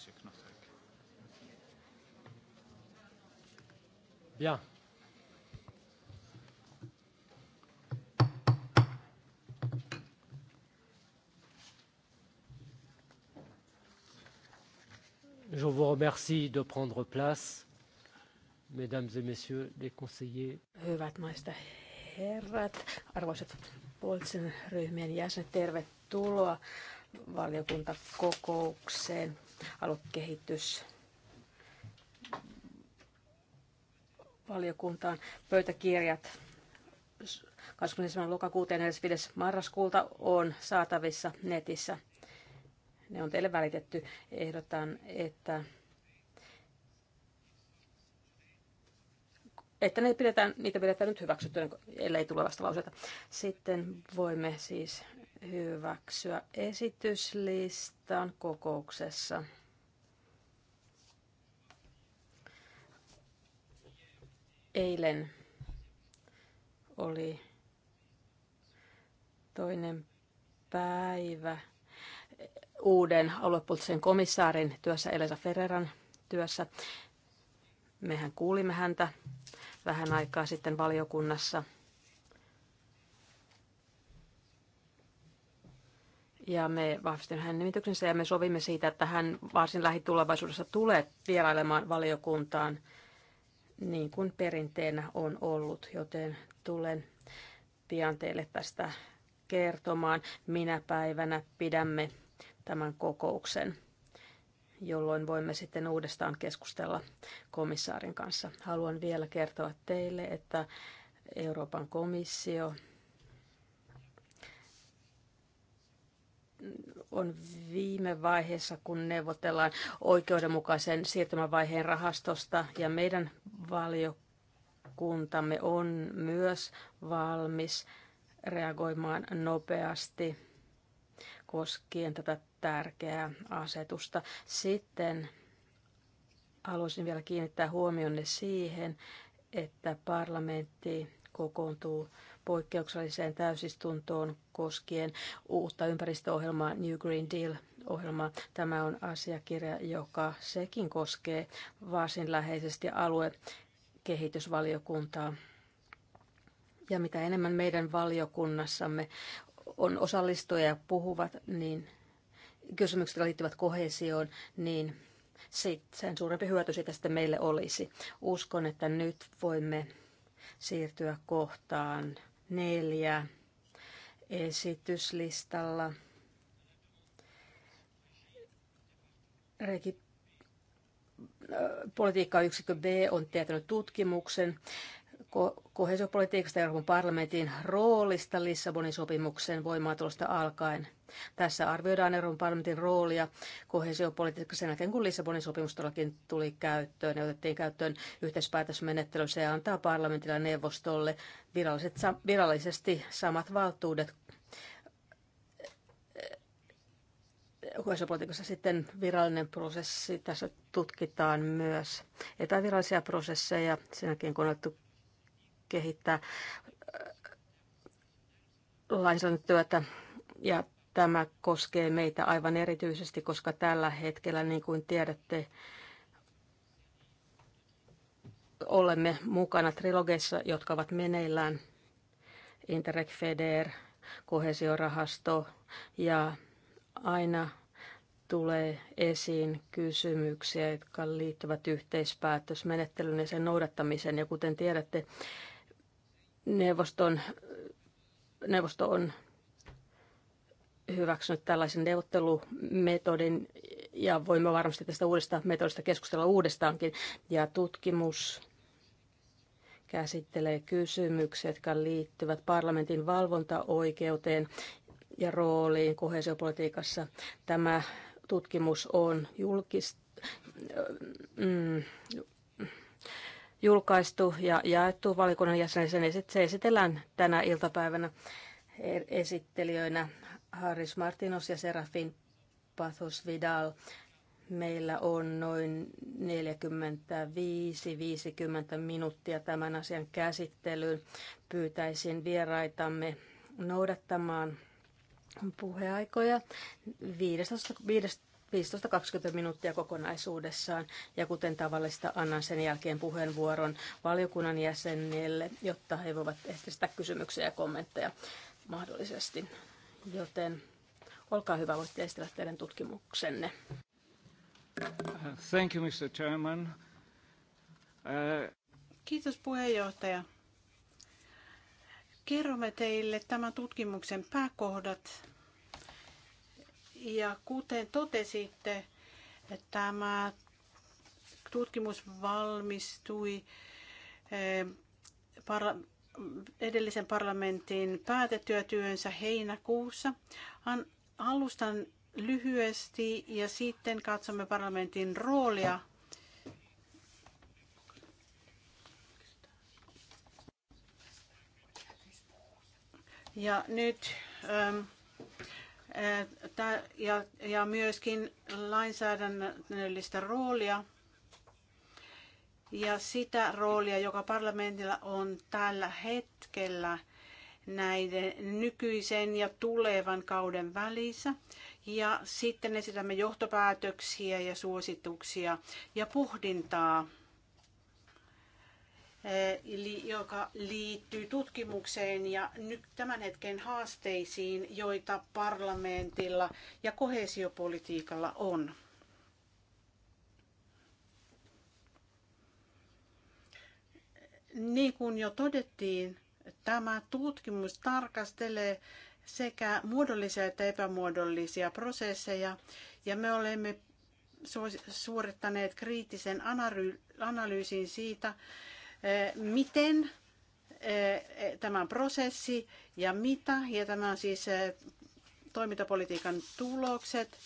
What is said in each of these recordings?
Monsieur Knotek. Bien. Je vous remercie de prendre place, mesdames et messieurs les conseillers. Hyvät naiset ja herrat, arvoisat Poltsin ryhmien jäsenet, tervetuloa valiokuntakokoukseen aluekehitys valiokuntaan pöytäkirjat 27. lokakuuta ja 45. marraskuuta on saatavissa netissä. Ne on teille välitetty. Ehdotan, että, että ne pidetään, niitä pidetään nyt hyväksyttyä, ellei tule lauseita. Sitten voimme siis hyväksyä esityslistan kokouksessa. Eilen oli toinen päivä uuden aluepoliittisen komissaarin työssä Elisa Ferreran työssä. Mehän kuulimme häntä vähän aikaa sitten valiokunnassa – ja me vahvistimme hänen nimityksensä ja me sovimme siitä, että hän varsin lähitulevaisuudessa tulee vierailemaan valiokuntaan niin kuin perinteenä on ollut, joten tulen pian teille tästä kertomaan. Minä päivänä pidämme tämän kokouksen, jolloin voimme sitten uudestaan keskustella komissaarin kanssa. Haluan vielä kertoa teille, että Euroopan komissio on viime vaiheessa, kun neuvotellaan oikeudenmukaisen siirtymävaiheen rahastosta ja meidän valiokuntamme on myös valmis reagoimaan nopeasti koskien tätä tärkeää asetusta. Sitten haluaisin vielä kiinnittää huomionne siihen, että parlamentti kokoontuu poikkeukselliseen täysistuntoon koskien uutta ympäristöohjelmaa New Green Deal ohjelma. Tämä on asiakirja, joka sekin koskee varsin läheisesti aluekehitysvaliokuntaa. Ja mitä enemmän meidän valiokunnassamme on osallistujia ja puhuvat, niin kysymykset liittyvät kohesioon, niin sit sen suurempi hyöty siitä sitten meille olisi. Uskon, että nyt voimme siirtyä kohtaan neljä esityslistalla. Regi- politiikkayksikkö B on tietänyt tutkimuksen ko- kohesiopolitiikasta Euroopan parlamentin roolista Lissabonin sopimuksen voimaatulosta alkaen. Tässä arvioidaan Euroopan parlamentin roolia kohesiopolitiikassa sen jälkeen, kun Lissabonin sopimus todellakin tuli käyttöön ja otettiin käyttöön yhteispäätösmenettely. Se antaa parlamentille ja neuvostolle viralliset, virallisesti samat valtuudet kohesiopolitiikassa sitten virallinen prosessi. Tässä tutkitaan myös epävirallisia prosesseja sen jälkeen, kun on otettu kehittää äh, lainsäädäntötyötä ja tämä koskee meitä aivan erityisesti, koska tällä hetkellä, niin kuin tiedätte, olemme mukana trilogeissa, jotka ovat meneillään. Interreg Feder, kohesiorahasto ja aina tulee esiin kysymyksiä, jotka liittyvät yhteispäätösmenettelyyn ja sen noudattamiseen. Ja kuten tiedätte, neuvoston, neuvosto on hyväksynyt tällaisen neuvottelumetodin ja voimme varmasti tästä uudesta metodista keskustella uudestaankin. Ja tutkimus käsittelee kysymyksiä, jotka liittyvät parlamentin valvontaoikeuteen ja rooliin kohesiopolitiikassa. Tämä tutkimus on julkista. mm, julkaistu ja jaettu valikunnan jäsenille. Se esitellään tänä iltapäivänä er- esittelijöinä Haris Martinos ja Serafin Pathos Vidal. Meillä on noin 45-50 minuuttia tämän asian käsittelyyn. Pyytäisin vieraitamme noudattamaan puheaikoja 15, 15 15-20 minuuttia kokonaisuudessaan ja kuten tavallista annan sen jälkeen puheenvuoron valiokunnan jäsenille, jotta he voivat esittää kysymyksiä ja kommentteja mahdollisesti. Joten olkaa hyvä, voitte esitellä teidän tutkimuksenne. Thank you, Mr. Chairman. Uh... Kiitos puheenjohtaja. Kerromme teille tämän tutkimuksen pääkohdat ja kuten totesitte, tämä tutkimus valmistui eh, edellisen parlamentin päätetyötyönsä heinäkuussa. Alustan lyhyesti ja sitten katsomme parlamentin roolia Ja nyt ähm, ja, ja myöskin lainsäädännöllistä roolia ja sitä roolia, joka parlamentilla on tällä hetkellä näiden nykyisen ja tulevan kauden välissä. Ja sitten esitämme johtopäätöksiä ja suosituksia ja pohdintaa Eh, joka liittyy tutkimukseen ja nyt tämän hetken haasteisiin, joita parlamentilla ja kohesiopolitiikalla on. Niin kuin jo todettiin, tämä tutkimus tarkastelee sekä muodollisia että epämuodollisia prosesseja ja me olemme suorittaneet kriittisen analyysin siitä, Eh, miten eh, eh, tämä on prosessi ja mitä, ja tämä on siis toimintapolitiikan tulokset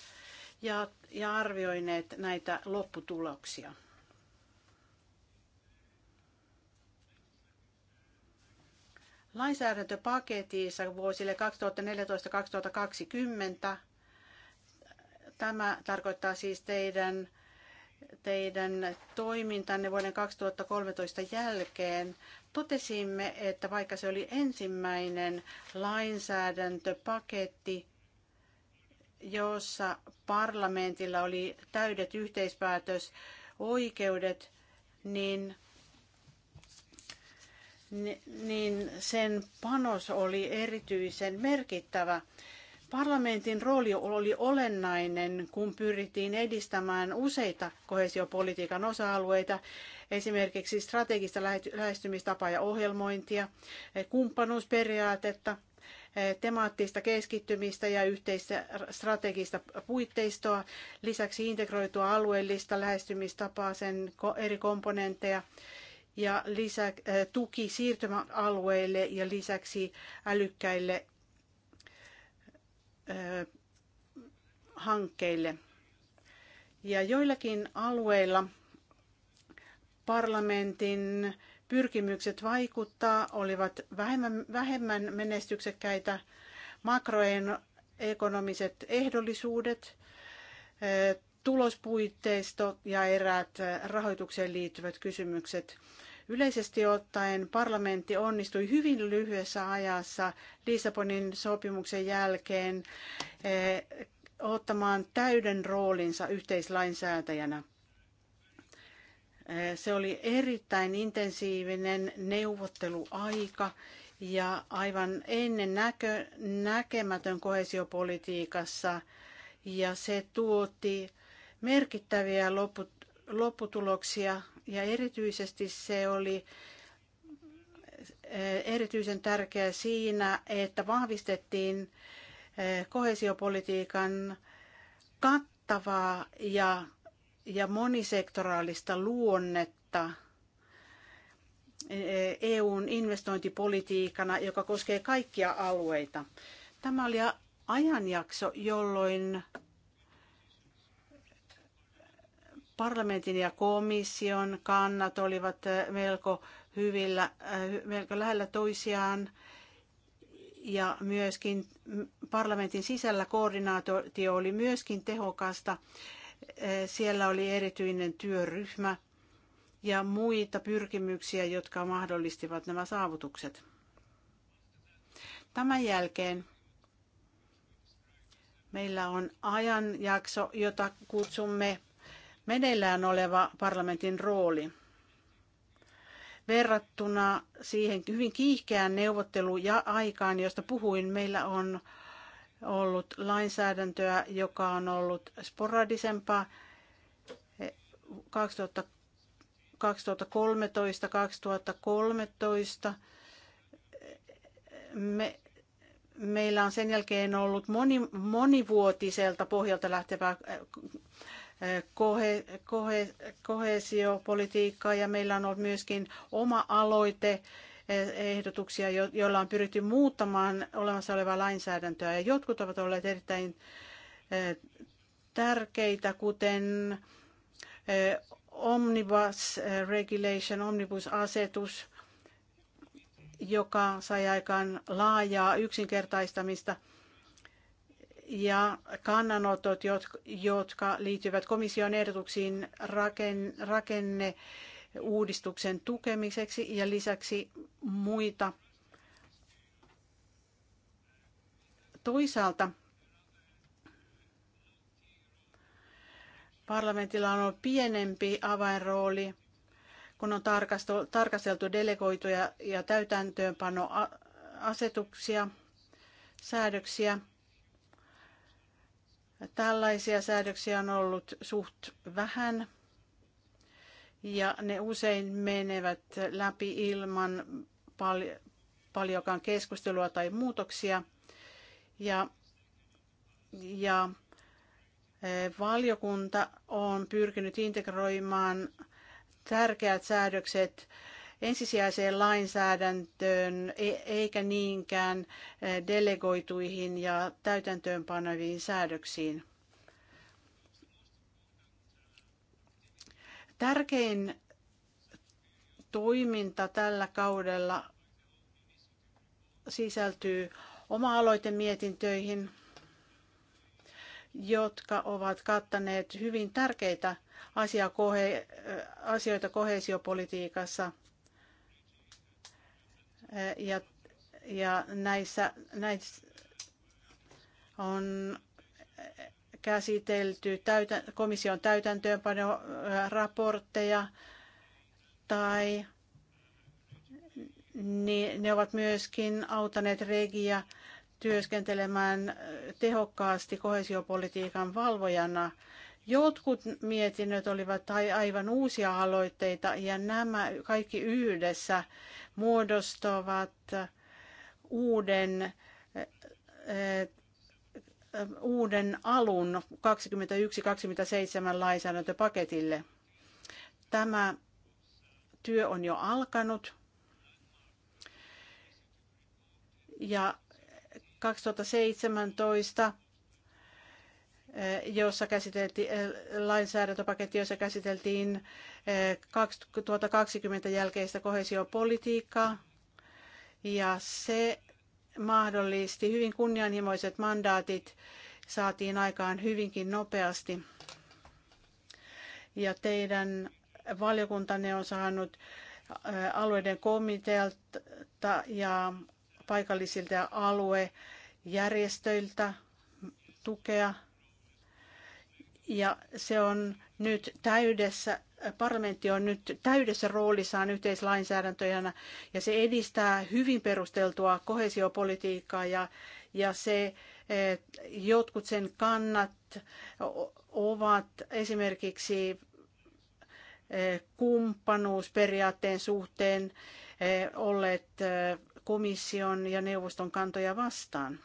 ja, ja arvioineet näitä lopputuloksia. Lainsäädäntöpaketissa vuosille 2014-2020 tämä tarkoittaa siis teidän teidän toimintanne vuoden 2013 jälkeen totesimme, että vaikka se oli ensimmäinen lainsäädäntöpaketti, jossa parlamentilla oli täydet yhteispäätösoikeudet, niin, niin sen panos oli erityisen merkittävä. Parlamentin rooli oli olennainen, kun pyrittiin edistämään useita kohesiopolitiikan osa-alueita, esimerkiksi strategista lähestymistapaa ja ohjelmointia, kumppanuusperiaatetta, temaattista keskittymistä ja yhteistä strategista puitteistoa, lisäksi integroitua alueellista lähestymistapaa, sen eri komponentteja ja lisä, tuki siirtymäalueille ja lisäksi älykkäille hankkeille. Ja joillakin alueilla parlamentin pyrkimykset vaikuttaa olivat vähemmän, vähemmän menestyksekkäitä makroekonomiset ehdollisuudet, tulospuitteisto ja eräät rahoitukseen liittyvät kysymykset. Yleisesti ottaen parlamentti onnistui hyvin lyhyessä ajassa Lissabonin sopimuksen jälkeen eh, ottamaan täyden roolinsa yhteislainsäätäjänä. Eh, se oli erittäin intensiivinen neuvotteluaika ja aivan ennen näkö, näkemätön kohesiopolitiikassa ja se tuotti merkittäviä lopputuloksia ja erityisesti se oli eh, erityisen tärkeä siinä, että vahvistettiin eh, kohesiopolitiikan kattavaa ja, ja monisektoraalista luonnetta eh, EUn investointipolitiikana, joka koskee kaikkia alueita. Tämä oli ajanjakso, jolloin Parlamentin ja komission kannat olivat eh, melko, hyvillä, eh, melko lähellä toisiaan ja myöskin parlamentin sisällä koordinaatio oli myöskin tehokasta. Eh, siellä oli erityinen työryhmä ja muita pyrkimyksiä, jotka mahdollistivat nämä saavutukset. Tämän jälkeen meillä on ajanjakso, jota kutsumme meneillään oleva parlamentin rooli verrattuna siihen hyvin kiihkeään neuvottelu- ja aikaan, josta puhuin, meillä on ollut lainsäädäntöä, joka on ollut sporadisempaa 2013 2013 me, meillä on sen jälkeen ollut moni, monivuotiselta pohjalta lähtevää kohesiopolitiikkaa ja meillä on ollut myöskin oma aloite eh, ehdotuksia, joilla on pyritty muuttamaan olemassa olevaa lainsäädäntöä. Ja jotkut ovat olleet erittäin eh, tärkeitä, kuten eh, Omnibus Regulation, Omnibus-asetus, joka sai aikaan laajaa yksinkertaistamista – ja kannanotot, jotka liittyvät komission ehdotuksiin rakenne tukemiseksi ja lisäksi muita. Toisaalta parlamentilla on ollut pienempi avainrooli, kun on tarkasteltu delegoituja ja täytäntöönpanoasetuksia, säädöksiä – Tällaisia säädöksiä on ollut suht vähän ja ne usein menevät läpi ilman pal- paljonkaan keskustelua tai muutoksia. Ja, ja e, valiokunta on pyrkinyt integroimaan tärkeät säädökset ensisijaiseen lainsäädäntöön e-, eikä niinkään e, delegoituihin ja täytäntöönpanoviin säädöksiin. Tärkein toiminta tällä kaudella sisältyy oma-aloitemietintöihin, jotka ovat kattaneet hyvin tärkeitä asioita kohesiopolitiikassa – ja, ja näissä, näissä on käsitelty täytä, komission täytäntöönpanoraportteja tai niin ne ovat myöskin autaneet regia työskentelemään tehokkaasti kohesiopolitiikan valvojana. Jotkut mietinnöt olivat aivan uusia aloitteita ja nämä kaikki yhdessä muodostavat uuden eh, uuden alun 21-27 lainsäädäntöpaketille. Tämä työ on jo alkanut ja 2017 Eh, jossa käsiteltiin eh, lainsäädäntöpaketti, jossa käsiteltiin 2020 eh, jälkeistä kohesiopolitiikkaa. Ja se mahdollisti hyvin kunnianhimoiset mandaatit, saatiin aikaan hyvinkin nopeasti. Ja teidän valiokuntanne on saanut alueiden komitealta ja paikallisilta aluejärjestöiltä tukea ja se on nyt täydessä, parlamentti on nyt täydessä roolissaan yhteislainsäädäntöjänä ja se edistää hyvin perusteltua kohesiopolitiikkaa ja, ja se, eh, jotkut sen kannat ovat esimerkiksi eh, kumppanuusperiaatteen suhteen eh, olleet komission ja neuvoston kantoja vastaan.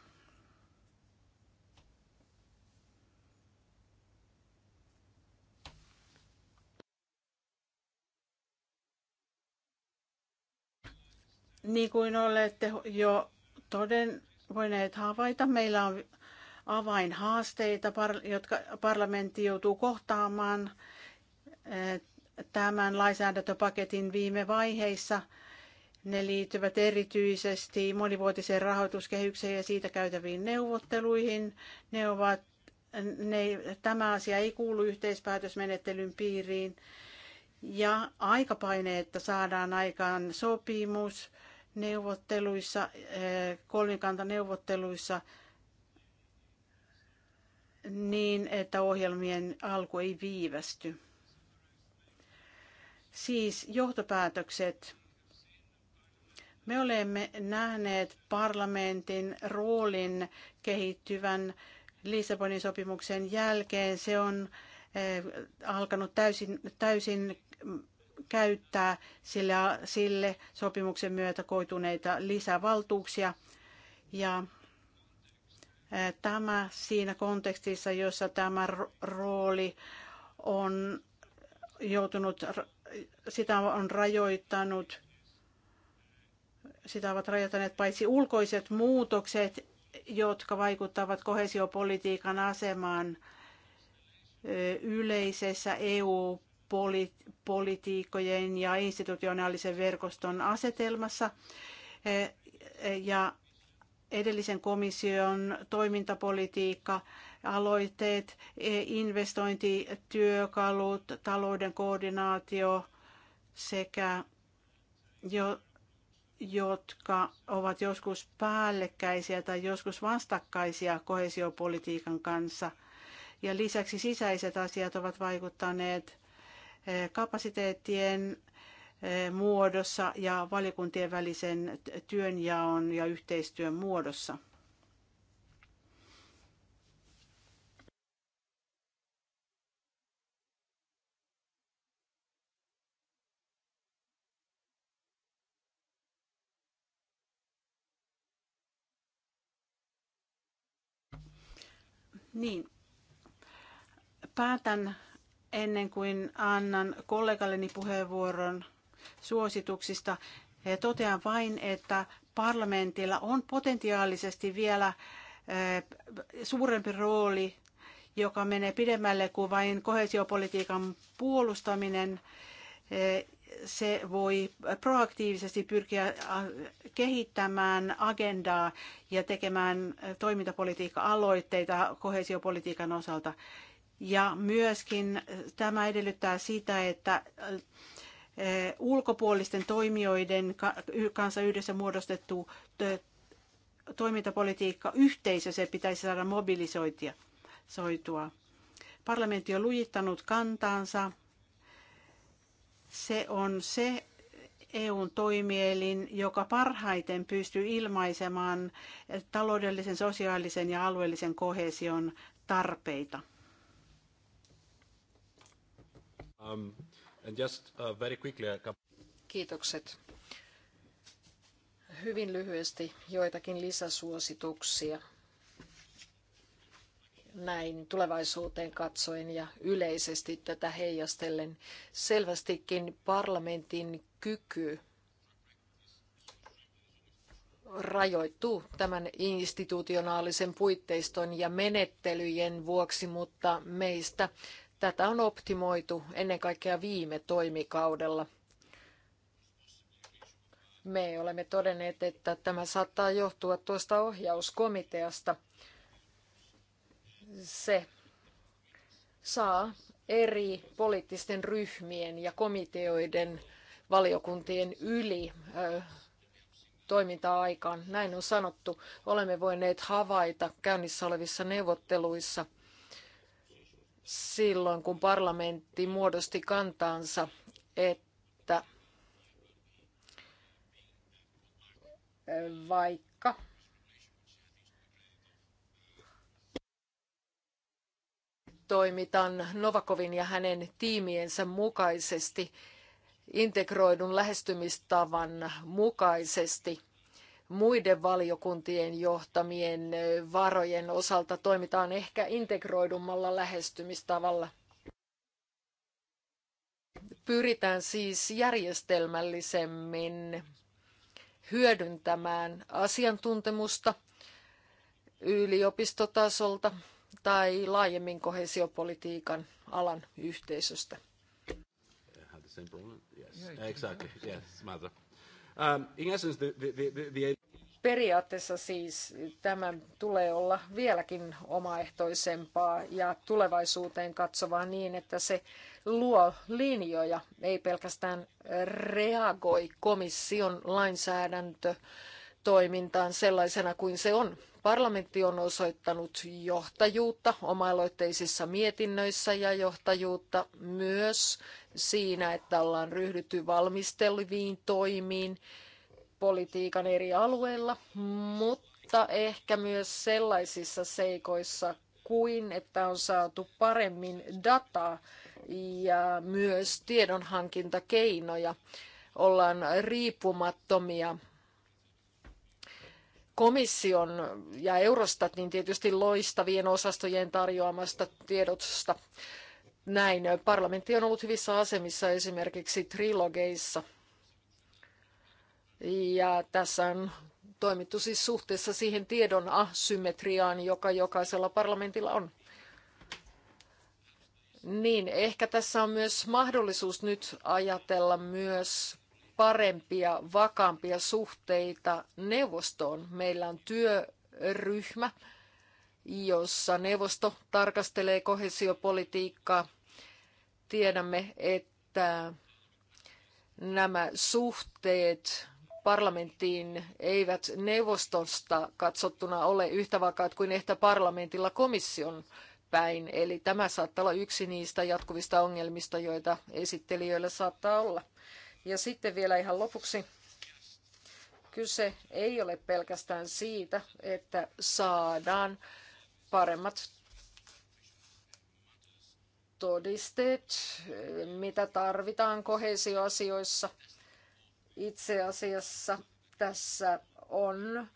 Niin kuin olette jo toden voineet havaita, meillä on avainhaasteita, jotka parlamentti joutuu kohtaamaan eh, tämän lainsäädäntöpaketin viime vaiheissa. Ne liittyvät erityisesti monivuotiseen rahoituskehykseen ja siitä käytäviin neuvotteluihin. Ne ovat, ne, tämä asia ei kuulu yhteispäätösmenettelyn piiriin. Ja että saadaan aikaan sopimus neuvotteluissa, eh, kolmikantaneuvotteluissa niin, että ohjelmien alku ei viivästy. Siis johtopäätökset. Me olemme nähneet parlamentin roolin kehittyvän Lissabonin sopimuksen jälkeen. Se on eh, alkanut täysin, täysin käyttää sille, sille sopimuksen myötä koituneita lisävaltuuksia. Ja tämä siinä kontekstissa, jossa tämä rooli on joutunut, sitä on rajoittanut, sitä ovat rajoittaneet paitsi ulkoiset muutokset, jotka vaikuttavat kohesiopolitiikan asemaan yleisessä EU poli- politiikojen ja institutionaalisen verkoston asetelmassa e, ja edellisen komission toimintapolitiikka, aloitteet, e, investointityökalut, talouden koordinaatio sekä jo, jotka ovat joskus päällekkäisiä tai joskus vastakkaisia kohesiopolitiikan kanssa. Ja lisäksi sisäiset asiat ovat vaikuttaneet Eh, kapasiteettien eh, muodossa ja valiokuntien välisen työnjaon ja yhteistyön muodossa. Niin, päätän ennen kuin annan kollegalleni puheenvuoron suosituksista, eh, totean vain, että parlamentilla on potentiaalisesti vielä eh, suurempi rooli, joka menee pidemmälle kuin vain kohesiopolitiikan puolustaminen. Eh, se voi proaktiivisesti pyrkiä kehittämään agendaa ja tekemään toimintapolitiikka-aloitteita kohesiopolitiikan osalta. Ja myöskin tämä edellyttää sitä, että e, ulkopuolisten toimijoiden kanssa yhdessä muodostettu toimintapolitiikka yhteisö, se pitäisi saada mobilisoitua. Parlamentti on lujittanut kantaansa. Se on se EUn toimielin, joka parhaiten pystyy ilmaisemaan taloudellisen, sosiaalisen ja alueellisen kohesion tarpeita. Um, and just uh, very quickly, a Kiitokset. Hyvin lyhyesti joitakin lisäsuosituksia näin tulevaisuuteen katsoen ja yleisesti tätä heijastellen. Selvästikin parlamentin kyky rajoittuu tämän institutionaalisen puitteiston ja menettelyjen vuoksi, mutta meistä Tätä on optimoitu ennen kaikkea viime toimikaudella. Me olemme todenneet, että tämä saattaa johtua tuosta ohjauskomiteasta. Se saa eri poliittisten ryhmien ja komiteoiden valiokuntien yli toiminta aikaan. Näin on sanottu. Olemme voineet havaita käynnissä olevissa neuvotteluissa – silloin, kun parlamentti muodosti kantaansa, että vaikka toimitan Novakovin ja hänen tiimiensä mukaisesti integroidun lähestymistavan mukaisesti – muiden valiokuntien johtamien varojen osalta toimitaan ehkä integroidummalla lähestymistavalla. Pyritään siis järjestelmällisemmin hyödyntämään asiantuntemusta yliopistotasolta tai laajemmin kohesiopolitiikan alan yhteisöstä. Yes, Yes, Ähm, Periaatteessa siis tämän tulee olla vieläkin omaehtoisempaa ja tulevaisuuteen katsovaa niin, että se luo linjoja, ei pelkästään reagoi komission lainsäädäntö toimintaan sellaisena kuin se on. Parlamentti on osoittanut johtajuutta oma-aloitteisissa mietinnöissä ja johtajuutta myös siinä, että ollaan ryhdytty valmisteleviin toimiin politiikan eri alueilla, mutta ehkä myös sellaisissa seikoissa kuin, että on saatu paremmin dataa ja myös tiedonhankintakeinoja ollaan riippumattomia komission ja Eurostatin niin tietysti loistavien osastojen tarjoamasta tiedotusta. Näin parlamentti on ollut hyvissä asemissa esimerkiksi trilogeissa. Ja tässä on toimittu siis suhteessa siihen tiedon asymmetriaan, joka jokaisella parlamentilla on. Niin, ehkä tässä on myös mahdollisuus nyt ajatella myös parempia, vakaampia suhteita neuvostoon. Meillä on työryhmä, jossa neuvosto tarkastelee kohesiopolitiikkaa. Tiedämme, että nämä suhteet parlamenttiin eivät neuvostosta katsottuna ole yhtä vakaat kuin ehkä parlamentilla komission päin. Eli tämä saattaa olla yksi niistä jatkuvista ongelmista, joita esittelijöillä saattaa olla. Ja sitten vielä ihan lopuksi kyse ei ole pelkästään siitä, että saadaan paremmat todisteet, mitä tarvitaan kohesioasioissa. Itse asiassa tässä on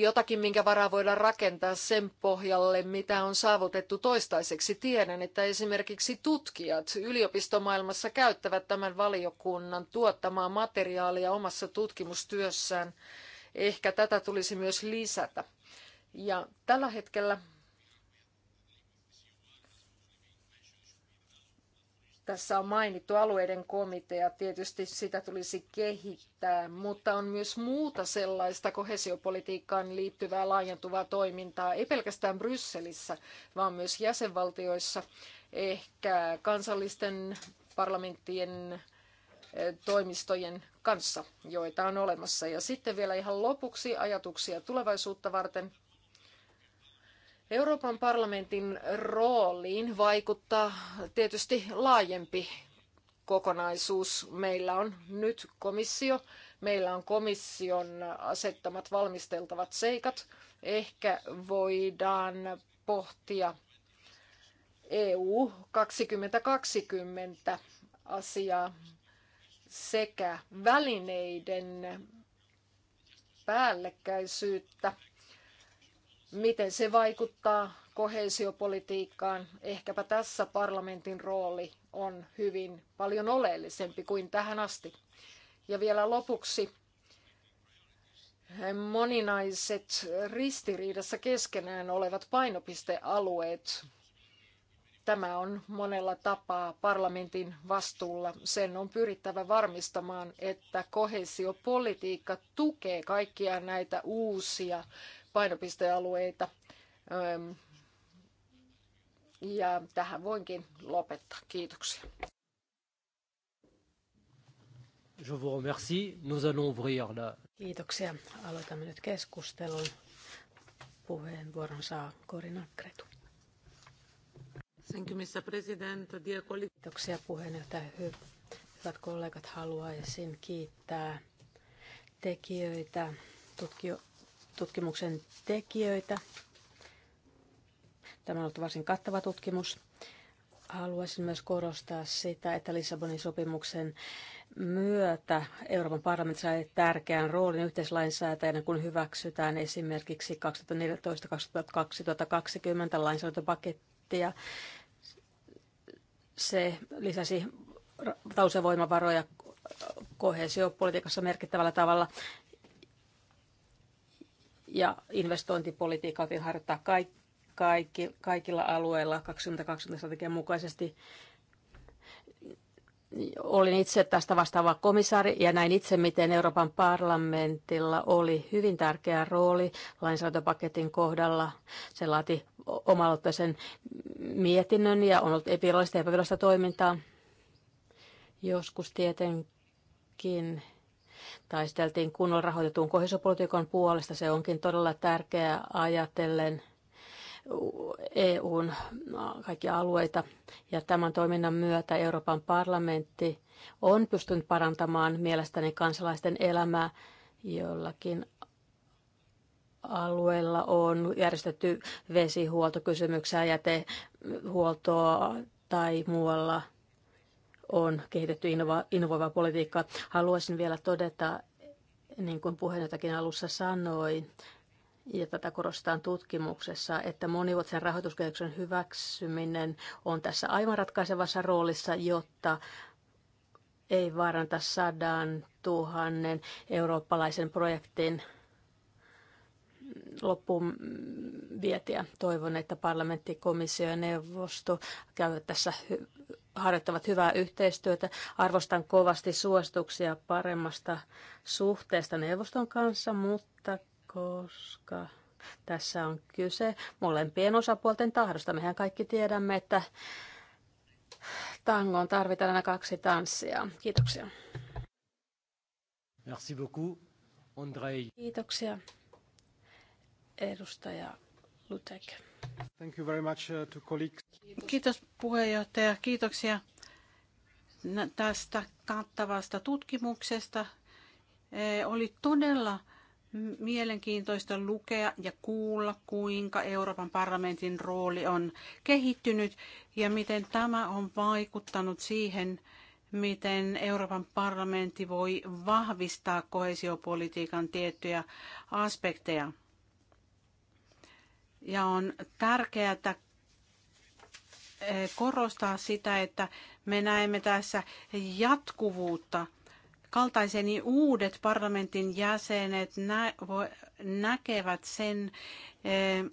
jotakin, minkä varaa voidaan rakentaa sen pohjalle, mitä on saavutettu toistaiseksi. Tiedän, että esimerkiksi tutkijat yliopistomaailmassa käyttävät tämän valiokunnan tuottamaa materiaalia omassa tutkimustyössään. Ehkä tätä tulisi myös lisätä. Ja tällä hetkellä Tässä on mainittu alueiden komitea, tietysti sitä tulisi kehittää, mutta on myös muuta sellaista kohesiopolitiikkaan liittyvää laajentuvaa toimintaa, ei pelkästään Brysselissä, vaan myös jäsenvaltioissa, ehkä kansallisten parlamenttien eh, toimistojen kanssa, joita on olemassa. Ja sitten vielä ihan lopuksi ajatuksia tulevaisuutta varten. Euroopan parlamentin rooliin vaikuttaa tietysti laajempi kokonaisuus. Meillä on nyt komissio, meillä on komission asettamat valmisteltavat seikat. Ehkä voidaan pohtia EU 2020 asiaa sekä välineiden päällekkäisyyttä miten se vaikuttaa koheesiopolitiikkaan. Ehkäpä tässä parlamentin rooli on hyvin paljon oleellisempi kuin tähän asti. Ja vielä lopuksi moninaiset ristiriidassa keskenään olevat painopistealueet. Tämä on monella tapaa parlamentin vastuulla. Sen on pyrittävä varmistamaan, että koheesiopolitiikka tukee kaikkia näitä uusia painopistealueita. Ja tähän voinkin lopettaa. Kiitoksia. Je vous remercie. Nous allons ouvrir la... Kiitoksia. Aloitamme nyt keskustelun. Puheenvuoron saa Corina Kretu. Kiitoksia puheenjohtaja. Hyvät kollegat, haluaisin kiittää tekijöitä, tutkijoita tutkimuksen tekijöitä. Tämä on ollut varsin kattava tutkimus. Haluaisin myös korostaa sitä, että Lissabonin sopimuksen myötä Euroopan parlamentti sai tärkeän roolin yhteislainsäätäjänä, kun hyväksytään esimerkiksi 2014-2020 lainsäädäntöpakettia. Se lisäsi tausevoimavaroja kohesiopolitiikassa merkittävällä tavalla ja investointipolitiikkaa harjoittaa kaik, kaikki, kaikilla alueilla 2020 strategian mukaisesti. Olin itse tästä vastaava komissaari ja näin itse, miten Euroopan parlamentilla oli hyvin tärkeä rooli lainsäädäntöpaketin kohdalla. Se laati omaloitteisen mietinnön ja on ollut epirallista ja epävirallista toimintaa. Joskus tietenkin taisteltiin kunnolla rahoitetun kohdistopolitiikan puolesta. Se onkin todella tärkeää ajatellen EUn kaikkia alueita. Ja tämän toiminnan myötä Euroopan parlamentti on pystynyt parantamaan mielestäni kansalaisten elämää jollakin alueella on järjestetty vesihuoltokysymyksiä, jätehuoltoa tai muualla – on kehitetty innova, innovoivaa politiikkaa. Haluaisin vielä todeta, niin kuin puheenjohtajakin alussa sanoi, ja tätä korostetaan tutkimuksessa, että monivuotisen rahoituskehyksen hyväksyminen on tässä aivan ratkaisevassa roolissa, jotta ei vaaranta sadan tuhannen eurooppalaisen projektin loppuun vietiä. Toivon, että parlamentti, komissio ja neuvosto käyvät tässä harjoittavat hyvää yhteistyötä. Arvostan kovasti suosituksia paremmasta suhteesta neuvoston kanssa, mutta koska tässä on kyse molempien osapuolten tahdosta. Mehän kaikki tiedämme, että tangoon tarvitaan aina kaksi tanssia. Kiitoksia. Merci beaucoup, Andrei. Kiitoksia edustaja Lutek. Thank you very much uh, to colleagues. Kiitos puheenjohtaja. Kiitoksia tästä kattavasta tutkimuksesta. E, oli todella mielenkiintoista lukea ja kuulla, kuinka Euroopan parlamentin rooli on kehittynyt ja miten tämä on vaikuttanut siihen, miten Euroopan parlamentti voi vahvistaa koesiopolitiikan tiettyjä aspekteja. Ja on tärkeää eh, korostaa sitä, että me näemme tässä jatkuvuutta. Kaltaiseni uudet parlamentin jäsenet näkevät sen, eh,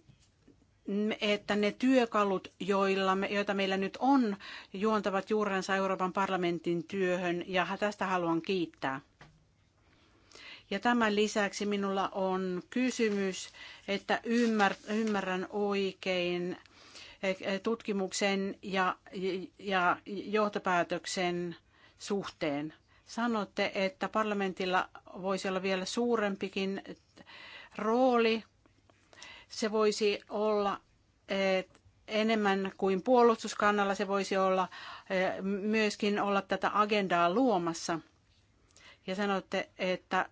että ne työkalut, joilla me, joita meillä nyt on, juontavat juurensa Euroopan parlamentin työhön ja tästä haluan kiittää. Ja tämän lisäksi minulla on kysymys, että ymmärrän oikein eh, eh, tutkimuksen ja, ja johtopäätöksen suhteen. Sanotte, että parlamentilla voisi olla vielä suurempikin rooli. Se voisi olla eh, enemmän kuin puolustuskannalla, se voisi olla myöskin olla tätä agendaa luomassa. Ja sanotte, että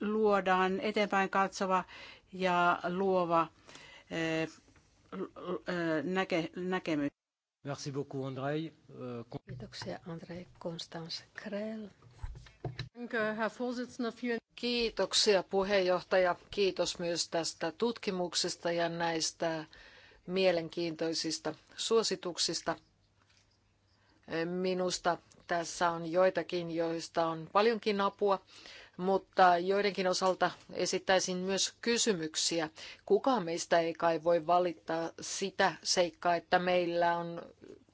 luodaan eteenpäin katsova ja luova eh, eh, näke, näkemys. Merci beaucoup, Andrei. Eh, Kiitoksia, Andrei Constance Krell. Kiitoksia puheenjohtaja. Kiitos myös tästä tutkimuksesta ja näistä mielenkiintoisista suosituksista. Minusta tässä on joitakin, joista on paljonkin apua mutta joidenkin osalta esittäisin myös kysymyksiä. Kukaan meistä ei kai voi valittaa sitä seikkaa, että meillä on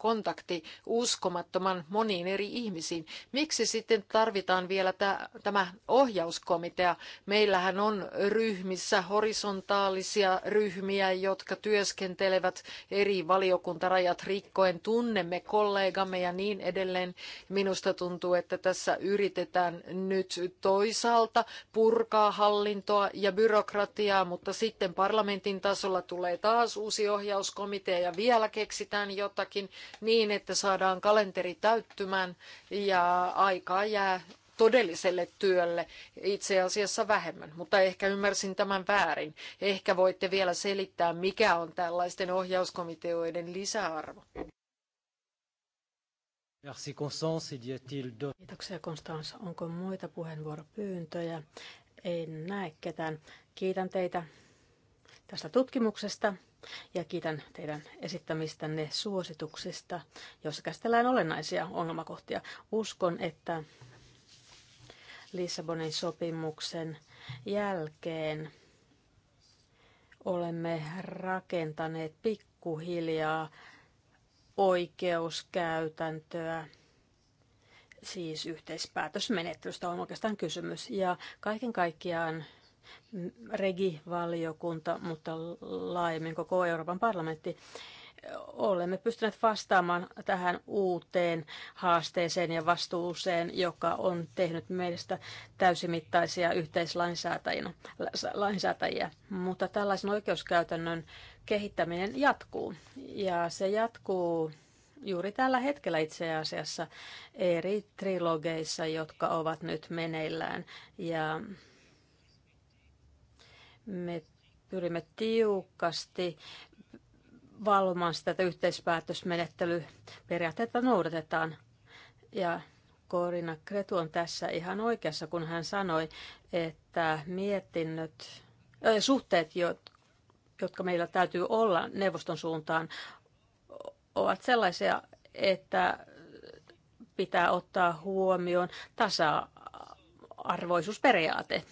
kontakti uskomattoman moniin eri ihmisiin. Miksi sitten tarvitaan vielä tämä ohjauskomitea? Meillähän on ryhmissä horisontaalisia ryhmiä, jotka työskentelevät eri valiokuntarajat rikkoen. Tunnemme kollegamme ja niin edelleen. Minusta tuntuu, että tässä yritetään nyt toisaalta purkaa hallintoa ja byrokratiaa, mutta sitten parlamentin tasolla tulee taas uusi ohjauskomitea ja vielä keksitään jotakin niin, että saadaan kalenteri täyttymään ja aikaa jää todelliselle työlle itse asiassa vähemmän, mutta ehkä ymmärsin tämän väärin. Ehkä voitte vielä selittää, mikä on tällaisten ohjauskomiteoiden lisäarvo. Merci Constance. Kiitoksia Constance. Onko muita puheenvuoropyyntöjä? En näe ketään. Kiitän teitä tästä tutkimuksesta ja kiitän teidän esittämistänne suosituksista, joissa käsitellään olennaisia ongelmakohtia. Uskon, että Lissabonin sopimuksen jälkeen olemme rakentaneet pikkuhiljaa oikeuskäytäntöä, siis yhteispäätösmenettelystä on oikeastaan kysymys. Ja kaiken kaikkiaan regivaliokunta, mutta laajemmin koko Euroopan parlamentti, olemme pystyneet vastaamaan tähän uuteen haasteeseen ja vastuuseen, joka on tehnyt meistä täysimittaisia yhteislainsäätäjiä. Mutta tällaisen oikeuskäytännön kehittäminen jatkuu. Ja se jatkuu juuri tällä hetkellä itse asiassa eri trilogeissa, jotka ovat nyt meneillään. Ja me pyrimme tiukasti valvomaan sitä, että yhteispäätösmenettelyperiaatteita noudatetaan. Ja Korina Kretu on tässä ihan oikeassa, kun hän sanoi, että mietinnöt, äh, suhteet, jotka meillä täytyy olla neuvoston suuntaan, ovat sellaisia, että pitää ottaa huomioon tasa-arvoisuusperiaate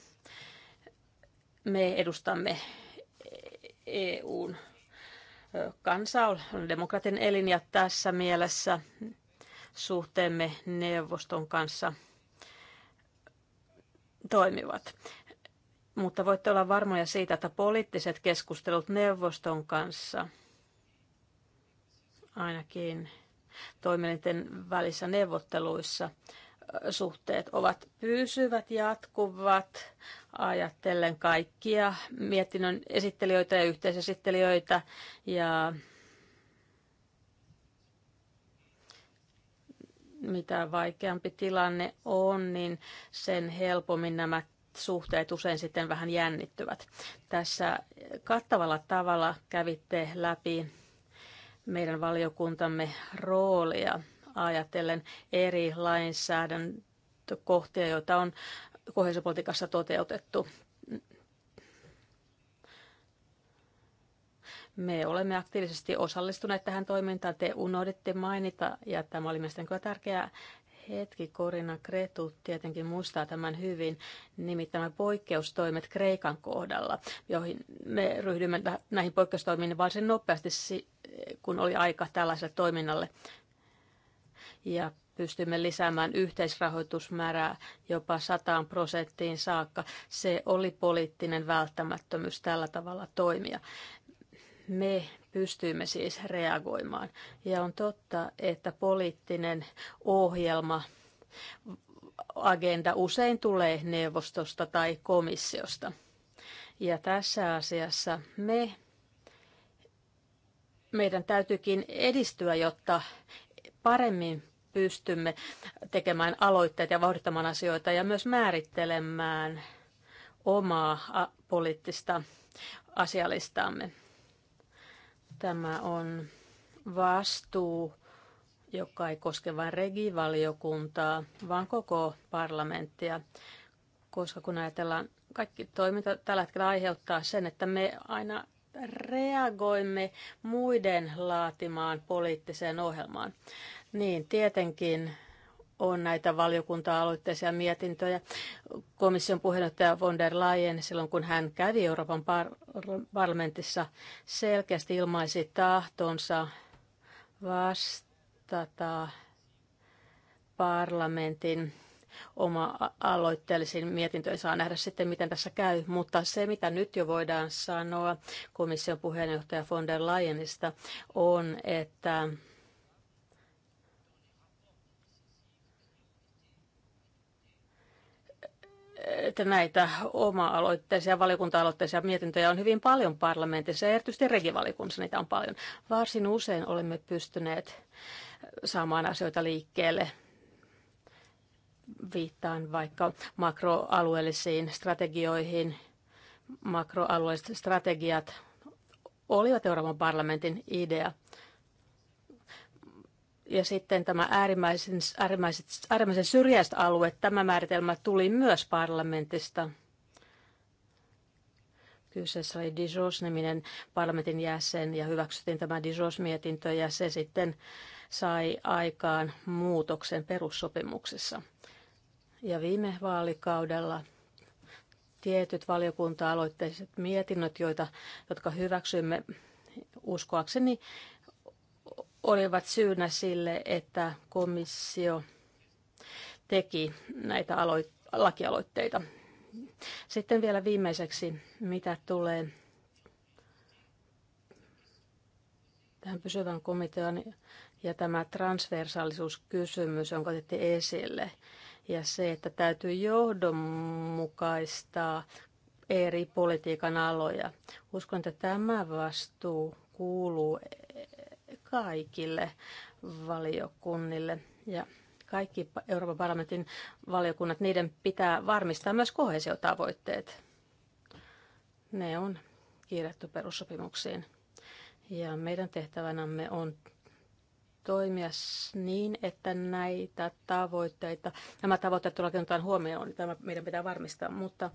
me edustamme EUn kansaa, on demokratian elin ja tässä mielessä suhteemme neuvoston kanssa toimivat. Mutta voitte olla varmoja siitä, että poliittiset keskustelut neuvoston kanssa, ainakin toimielinten välissä neuvotteluissa, suhteet ovat pysyvät, jatkuvat, ajattelen kaikkia mietinnön esittelijöitä ja yhteisesittelijöitä ja mitä vaikeampi tilanne on, niin sen helpommin nämä suhteet usein sitten vähän jännittyvät. Tässä kattavalla tavalla kävitte läpi meidän valiokuntamme roolia ajatellen eri lainsäädäntökohtia, joita on kohesiopolitiikassa toteutettu. Me olemme aktiivisesti osallistuneet tähän toimintaan. Te unohditte mainita, ja tämä oli mielestäni kyllä tärkeä hetki. Korina Kretu tietenkin muistaa tämän hyvin, nimittäin poikkeustoimet Kreikan kohdalla, joihin me ryhdymme näihin poikkeustoimiin varsin nopeasti, kun oli aika tällaiselle toiminnalle ja pystymme lisäämään yhteisrahoitusmäärää jopa 100 prosenttiin saakka. Se oli poliittinen välttämättömyys tällä tavalla toimia. Me pystyimme siis reagoimaan. Ja on totta, että poliittinen ohjelma, agenda usein tulee neuvostosta tai komissiosta. Ja tässä asiassa me, meidän täytyykin edistyä, jotta paremmin pystymme tekemään aloitteet ja vauhdittamaan asioita ja myös määrittelemään omaa poliittista asialistamme. Tämä on vastuu, joka ei koske vain regivaliokuntaa, vaan koko parlamenttia, koska kun ajatellaan kaikki toiminta tällä hetkellä aiheuttaa sen, että me aina reagoimme muiden laatimaan poliittiseen ohjelmaan. Niin, tietenkin on näitä valiokunta-aloitteisia mietintöjä. Komission puheenjohtaja von der Leyen silloin, kun hän kävi Euroopan par- parlamentissa, selkeästi ilmaisi tahtonsa vastata parlamentin oma aloitteellisiin mietintöön saa nähdä sitten, miten tässä käy. Mutta se, mitä nyt jo voidaan sanoa komission puheenjohtaja von der Leyenista, on, että että näitä oma-aloitteisia, valiokunta-aloitteisia mietintöjä on hyvin paljon parlamentissa ja erityisesti regivalikunnassa niitä on paljon. Varsin usein olemme pystyneet saamaan asioita liikkeelle. Viittaan vaikka makroalueellisiin strategioihin. Makroalueelliset strategiat olivat Euroopan parlamentin idea ja sitten tämä äärimmäisen, äärimmäisen, äärimmäisen syrjäistä alue, tämä määritelmä tuli myös parlamentista. Kyseessä oli Dijos-niminen parlamentin jäsen ja hyväksyttiin tämä Dijos-mietintö ja se sitten sai aikaan muutoksen perussopimuksessa. Ja viime vaalikaudella tietyt valiokunta-aloitteiset mietinnöt, joita, jotka hyväksyimme uskoakseni olivat syynä sille, että komissio teki näitä aloit- lakialoitteita. Sitten vielä viimeiseksi, mitä tulee tähän pysyvän komitean ja tämä transversaalisuuskysymys, jonka otettiin esille, ja se, että täytyy johdonmukaistaa eri politiikan aloja. Uskon, että tämä vastuu kuuluu kaikille valiokunnille ja kaikki Euroopan parlamentin valiokunnat, niiden pitää varmistaa myös kohesiotavoitteet. Ne on kirjattu perussopimuksiin. Ja meidän tehtävänämme on toimia niin, että näitä tavoitteita, nämä tavoitteet todellakin otetaan huomioon, niin tämä meidän pitää varmistaa, mutta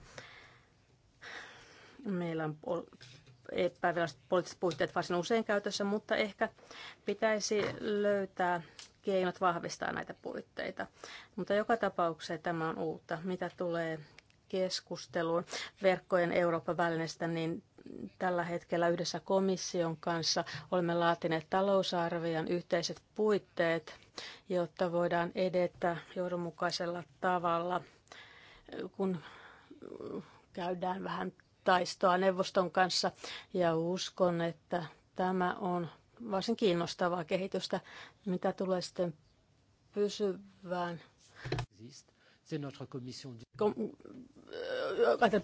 meillä on epäviralliset poliittiset puitteet varsin usein käytössä, mutta ehkä pitäisi löytää keinot vahvistaa näitä puitteita. Mutta joka tapauksessa tämä on uutta. Mitä tulee keskusteluun verkkojen Euroopan välineestä, niin tällä hetkellä yhdessä komission kanssa olemme laatineet talousarvion yhteiset puitteet, jotta voidaan edetä johdonmukaisella tavalla, kun käydään vähän taistoa neuvoston kanssa ja uskon, että tämä on varsin kiinnostavaa kehitystä, mitä tulee sitten pysyvään äh,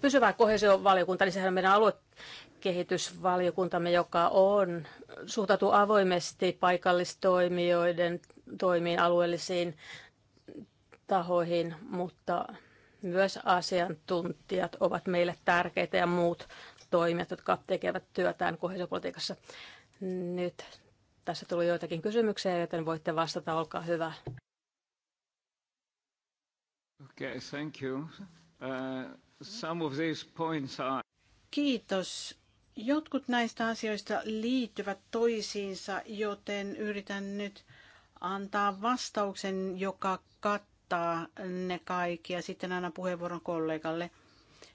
pysyvää kohesiovaliokunta, niin sehän on meidän aluekehitysvaliokuntamme, joka on, suhtautuu avoimesti paikallistoimijoiden toimiin alueellisiin tahoihin, mutta myös asiantuntijat ovat meille tärkeitä ja muut toimijat, jotka tekevät työtään kohdistopolitiikassa. Nyt tässä tuli joitakin kysymyksiä, joten voitte vastata, olkaa hyvä. Okay, thank you. Uh, some of these points are... Kiitos. Jotkut näistä asioista liittyvät toisiinsa, joten yritän nyt antaa vastauksen, joka kat- ottaa ne kaikki ja sitten aina puheenvuoron kollegalle.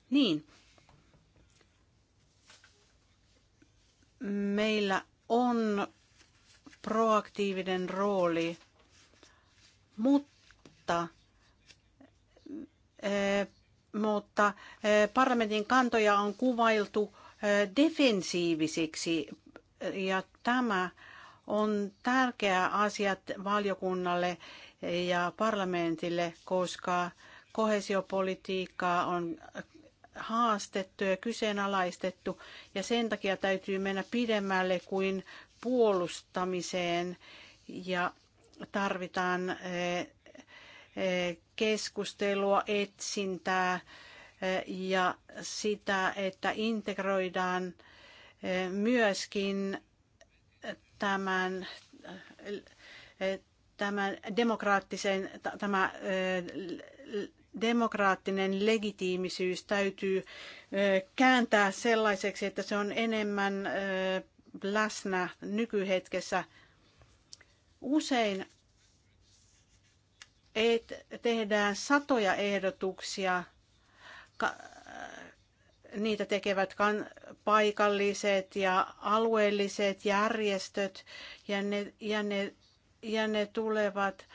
Niin. Meillä on proaktiivinen rooli, mutta, eh, mutta eh, parlamentin kantoja on kuvailtu eh, defensiivisiksi ja tämä on tärkeä asia valiokunnalle ja parlamentille, koska kohesiopolitiikkaa on haastettu ja kyseenalaistettu ja sen takia täytyy mennä pidemmälle kuin puolustamiseen ja tarvitaan eh, eh, keskustelua, etsintää eh, ja sitä, että integroidaan myöskin tämän tämän demokraattisen, tämä demokraattinen legitiimisyys täytyy kääntää sellaiseksi, että se on enemmän läsnä nykyhetkessä. Usein et, tehdään satoja ehdotuksia, niitä tekevät kan, paikalliset ja alueelliset järjestöt, ja ne, ja ne ja ne tulevat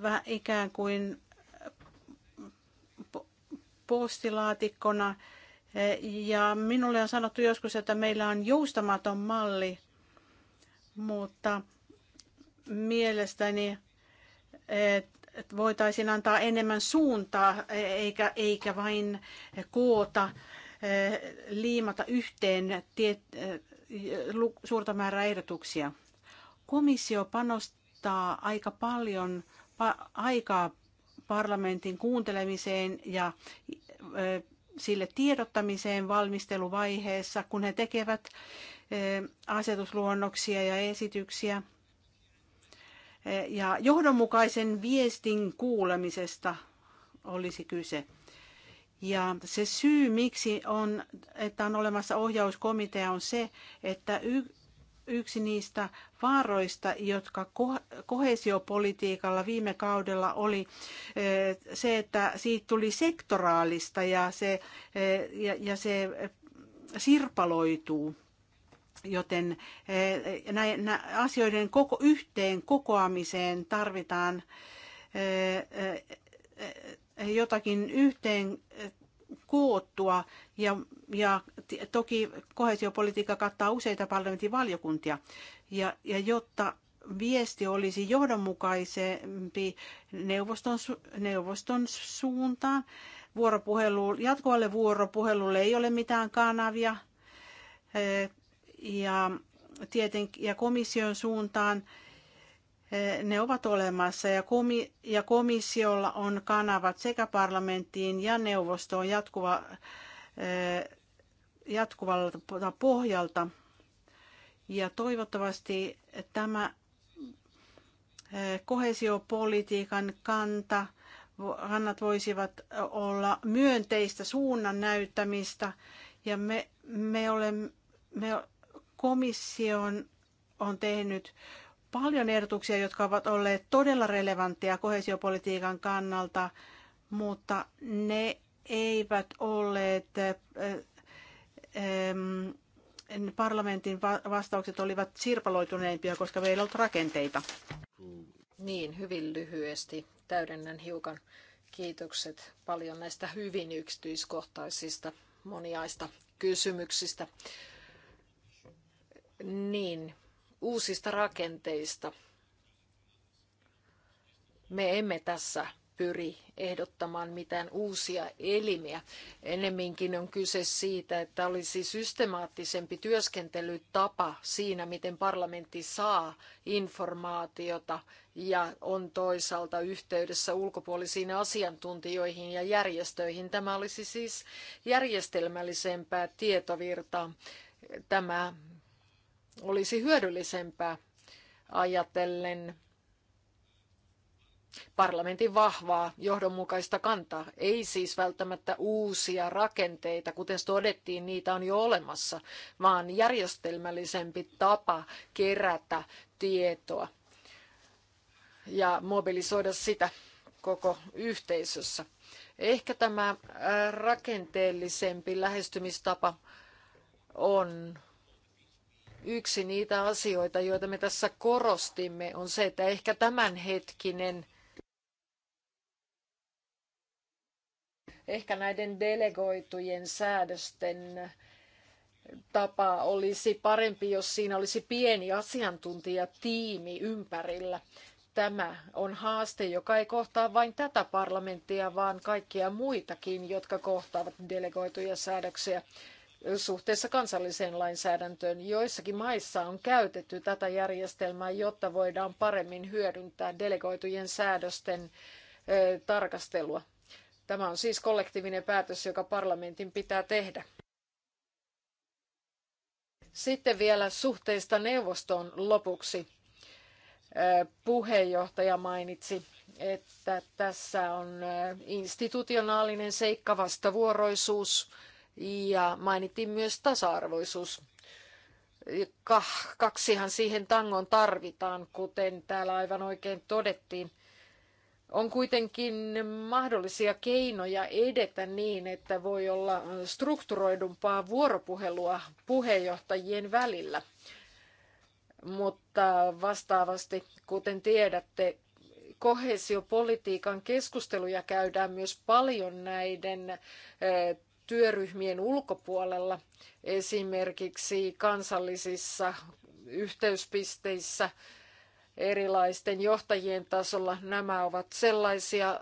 eh, ikään kuin postilaatikkona. Eh, ja minulle on sanottu joskus, että meillä on joustamaton malli, mutta mielestäni että voitaisiin antaa enemmän suuntaa e-, eikä, eikä vain koota, eh, liimata yhteen tiet, suurta määrää ehdotuksia. Komissio panostaa aika paljon aikaa parlamentin kuuntelemiseen ja sille tiedottamiseen valmisteluvaiheessa, kun he tekevät asetusluonnoksia ja esityksiä. Ja johdonmukaisen viestin kuulemisesta olisi kyse. Ja se syy, miksi on, että on olemassa ohjauskomitea, on se, että yksi niistä vaaroista, jotka kohesiopolitiikalla viime kaudella oli eh, se, että siitä tuli sektoraalista ja se, eh, ja, ja se eh, sirpaloituu. Joten näiden asioiden koko, yhteen kokoamiseen tarvitaan jotakin yhteen koottua ja, ja toki kohesiopolitiikka kattaa useita parlamentin valiokuntia ja, ja jotta viesti olisi johdonmukaisempi neuvoston, neuvoston suuntaan. Vuoropuhelu, jatkuvalle vuoropuhelulle ei ole mitään kanavia ja, tieten, ja komission suuntaan ne ovat olemassa ja, komi- ja komissiolla on kanavat sekä parlamenttiin ja neuvostoon jatkuva, jatkuvalta pohjalta. Ja toivottavasti tämä kohesiopolitiikan kanta, kannat voisivat olla myönteistä suunnan näyttämistä ja me, me olemme, me, komission on tehnyt paljon ehdotuksia, jotka ovat olleet todella relevantteja kohesiopolitiikan kannalta, mutta ne eivät olleet eh, eh, parlamentin vastaukset olivat sirpaloituneimpia, koska meillä ei ollut rakenteita. Niin, hyvin lyhyesti. Täydennän hiukan kiitokset paljon näistä hyvin yksityiskohtaisista moniaista kysymyksistä. Niin, uusista rakenteista. Me emme tässä pyri ehdottamaan mitään uusia elimiä. Ennemminkin on kyse siitä, että olisi systemaattisempi työskentelytapa siinä, miten parlamentti saa informaatiota ja on toisaalta yhteydessä ulkopuolisiin asiantuntijoihin ja järjestöihin. Tämä olisi siis järjestelmällisempää tietovirtaa. Tämä olisi hyödyllisempää ajatellen parlamentin vahvaa johdonmukaista kantaa. Ei siis välttämättä uusia rakenteita, kuten todettiin, niitä on jo olemassa, vaan järjestelmällisempi tapa kerätä tietoa ja mobilisoida sitä koko yhteisössä. Ehkä tämä rakenteellisempi lähestymistapa on Yksi niitä asioita, joita me tässä korostimme, on se, että ehkä tämänhetkinen ehkä näiden delegoitujen säädösten tapa olisi parempi, jos siinä olisi pieni asiantuntijatiimi ympärillä. Tämä on haaste, joka ei kohtaa vain tätä parlamenttia, vaan kaikkia muitakin, jotka kohtaavat delegoituja säädöksiä suhteessa kansalliseen lainsäädäntöön. Joissakin maissa on käytetty tätä järjestelmää, jotta voidaan paremmin hyödyntää delegoitujen säädösten tarkastelua. Tämä on siis kollektiivinen päätös, joka parlamentin pitää tehdä. Sitten vielä suhteista neuvostoon lopuksi. Puheenjohtaja mainitsi, että tässä on institutionaalinen seikka, vastavuoroisuus, ja mainittiin myös tasa-arvoisuus. Kaksihan siihen tangon tarvitaan, kuten täällä aivan oikein todettiin. On kuitenkin mahdollisia keinoja edetä niin, että voi olla strukturoidumpaa vuoropuhelua puheenjohtajien välillä. Mutta vastaavasti, kuten tiedätte, koheesiopolitiikan keskusteluja käydään myös paljon näiden eh, työryhmien ulkopuolella, esimerkiksi kansallisissa yhteyspisteissä, erilaisten johtajien tasolla. Nämä ovat sellaisia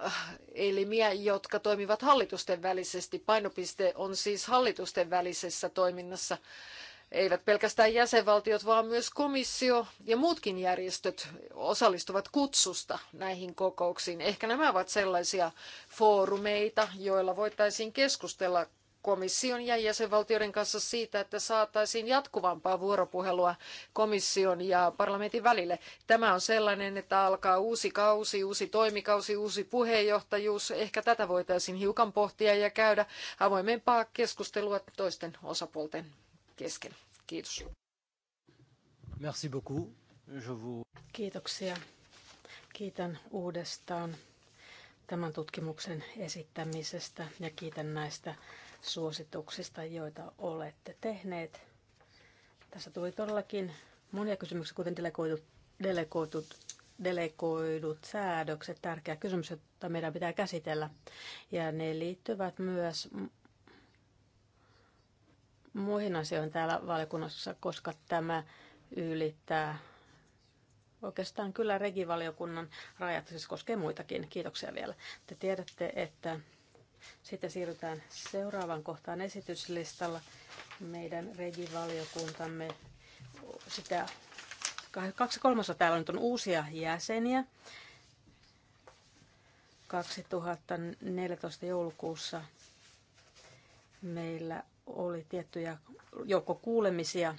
elimiä, jotka toimivat hallitusten välisesti. Painopiste on siis hallitusten välisessä toiminnassa. Eivät pelkästään jäsenvaltiot, vaan myös komissio ja muutkin järjestöt osallistuvat kutsusta näihin kokouksiin. Ehkä nämä ovat sellaisia foorumeita, joilla voitaisiin keskustella komission ja jäsenvaltioiden kanssa siitä, että saataisiin jatkuvampaa vuoropuhelua komission ja parlamentin välille. Tämä on sellainen, että alkaa uusi kausi, uusi toimikausi, uusi puheenjohtajuus. Ehkä tätä voitaisiin hiukan pohtia ja käydä avoimempaa keskustelua toisten osapuolten kesken. Kiitos. Merci beaucoup. Kiitoksia. Kiitän uudestaan tämän tutkimuksen esittämisestä ja kiitän näistä suosituksista, joita olette tehneet. Tässä tuli todellakin monia kysymyksiä, kuten delegoidut, delegoidut, delegoidut säädökset, tärkeä kysymys, jota meidän pitää käsitellä. Ja ne liittyvät myös muihin asioihin täällä valiokunnassa, koska tämä ylittää oikeastaan kyllä regivaliokunnan rajat, siis koskee muitakin. Kiitoksia vielä. Te tiedätte, että sitten siirrytään seuraavaan kohtaan esityslistalla. Meidän regivaliokuntamme, sitä kaksi kolmasa täällä nyt on uusia jäseniä. 2014 joulukuussa meillä oli tiettyjä joukko kuulemisia,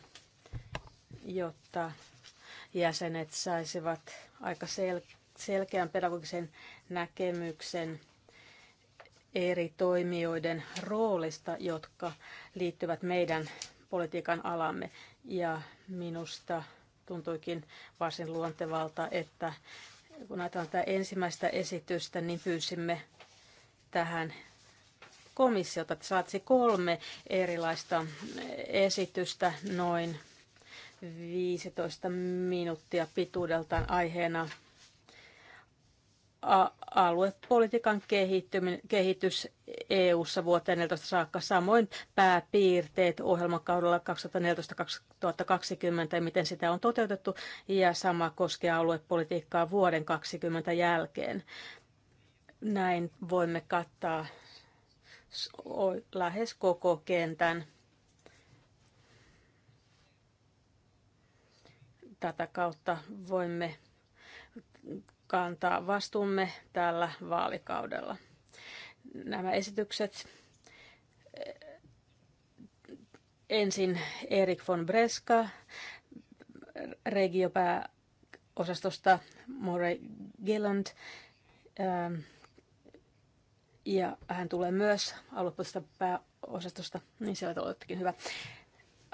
jotta jäsenet saisivat aika sel- selkeän pedagogisen näkemyksen eri toimijoiden roolista, jotka liittyvät meidän politiikan alamme. Ja minusta tuntuikin varsin luontevalta, että kun ajatellaan tätä ensimmäistä esitystä, niin pyysimme tähän komissiota, että saatsi kolme erilaista esitystä noin 15 minuuttia pituudeltaan aiheena aluepolitiikan kehitys EU-ssa vuoteen 14 saakka, samoin pääpiirteet ohjelmakaudella 2014-2020 ja miten sitä on toteutettu, ja sama koskee aluepolitiikkaa vuoden 2020 jälkeen. Näin voimme kattaa lähes koko kentän tätä kautta voimme kantaa vastuumme tällä vaalikaudella. Nämä esitykset eh, ensin Erik von Breska, regiopääosastosta More Gilland, ähm, ja hän tulee myös aluepuolista pääosastosta, niin sieltä olettekin hyvä.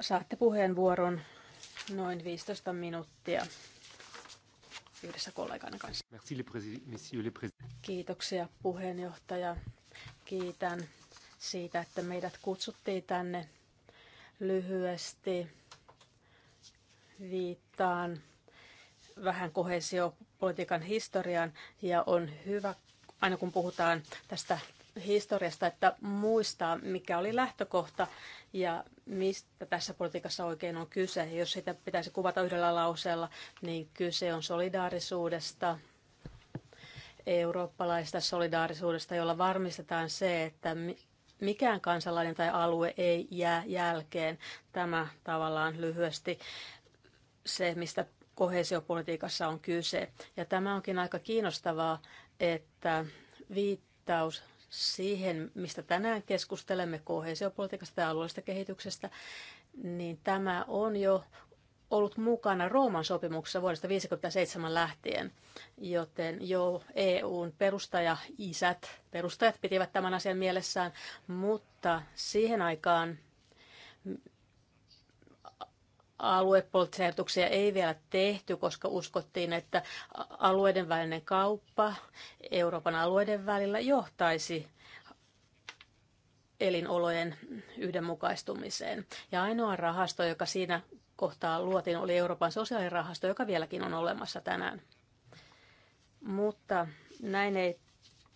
Saatte puheenvuoron noin 15 minuuttia yhdessä kollegana kanssa. Kiitoksia puheenjohtaja. Kiitän siitä, että meidät kutsuttiin tänne lyhyesti. Viittaan vähän kohesiopolitiikan historiaan ja on hyvä, aina kun puhutaan tästä historiasta, että muistaa, mikä oli lähtökohta ja mistä tässä politiikassa oikein on kyse. Jos sitä pitäisi kuvata yhdellä lauseella, niin kyse on solidaarisuudesta, eurooppalaista solidaarisuudesta, jolla varmistetaan se, että mikään kansalainen tai alue ei jää jälkeen. Tämä tavallaan lyhyesti se, mistä kohesiopolitiikassa on kyse. Ja tämä onkin aika kiinnostavaa, että viittaus siihen, mistä tänään keskustelemme kohesiopolitiikasta ja alueellisesta kehityksestä, niin tämä on jo ollut mukana Rooman sopimuksessa vuodesta 1957 lähtien, joten jo EUn perustaja-isät, perustajat pitivät tämän asian mielessään, mutta siihen aikaan aluepoliittisia ei vielä tehty, koska uskottiin, että alueiden välinen kauppa Euroopan alueiden välillä johtaisi elinolojen yhdenmukaistumiseen. Ja ainoa rahasto, joka siinä kohtaa luotiin, oli Euroopan sosiaalirahasto, joka vieläkin on olemassa tänään. Mutta näin ei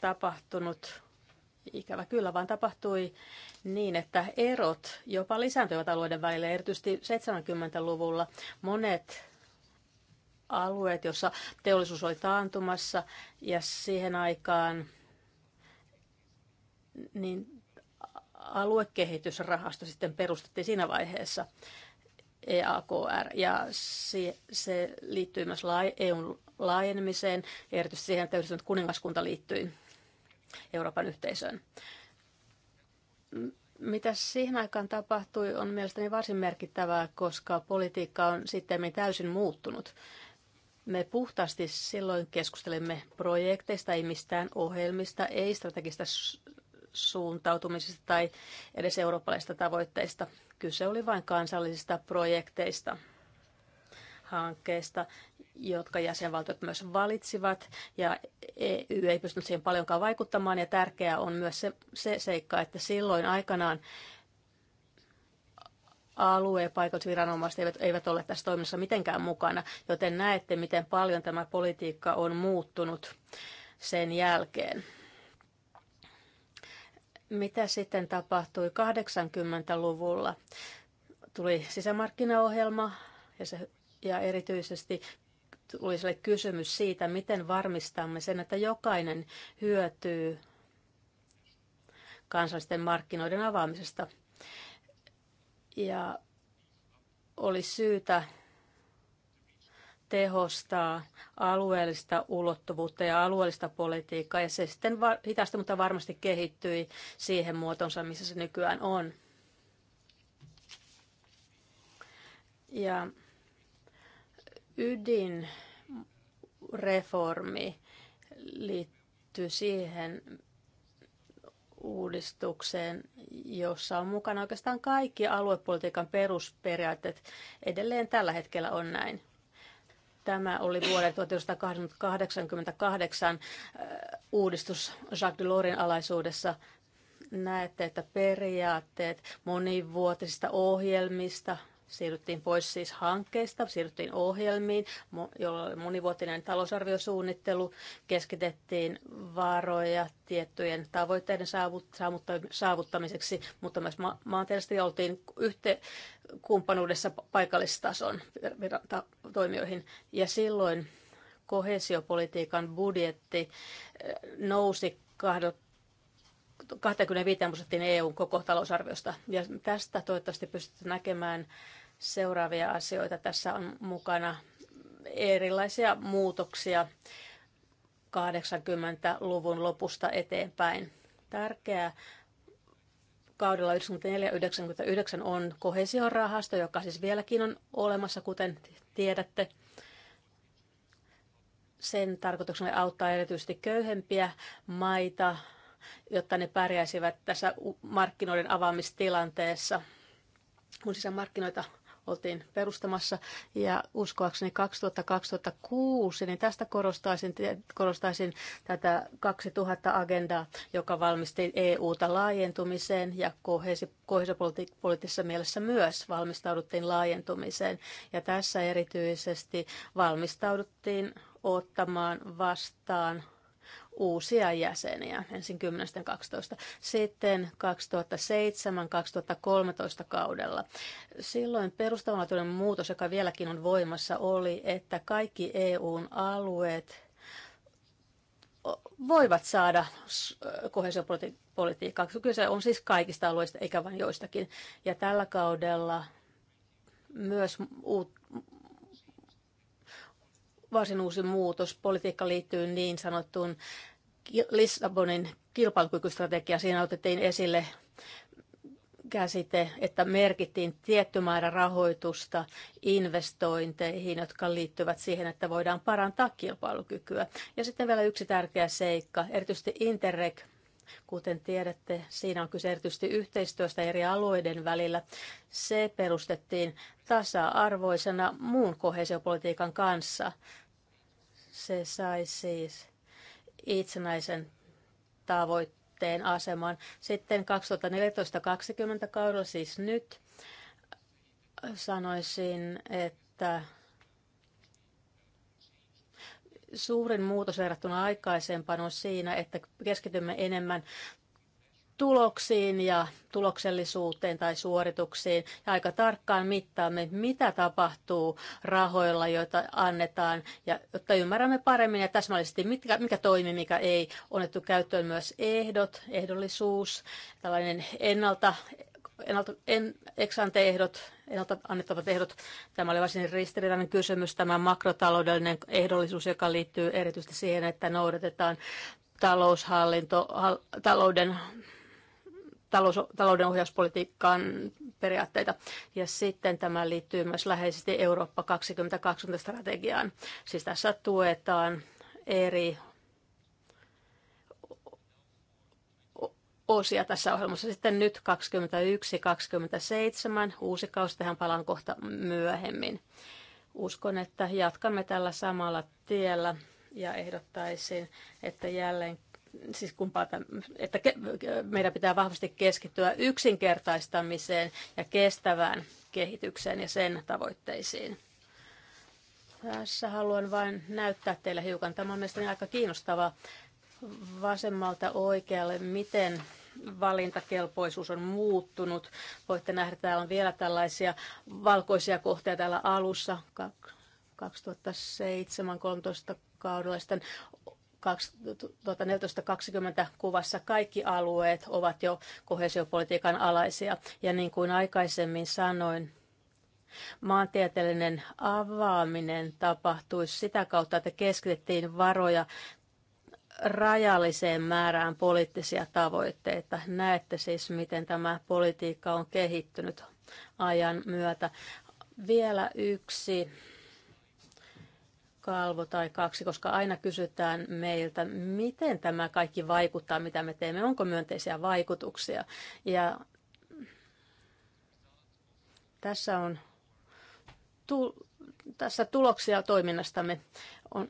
tapahtunut ikävä kyllä, vaan tapahtui niin, että erot jopa lisääntyivät alueiden välillä. Erityisesti 70-luvulla monet alueet, jossa teollisuus oli taantumassa ja siihen aikaan niin aluekehitysrahasto sitten perustettiin siinä vaiheessa EAKR ja se, se liittyy myös EUn laajenemiseen, erityisesti siihen, että kuningaskunta liittyi Euroopan yhteisöön. Mitä siihen aikaan tapahtui, on mielestäni varsin merkittävää, koska politiikka on sitten täysin muuttunut. Me puhtaasti silloin keskustelimme projekteista, ei mistään ohjelmista, ei strategista suuntautumisesta tai edes eurooppalaisista tavoitteista. Kyse oli vain kansallisista projekteista hankkeesta, jotka jäsenvaltiot myös valitsivat, ja EU ei pystynyt siihen paljonkaan vaikuttamaan, ja tärkeää on myös se, se seikka, että silloin aikanaan alue- ja paikallisviranomaiset eivät, eivät ole tässä toiminnassa mitenkään mukana, joten näette, miten paljon tämä politiikka on muuttunut sen jälkeen. Mitä sitten tapahtui 80-luvulla? Tuli sisämarkkinaohjelma ja se ja erityisesti tuli sille kysymys siitä, miten varmistamme sen, että jokainen hyötyy kansallisten markkinoiden avaamisesta. Ja oli syytä tehostaa alueellista ulottuvuutta ja alueellista politiikkaa, ja se sitten hitaasti, mutta varmasti kehittyi siihen muotonsa, missä se nykyään on. Ja ydinreformi liittyy siihen uudistukseen, jossa on mukana oikeastaan kaikki aluepolitiikan perusperiaatteet. Edelleen tällä hetkellä on näin. Tämä oli vuoden 1988 äh, uudistus Jacques Delorsin alaisuudessa. Näette, että periaatteet monivuotisista ohjelmista, Siirryttiin pois siis hankkeista, siirryttiin ohjelmiin, jolloin monivuotinen talousarviosuunnittelu, keskitettiin varoja tiettyjen tavoitteiden saavuttamiseksi, mutta myös ma- maantieteellisesti oltiin yhte kumppanuudessa paikallistason toimijoihin. Ja silloin kohesiopolitiikan budjetti eh, nousi 25 prosenttiin EUn koko talousarviosta. Ja tästä toivottavasti pystytte näkemään seuraavia asioita. Tässä on mukana erilaisia muutoksia 80-luvun lopusta eteenpäin. Tärkeää kaudella 1994-1999 on kohesiorahasto, joka siis vieläkin on olemassa, kuten tiedätte. Sen tarkoituksena auttaa erityisesti köyhempiä maita, jotta ne pärjäisivät tässä markkinoiden avaamistilanteessa. Kun sisämarkkinoita oltiin perustamassa. Ja uskoakseni 2006 niin tästä korostaisin, korostaisin tätä 2000-agendaa, joka valmisti EUta laajentumiseen ja kohesiopoliittisessa mielessä myös valmistauduttiin laajentumiseen. Ja tässä erityisesti valmistauduttiin ottamaan vastaan uusia jäseniä, ensin 10-12, sitten 2007-2013 kaudella. Silloin perustavanlaatuinen muutos, joka vieläkin on voimassa, oli, että kaikki EUn alueet voivat saada kohesiopolitiikkaa. Kyse on siis kaikista alueista, eikä vain joistakin. Ja tällä kaudella myös uut, varsin uusi muutos. Politiikka liittyy niin sanottuun Lissabonin kilpailukykystrategiaan. Siinä otettiin esille käsite, että merkittiin tietty määrä rahoitusta investointeihin, jotka liittyvät siihen, että voidaan parantaa kilpailukykyä. Ja sitten vielä yksi tärkeä seikka, erityisesti Interreg Kuten tiedätte, siinä on kyse erityisesti yhteistyöstä eri alueiden välillä. Se perustettiin tasa-arvoisena muun kohesiopolitiikan kanssa. Se sai siis itsenäisen tavoitteen aseman. Sitten 2014-2020 kaudella, siis nyt, sanoisin, että Suurin muutos verrattuna aikaisempaan on siinä, että keskitymme enemmän tuloksiin ja tuloksellisuuteen tai suorituksiin ja aika tarkkaan mittaamme, mitä tapahtuu rahoilla, joita annetaan, ja jotta ymmärrämme paremmin ja täsmällisesti, mitkä, mikä toimii, mikä ei. On otettu käyttöön myös ehdot, ehdollisuus, tällainen ennalta ennalta, en, eksante ehdot, ennalta annettavat ehdot. Tämä oli varsin ristiriitainen kysymys, tämä makrotaloudellinen ehdollisuus, joka liittyy erityisesti siihen, että noudatetaan taloushallinto, hal, talouden, talous, talouden ohjauspolitiikan periaatteita. Ja sitten tämä liittyy myös läheisesti Eurooppa 2020 strategiaan. Siis tässä tuetaan eri osia tässä ohjelmassa. Sitten nyt 21-27, uusi kausi, tähän palaan kohta myöhemmin. Uskon, että jatkamme tällä samalla tiellä ja ehdottaisin, että jälleen siis kumpaa tämän, että meidän pitää vahvasti keskittyä yksinkertaistamiseen ja kestävään kehitykseen ja sen tavoitteisiin. Tässä haluan vain näyttää teille hiukan. Tämä on mielestäni aika kiinnostava vasemmalta oikealle, miten valintakelpoisuus on muuttunut. Voitte nähdä, että täällä on vielä tällaisia valkoisia kohtia täällä alussa 2007 2013 kaudella. Sitten 2014-2020 kuvassa kaikki alueet ovat jo kohesiopolitiikan alaisia. Ja niin kuin aikaisemmin sanoin, maantieteellinen avaaminen tapahtui sitä kautta, että keskitettiin varoja rajalliseen määrään poliittisia tavoitteita. Näette siis, miten tämä politiikka on kehittynyt ajan myötä. Vielä yksi kalvo tai kaksi, koska aina kysytään meiltä, miten tämä kaikki vaikuttaa, mitä me teemme, onko myönteisiä vaikutuksia. Ja tässä on tässä tuloksia toiminnastamme on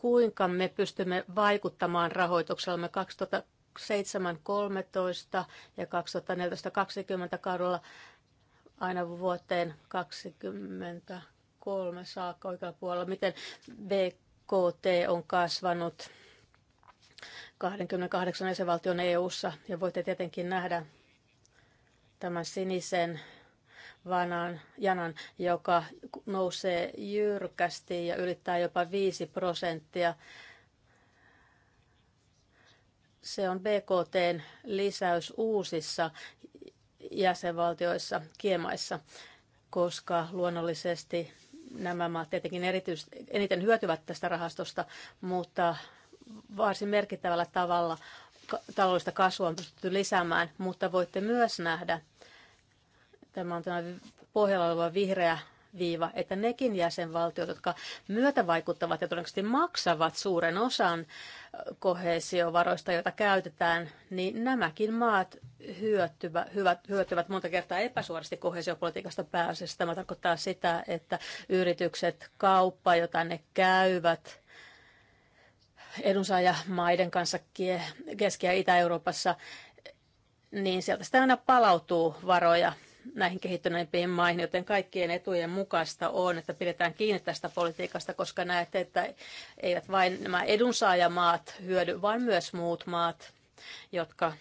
kuinka me pystymme vaikuttamaan rahoituksellamme 2007-2013 ja 2014-2020 kaudella aina vuoteen 2023 saakka oikealla puolella, miten BKT on kasvanut 28 jäsenvaltion EU-ssa. Ja voitte tietenkin nähdä tämän sinisen vanan, janan, joka nousee jyrkästi ja ylittää jopa 5 prosenttia. Se on BKTn lisäys uusissa jäsenvaltioissa, kiemaissa, koska luonnollisesti nämä maat tietenkin erityisesti eniten hyötyvät tästä rahastosta, mutta varsin merkittävällä tavalla taloudellista kasvua on pystytty lisäämään, mutta voitte myös nähdä, tämä on tämä pohjalla oleva vihreä viiva, että nekin jäsenvaltiot, jotka myötävaikuttavat ja todennäköisesti maksavat suuren osan kohesiovaroista, joita käytetään, niin nämäkin maat hyötyvät, hyvät, hyötyvät monta kertaa epäsuorasti kohesiopolitiikasta pääasiassa. Tämä tarkoittaa sitä, että yritykset, kauppa, jota ne käyvät, edunsaajamaiden kanssa Keski- ja Itä-Euroopassa, niin sieltä sitä aina palautuu varoja näihin kehittyneimpiin maihin, joten kaikkien etujen mukaista on, että pidetään kiinni tästä politiikasta, koska näette, että eivät vain nämä edunsaajamaat hyödy, vaan myös muut maat, jotka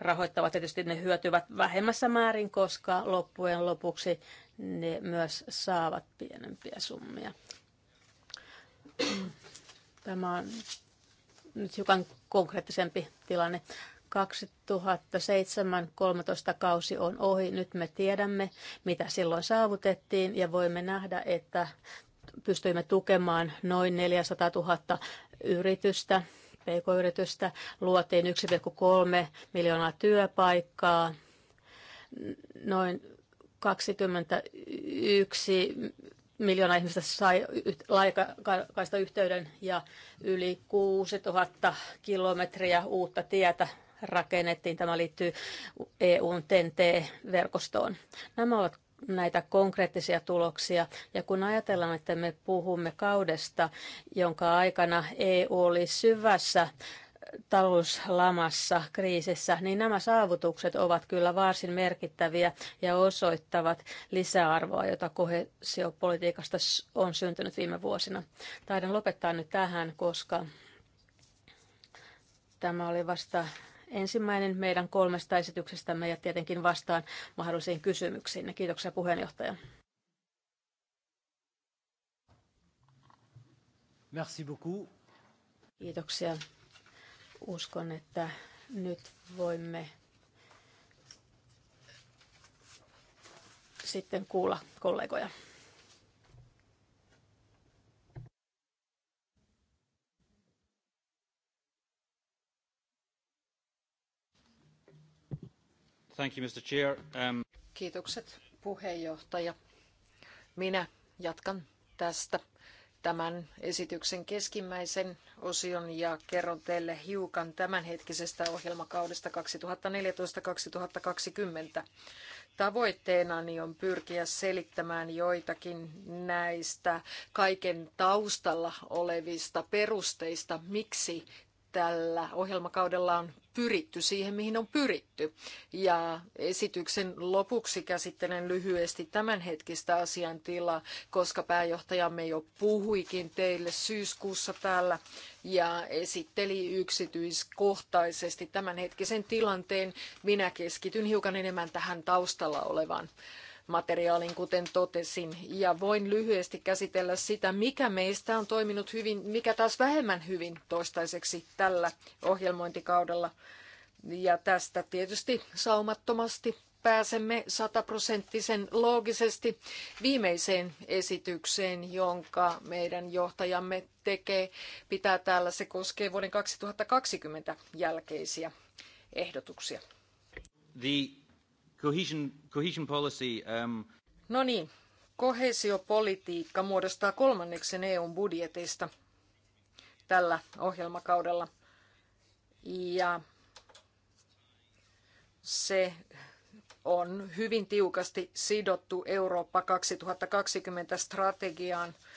rahoittavat. Tietysti ne hyötyvät vähemmässä määrin, koska loppujen lopuksi ne myös saavat pienempiä summia. Tämä on nyt hiukan konkreettisempi tilanne. 2007-2013 kausi on ohi. Nyt me tiedämme, mitä silloin saavutettiin ja voimme nähdä, että pystyimme tukemaan noin 400 000 yritystä, pk-yritystä. Luotiin 1,3 miljoonaa työpaikkaa, noin 21 miljoonaa ihmistä sai laajakaista yhteyden ja yli 6000 kilometriä uutta tietä rakennettiin. Tämä liittyy EUn TNT-verkostoon. Nämä ovat näitä konkreettisia tuloksia. Ja kun ajatellaan, että me puhumme kaudesta, jonka aikana EU oli syvässä talouslamassa, kriisissä, niin nämä saavutukset ovat kyllä varsin merkittäviä ja osoittavat lisäarvoa, jota kohesiopolitiikasta on syntynyt viime vuosina. Taidan lopettaa nyt tähän, koska tämä oli vasta ensimmäinen meidän kolmesta esityksestämme ja tietenkin vastaan mahdollisiin kysymyksiin. Kiitoksia puheenjohtaja. Merci beaucoup. Kiitoksia. Uskon, että nyt voimme sitten kuulla kollegoja. Um, Kiitokset puheenjohtaja. Minä jatkan tästä tämän esityksen keskimmäisen osion ja kerron teille hiukan tämänhetkisestä ohjelmakaudesta 2014-2020. Tavoitteenani on pyrkiä selittämään joitakin näistä kaiken taustalla olevista perusteista, miksi tällä ohjelmakaudella on pyritty siihen, mihin on pyritty. Ja esityksen lopuksi käsittelen lyhyesti tämänhetkistä asiantilaa, koska pääjohtajamme jo puhuikin teille syyskuussa täällä ja esitteli yksityiskohtaisesti tämänhetkisen tilanteen. Minä keskityn hiukan enemmän tähän taustalla olevaan materiaalin, kuten totesin. Ja voin lyhyesti käsitellä sitä, mikä meistä on toiminut hyvin, mikä taas vähemmän hyvin toistaiseksi tällä ohjelmointikaudella. Ja tästä tietysti saumattomasti pääsemme sataprosenttisen loogisesti viimeiseen esitykseen, jonka meidän johtajamme tekee, pitää täällä. Se koskee vuoden 2020 jälkeisiä ehdotuksia. The Cohesion, cohesion policy, um... No niin, kohesiopolitiikka muodostaa kolmanneksen EUn budjetista tällä ohjelmakaudella. Ja se on hyvin tiukasti sidottu Eurooppa 2020 strategiaan –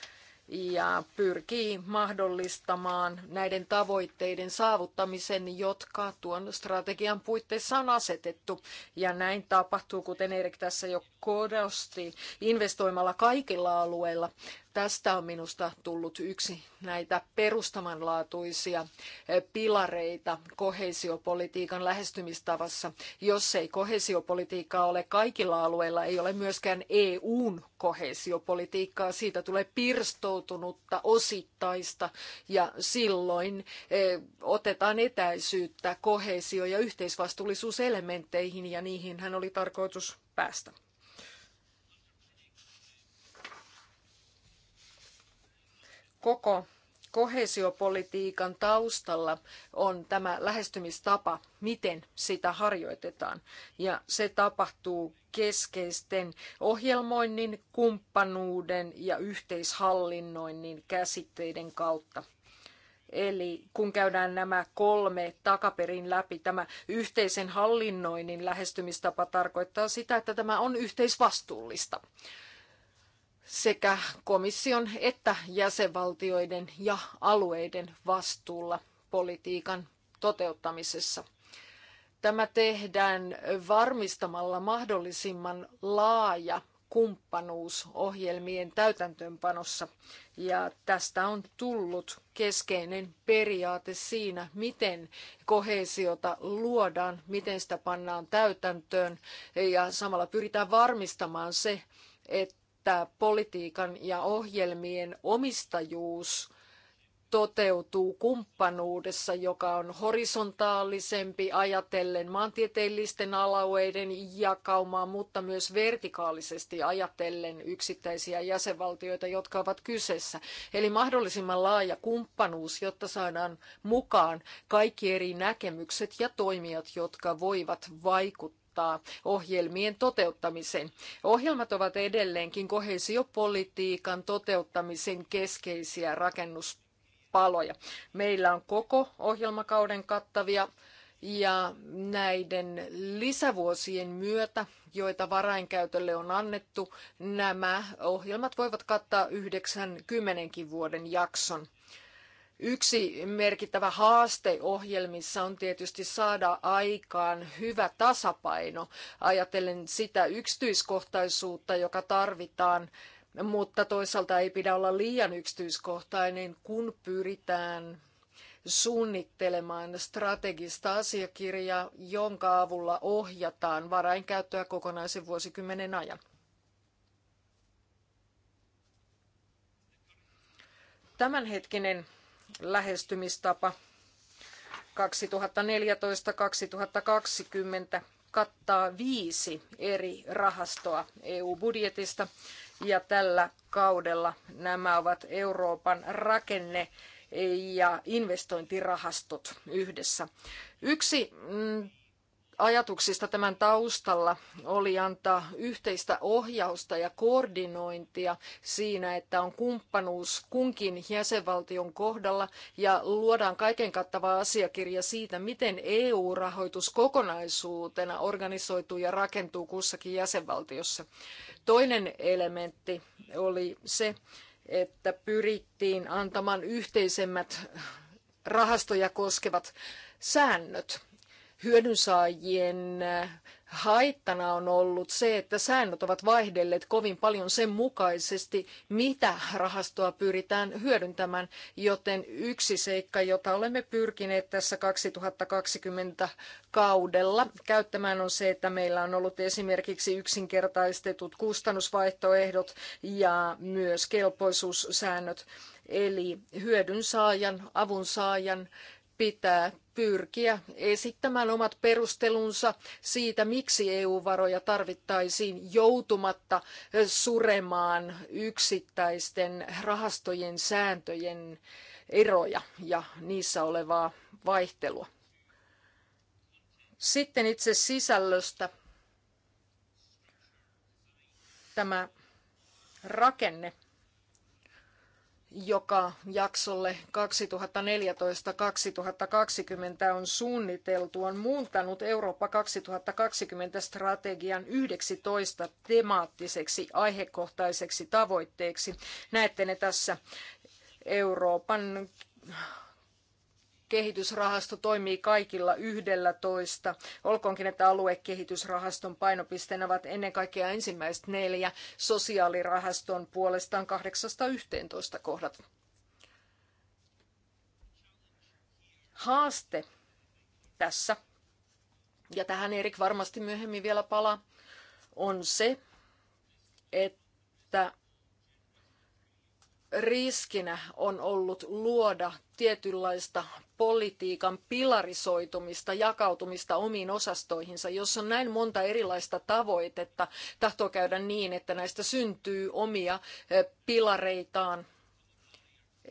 ja pyrkii mahdollistamaan näiden tavoitteiden saavuttamisen, jotka tuon strategian puitteissa on asetettu. Ja näin tapahtuu, kuten Erik tässä jo korosti, investoimalla kaikilla alueilla Tästä on minusta tullut yksi näitä perustavanlaatuisia eh, pilareita kohesiopolitiikan lähestymistavassa. Jos ei kohesiopolitiikkaa ole kaikilla alueilla, ei ole myöskään EUn kohesiopolitiikkaa. Siitä tulee pirstoutunutta, osittaista ja silloin eh, otetaan etäisyyttä kohesio- ja yhteisvastuullisuuselementteihin ja niihin hän oli tarkoitus päästä. koko koheesiopolitiikan taustalla on tämä lähestymistapa, miten sitä harjoitetaan. Ja se tapahtuu keskeisten ohjelmoinnin, kumppanuuden ja yhteishallinnoinnin käsitteiden kautta. Eli kun käydään nämä kolme takaperin läpi, tämä yhteisen hallinnoinnin lähestymistapa tarkoittaa sitä, että tämä on yhteisvastuullista sekä komission että jäsenvaltioiden ja alueiden vastuulla politiikan toteuttamisessa. Tämä tehdään varmistamalla mahdollisimman laaja kumppanuus ohjelmien täytäntöönpanossa. Ja tästä on tullut keskeinen periaate siinä, miten kohesiota luodaan, miten sitä pannaan täytäntöön ja samalla pyritään varmistamaan se, että että politiikan ja ohjelmien omistajuus toteutuu kumppanuudessa, joka on horisontaalisempi ajatellen maantieteellisten alueiden jakaumaa, mutta myös vertikaalisesti ajatellen yksittäisiä jäsenvaltioita, jotka ovat kyseessä. Eli mahdollisimman laaja kumppanuus, jotta saadaan mukaan kaikki eri näkemykset ja toimijat, jotka voivat vaikuttaa vaikuttaa ohjelmien toteuttamiseen. Ohjelmat ovat edelleenkin kohesiopolitiikan toteuttamisen keskeisiä rakennuspaloja. Meillä on koko ohjelmakauden kattavia ja näiden lisävuosien myötä, joita varainkäytölle on annettu, nämä ohjelmat voivat kattaa 90 vuoden jakson. Yksi merkittävä haaste ohjelmissa on tietysti saada aikaan hyvä tasapaino, ajatellen sitä yksityiskohtaisuutta, joka tarvitaan, mutta toisaalta ei pidä olla liian yksityiskohtainen, kun pyritään suunnittelemaan strategista asiakirjaa, jonka avulla ohjataan varainkäyttöä kokonaisen vuosikymmenen ajan. Tämänhetkinen lähestymistapa 2014-2020 kattaa viisi eri rahastoa EU-budjetista ja tällä kaudella nämä ovat Euroopan rakenne ja investointirahastot yhdessä. Yksi mm, ajatuksista tämän taustalla oli antaa yhteistä ohjausta ja koordinointia siinä, että on kumppanuus kunkin jäsenvaltion kohdalla ja luodaan kaiken kattava asiakirja siitä, miten EU-rahoitus kokonaisuutena organisoituu ja rakentuu kussakin jäsenvaltiossa. Toinen elementti oli se, että pyrittiin antamaan yhteisemmät rahastoja koskevat säännöt hyödynsaajien äh, haittana on ollut se, että säännöt ovat vaihdelleet kovin paljon sen mukaisesti, mitä rahastoa pyritään hyödyntämään, joten yksi seikka, jota olemme pyrkineet tässä 2020 kaudella käyttämään on se, että meillä on ollut esimerkiksi yksinkertaistetut kustannusvaihtoehdot ja myös kelpoisuussäännöt, eli hyödynsaajan, avunsaajan pitää pyrkiä esittämään omat perustelunsa siitä, miksi EU-varoja tarvittaisiin joutumatta suremaan yksittäisten rahastojen sääntöjen eroja ja niissä olevaa vaihtelua. Sitten itse sisällöstä tämä rakenne joka jaksolle 2014-2020 on suunniteltu, on muuntanut Eurooppa 2020-strategian 11 temaattiseksi aihekohtaiseksi tavoitteeksi. Näette ne tässä Euroopan kehitysrahasto toimii kaikilla toista. olkoonkin, että aluekehitysrahaston painopisteenä ovat ennen kaikkea ensimmäiset neljä, sosiaalirahaston puolestaan 8-11 kohdat. Haaste tässä, ja tähän Erik varmasti myöhemmin vielä palaa, on se, että riskinä on ollut luoda tietynlaista politiikan pilarisoitumista, jakautumista omiin osastoihinsa. Jos on näin monta erilaista tavoitetta, tahtoo käydä niin, että näistä syntyy omia pilareitaan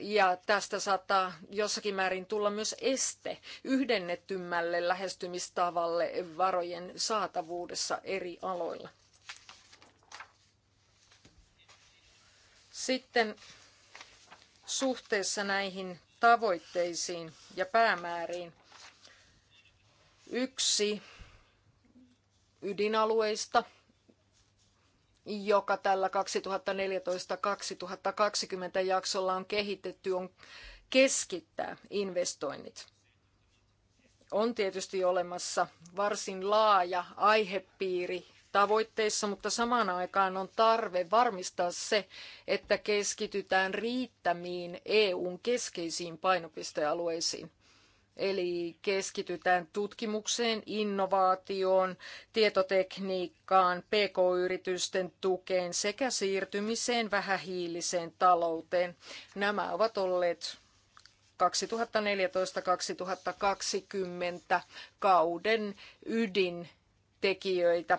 ja tästä saattaa jossakin määrin tulla myös este yhdennetymmälle lähestymistavalle varojen saatavuudessa eri aloilla. Sitten suhteessa näihin tavoitteisiin ja päämääriin. Yksi ydinalueista, joka tällä 2014-2020 jaksolla on kehitetty, on keskittää investoinnit. On tietysti olemassa varsin laaja aihepiiri tavoitteissa, mutta samaan aikaan on tarve varmistaa se, että keskitytään riittämiin EUn keskeisiin painopistealueisiin. Eli keskitytään tutkimukseen, innovaatioon, tietotekniikkaan, pk-yritysten tukeen sekä siirtymiseen vähähiiliseen talouteen. Nämä ovat olleet 2014-2020 kauden ydintekijöitä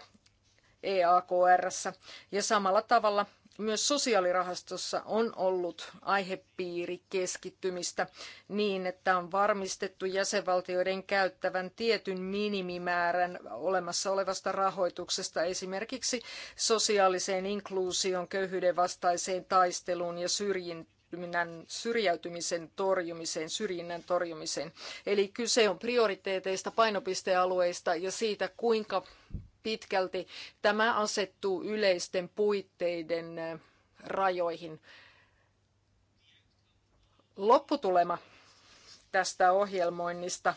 EAKRssä. Ja samalla tavalla myös sosiaalirahastossa on ollut aihepiiri keskittymistä niin, että on varmistettu jäsenvaltioiden käyttävän tietyn minimimäärän olemassa olevasta rahoituksesta esimerkiksi sosiaaliseen inkluusioon, köyhyyden vastaiseen taisteluun ja syrjäytymisen torjumiseen, syrjinnän torjumiseen. Eli kyse on prioriteeteista, painopistealueista ja siitä, kuinka pitkälti tämä asettuu yleisten puitteiden rajoihin. Lopputulema tästä ohjelmoinnista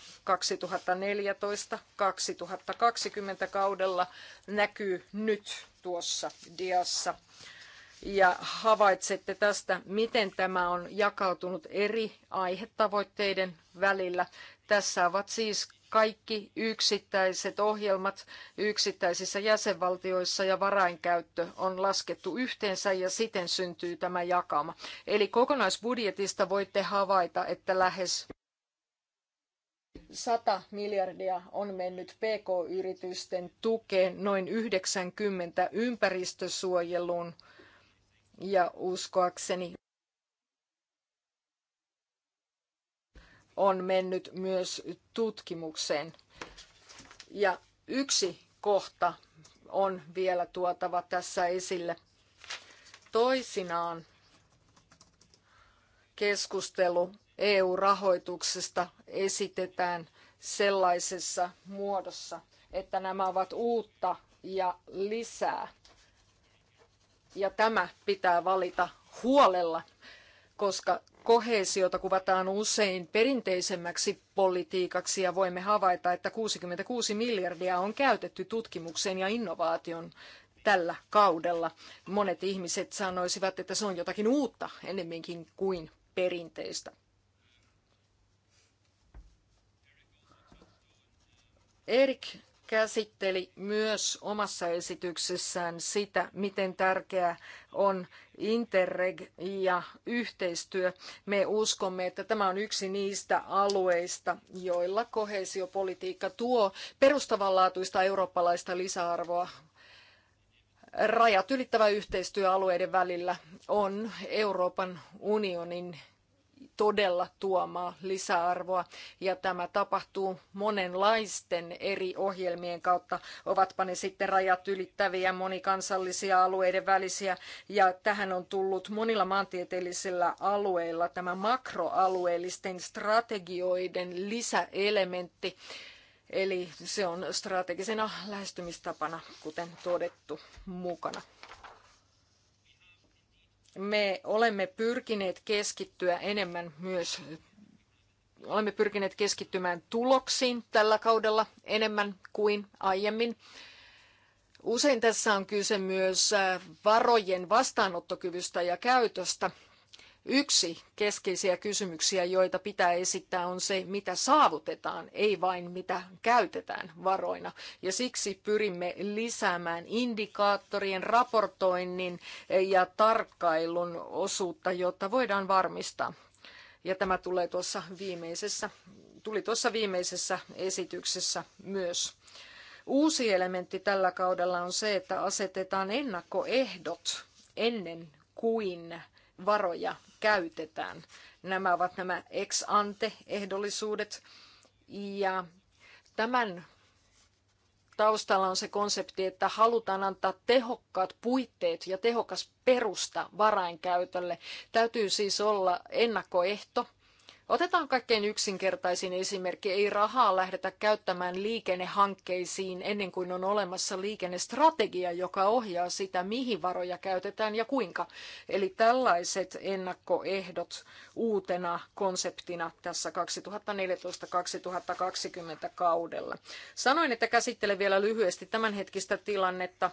2014-2020 kaudella näkyy nyt tuossa diassa. Ja havaitsette tästä, miten tämä on jakautunut eri aihetavoitteiden välillä. Tässä ovat siis kaikki yksittäiset ohjelmat yksittäisissä jäsenvaltioissa ja varainkäyttö on laskettu yhteensä ja siten syntyy tämä jakama. Eli kokonaisbudjetista voitte havaita, että lähes 100 miljardia on mennyt PK-yritysten tukeen, noin 90 ympäristösuojeluun ja uskoakseni on mennyt myös tutkimukseen. Ja yksi kohta on vielä tuotava tässä esille. Toisinaan keskustelu EU-rahoituksesta esitetään sellaisessa muodossa, että nämä ovat uutta ja lisää. Ja tämä pitää valita huolella, koska Koheesiota kuvataan usein perinteisemmäksi politiikaksi ja voimme havaita, että 66 miljardia on käytetty tutkimukseen ja innovaation tällä kaudella. Monet ihmiset sanoisivat, että se on jotakin uutta ennemminkin kuin perinteistä. Erik käsitteli myös omassa esityksessään sitä, miten tärkeää on Interreg ja yhteistyö. Me uskomme, että tämä on yksi niistä alueista, joilla koheesiopolitiikka tuo perustavanlaatuista eurooppalaista lisäarvoa rajat ylittävä yhteistyö alueiden välillä on Euroopan unionin todella tuomaa lisäarvoa ja tämä tapahtuu monenlaisten eri ohjelmien kautta, ovatpa ne sitten rajat ylittäviä, monikansallisia alueiden välisiä ja tähän on tullut monilla maantieteellisillä alueilla tämä makroalueellisten strategioiden lisäelementti, eli se on strategisena lähestymistapana, kuten todettu, mukana me olemme pyrkineet keskittyä enemmän myös olemme pyrkineet keskittymään tuloksiin tällä kaudella enemmän kuin aiemmin. Usein tässä on kyse myös äh, varojen vastaanottokyvystä ja käytöstä. Yksi keskeisiä kysymyksiä, joita pitää esittää, on se, mitä saavutetaan, ei vain mitä käytetään varoina. Ja siksi pyrimme lisäämään indikaattorien raportoinnin ja tarkkailun osuutta, jotta voidaan varmistaa. Ja tämä tulee tuossa viimeisessä, tuli tuossa viimeisessä esityksessä myös. Uusi elementti tällä kaudella on se, että asetetaan ennakkoehdot ennen kuin varoja käytetään. Nämä ovat nämä ex ante ehdollisuudet ja tämän taustalla on se konsepti, että halutaan antaa tehokkaat puitteet ja tehokas perusta varainkäytölle. Täytyy siis olla ennakkoehto Otetaan kaikkein yksinkertaisin esimerkki. Ei rahaa lähdetä käyttämään liikennehankkeisiin ennen kuin on olemassa liikennestrategia, joka ohjaa sitä, mihin varoja käytetään ja kuinka. Eli tällaiset ennakkoehdot uutena konseptina tässä 2014-2020 kaudella. Sanoin, että käsittelen vielä lyhyesti tämänhetkistä tilannetta.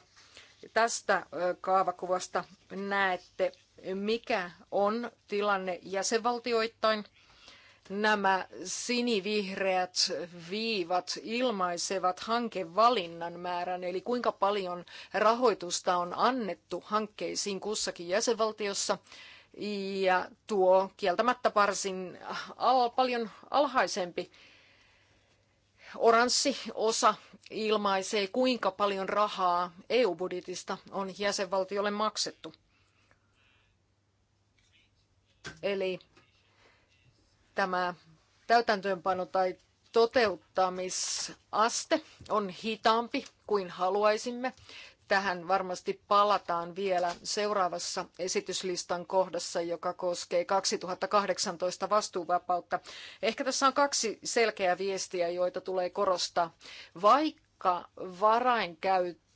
Tästä kaavakuvasta näette, mikä on tilanne jäsenvaltioittain – nämä sinivihreät viivat ilmaisevat hankevalinnan määrän, eli kuinka paljon rahoitusta on annettu hankkeisiin kussakin jäsenvaltiossa. Ja tuo kieltämättä varsin al- paljon alhaisempi oranssi osa ilmaisee, kuinka paljon rahaa EU-budjetista on jäsenvaltiolle maksettu. Eli tämä täytäntöönpano tai toteuttamisaste on hitaampi kuin haluaisimme. Tähän varmasti palataan vielä seuraavassa esityslistan kohdassa, joka koskee 2018 vastuuvapautta. Ehkä tässä on kaksi selkeää viestiä, joita tulee korostaa. Vaikka varainkäyttö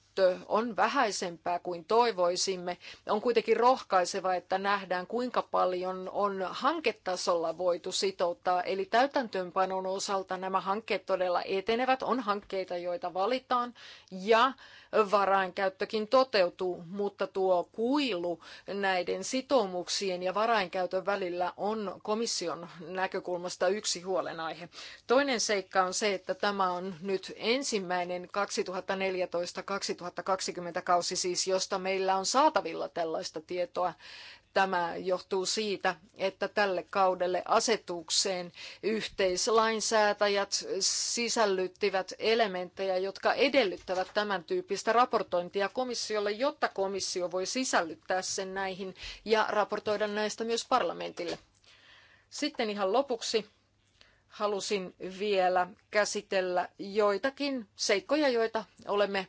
on vähäisempää kuin toivoisimme. On kuitenkin rohkaiseva, että nähdään kuinka paljon on hanketasolla voitu sitouttaa, eli täytäntöönpanon osalta nämä hankkeet todella etenevät, on hankkeita, joita valitaan, ja varainkäyttökin toteutuu, mutta tuo kuilu näiden sitoumuksien ja varainkäytön välillä on komission näkökulmasta yksi huolenaihe. Toinen seikka on se, että tämä on nyt ensimmäinen 2014-2020 kausi siis, josta meillä on saatavilla tällaista tietoa Tämä johtuu siitä, että tälle kaudelle asetukseen yhteislainsäätäjät sisällyttivät elementtejä, jotka edellyttävät tämän tyyppistä raportointia komissiolle, jotta komissio voi sisällyttää sen näihin ja raportoida näistä myös parlamentille. Sitten ihan lopuksi halusin vielä käsitellä joitakin seikkoja, joita olemme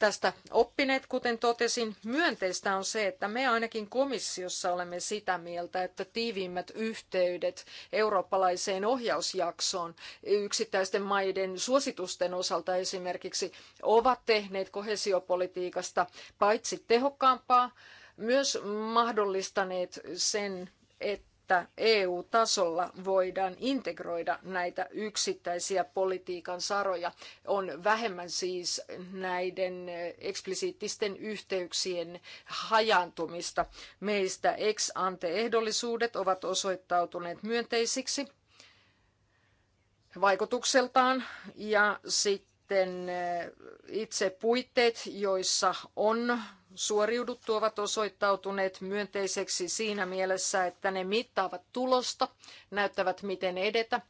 tästä oppineet, kuten totesin. Myönteistä on se, että me ainakin komissiossa olemme sitä mieltä, että tiiviimmät yhteydet eurooppalaiseen ohjausjaksoon yksittäisten maiden suositusten osalta esimerkiksi ovat tehneet kohesiopolitiikasta paitsi tehokkaampaa, myös mahdollistaneet sen, että että EU-tasolla voidaan integroida näitä yksittäisiä politiikan saroja. On vähemmän siis näiden eh, eksplisiittisten yhteyksien hajaantumista. Meistä ex-ante-ehdollisuudet ovat osoittautuneet myönteisiksi vaikutukseltaan ja sitten eh, itse puitteet, joissa on suoriuduttu ovat osoittautuneet myönteiseksi siinä mielessä, että ne mittaavat tulosta, näyttävät miten edetä.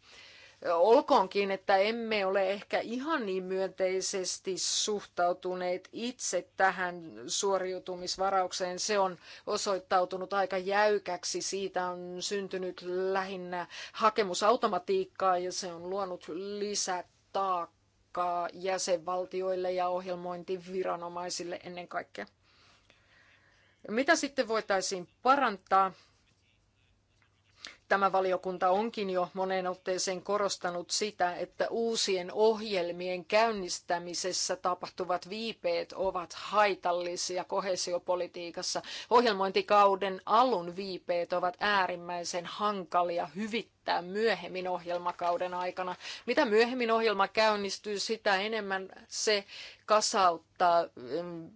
Olkoonkin, että emme ole ehkä ihan niin myönteisesti suhtautuneet itse tähän suoriutumisvaraukseen. Se on osoittautunut aika jäykäksi. Siitä on syntynyt lähinnä hakemusautomatiikkaa ja se on luonut lisätaakkaa jäsenvaltioille ja ohjelmointiviranomaisille ennen kaikkea. Mitä sitten voitaisiin parantaa? Tämä valiokunta onkin jo moneen otteeseen korostanut sitä, että uusien ohjelmien käynnistämisessä tapahtuvat viipeet ovat haitallisia koheesiopolitiikassa. Ohjelmointikauden alun viipeet ovat äärimmäisen hankalia hyvittää myöhemmin ohjelmakauden aikana. Mitä myöhemmin ohjelma käynnistyy, sitä enemmän se kasauttaa mm,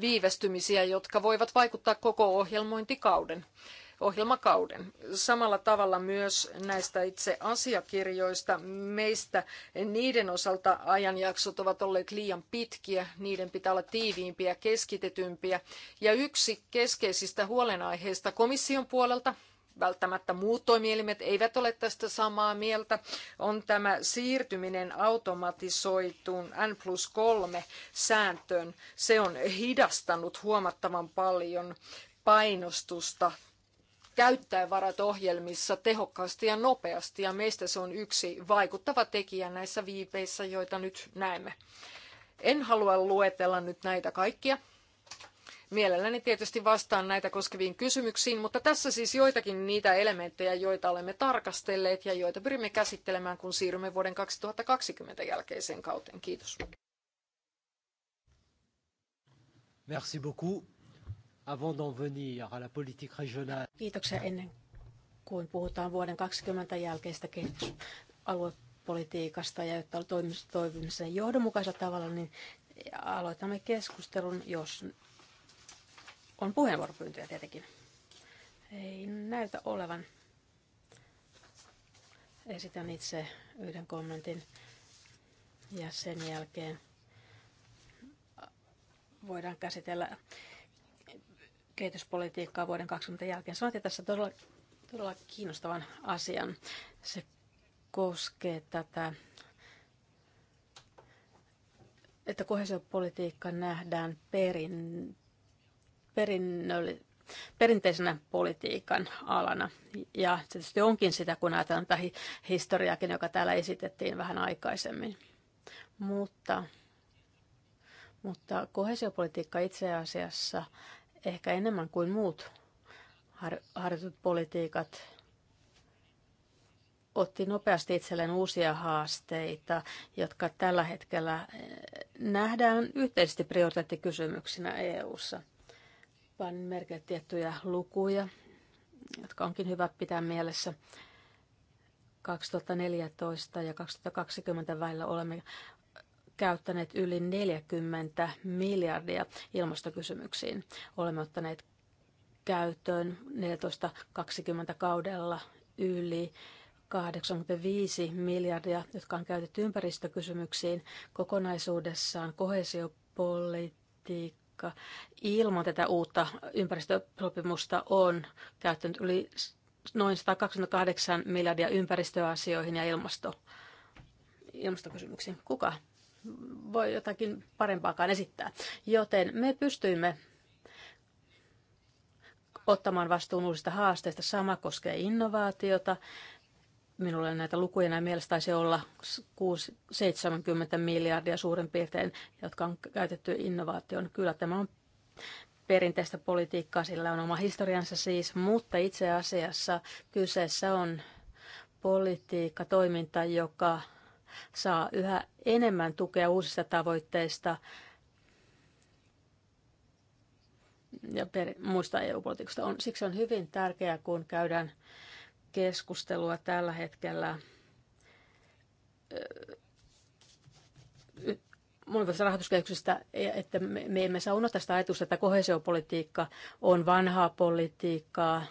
viivästymisiä, jotka voivat vaikuttaa koko ohjelmointikauden ohjelmakauden. Samalla tavalla myös näistä itse asiakirjoista meistä niiden osalta ajanjaksot ovat olleet liian pitkiä, niiden pitää olla tiiviimpiä, keskitetympiä. Ja yksi keskeisistä huolenaiheista komission puolelta välttämättä muut toimielimet eivät ole tästä samaa mieltä, on tämä siirtyminen automatisoituun N plus 3 sääntöön. Se on hidastanut huomattavan paljon painostusta käyttäjävarat ohjelmissa tehokkaasti ja nopeasti, ja meistä se on yksi vaikuttava tekijä näissä viipeissä, joita nyt näemme. En halua luetella nyt näitä kaikkia, Mielelläni tietysti vastaan näitä koskeviin kysymyksiin, mutta tässä siis joitakin niitä elementtejä, joita olemme tarkastelleet ja joita pyrimme käsittelemään, kun siirrymme vuoden 2020 jälkeiseen kauteen. Kiitos. Merci beaucoup. Avant d'en venir à la politique régionale. Kiitoksia ennen kuin puhutaan vuoden 2020 jälkeistä kehitysaluepolitiikasta ja jotta toimimisen johdonmukaisella tavalla, niin aloitamme keskustelun, jos on puheenvuoropyyntöjä tietenkin. Ei näytä olevan. Esitän itse yhden kommentin ja sen jälkeen voidaan käsitellä kehityspolitiikkaa vuoden 20 jälkeen. Sanoit tässä todella, todella kiinnostavan asian. Se koskee tätä, että kohesiopolitiikka nähdään perin, perinteisenä politiikan alana. Ja se tietysti onkin sitä, kun ajatellaan tätä historiakin, joka täällä esitettiin vähän aikaisemmin. Mutta, mutta kohesiopolitiikka itse asiassa ehkä enemmän kuin muut har- harjoitut politiikat otti nopeasti itselleen uusia haasteita, jotka tällä hetkellä eh, nähdään yhteisesti prioriteettikysymyksinä EU:ssa. ssa pan merkille tiettyjä lukuja, jotka onkin hyvä pitää mielessä. 2014 ja 2020 välillä olemme käyttäneet yli 40 miljardia ilmastokysymyksiin. Olemme ottaneet käyttöön 14-20 kaudella yli 85 miljardia, jotka on käytetty ympäristökysymyksiin. Kokonaisuudessaan kohesiopolitiikkaan vaikka ilman tätä uutta ympäristösopimusta on käyttänyt yli noin 128 miljardia ympäristöasioihin ja ilmasto, ilmastokysymyksiin. Kuka voi jotakin parempaakaan esittää? Joten me pystyimme ottamaan vastuun uusista haasteista. Sama koskee innovaatiota minulle näitä lukuja näin mielestä taisi olla 6, 70 miljardia suurin piirtein, jotka on käytetty innovaation. Kyllä tämä on perinteistä politiikkaa, sillä on oma historiansa siis, mutta itse asiassa kyseessä on politiikka, toiminta, joka saa yhä enemmän tukea uusista tavoitteista ja per, muista EU-politiikasta. On, siksi on hyvin tärkeää, kun käydään keskustelua tällä hetkellä monivuotisesta rahoituskehyksestä, että me emme saa unohtaa sitä ajatusta, että kohesiopolitiikka on vanhaa politiikkaa,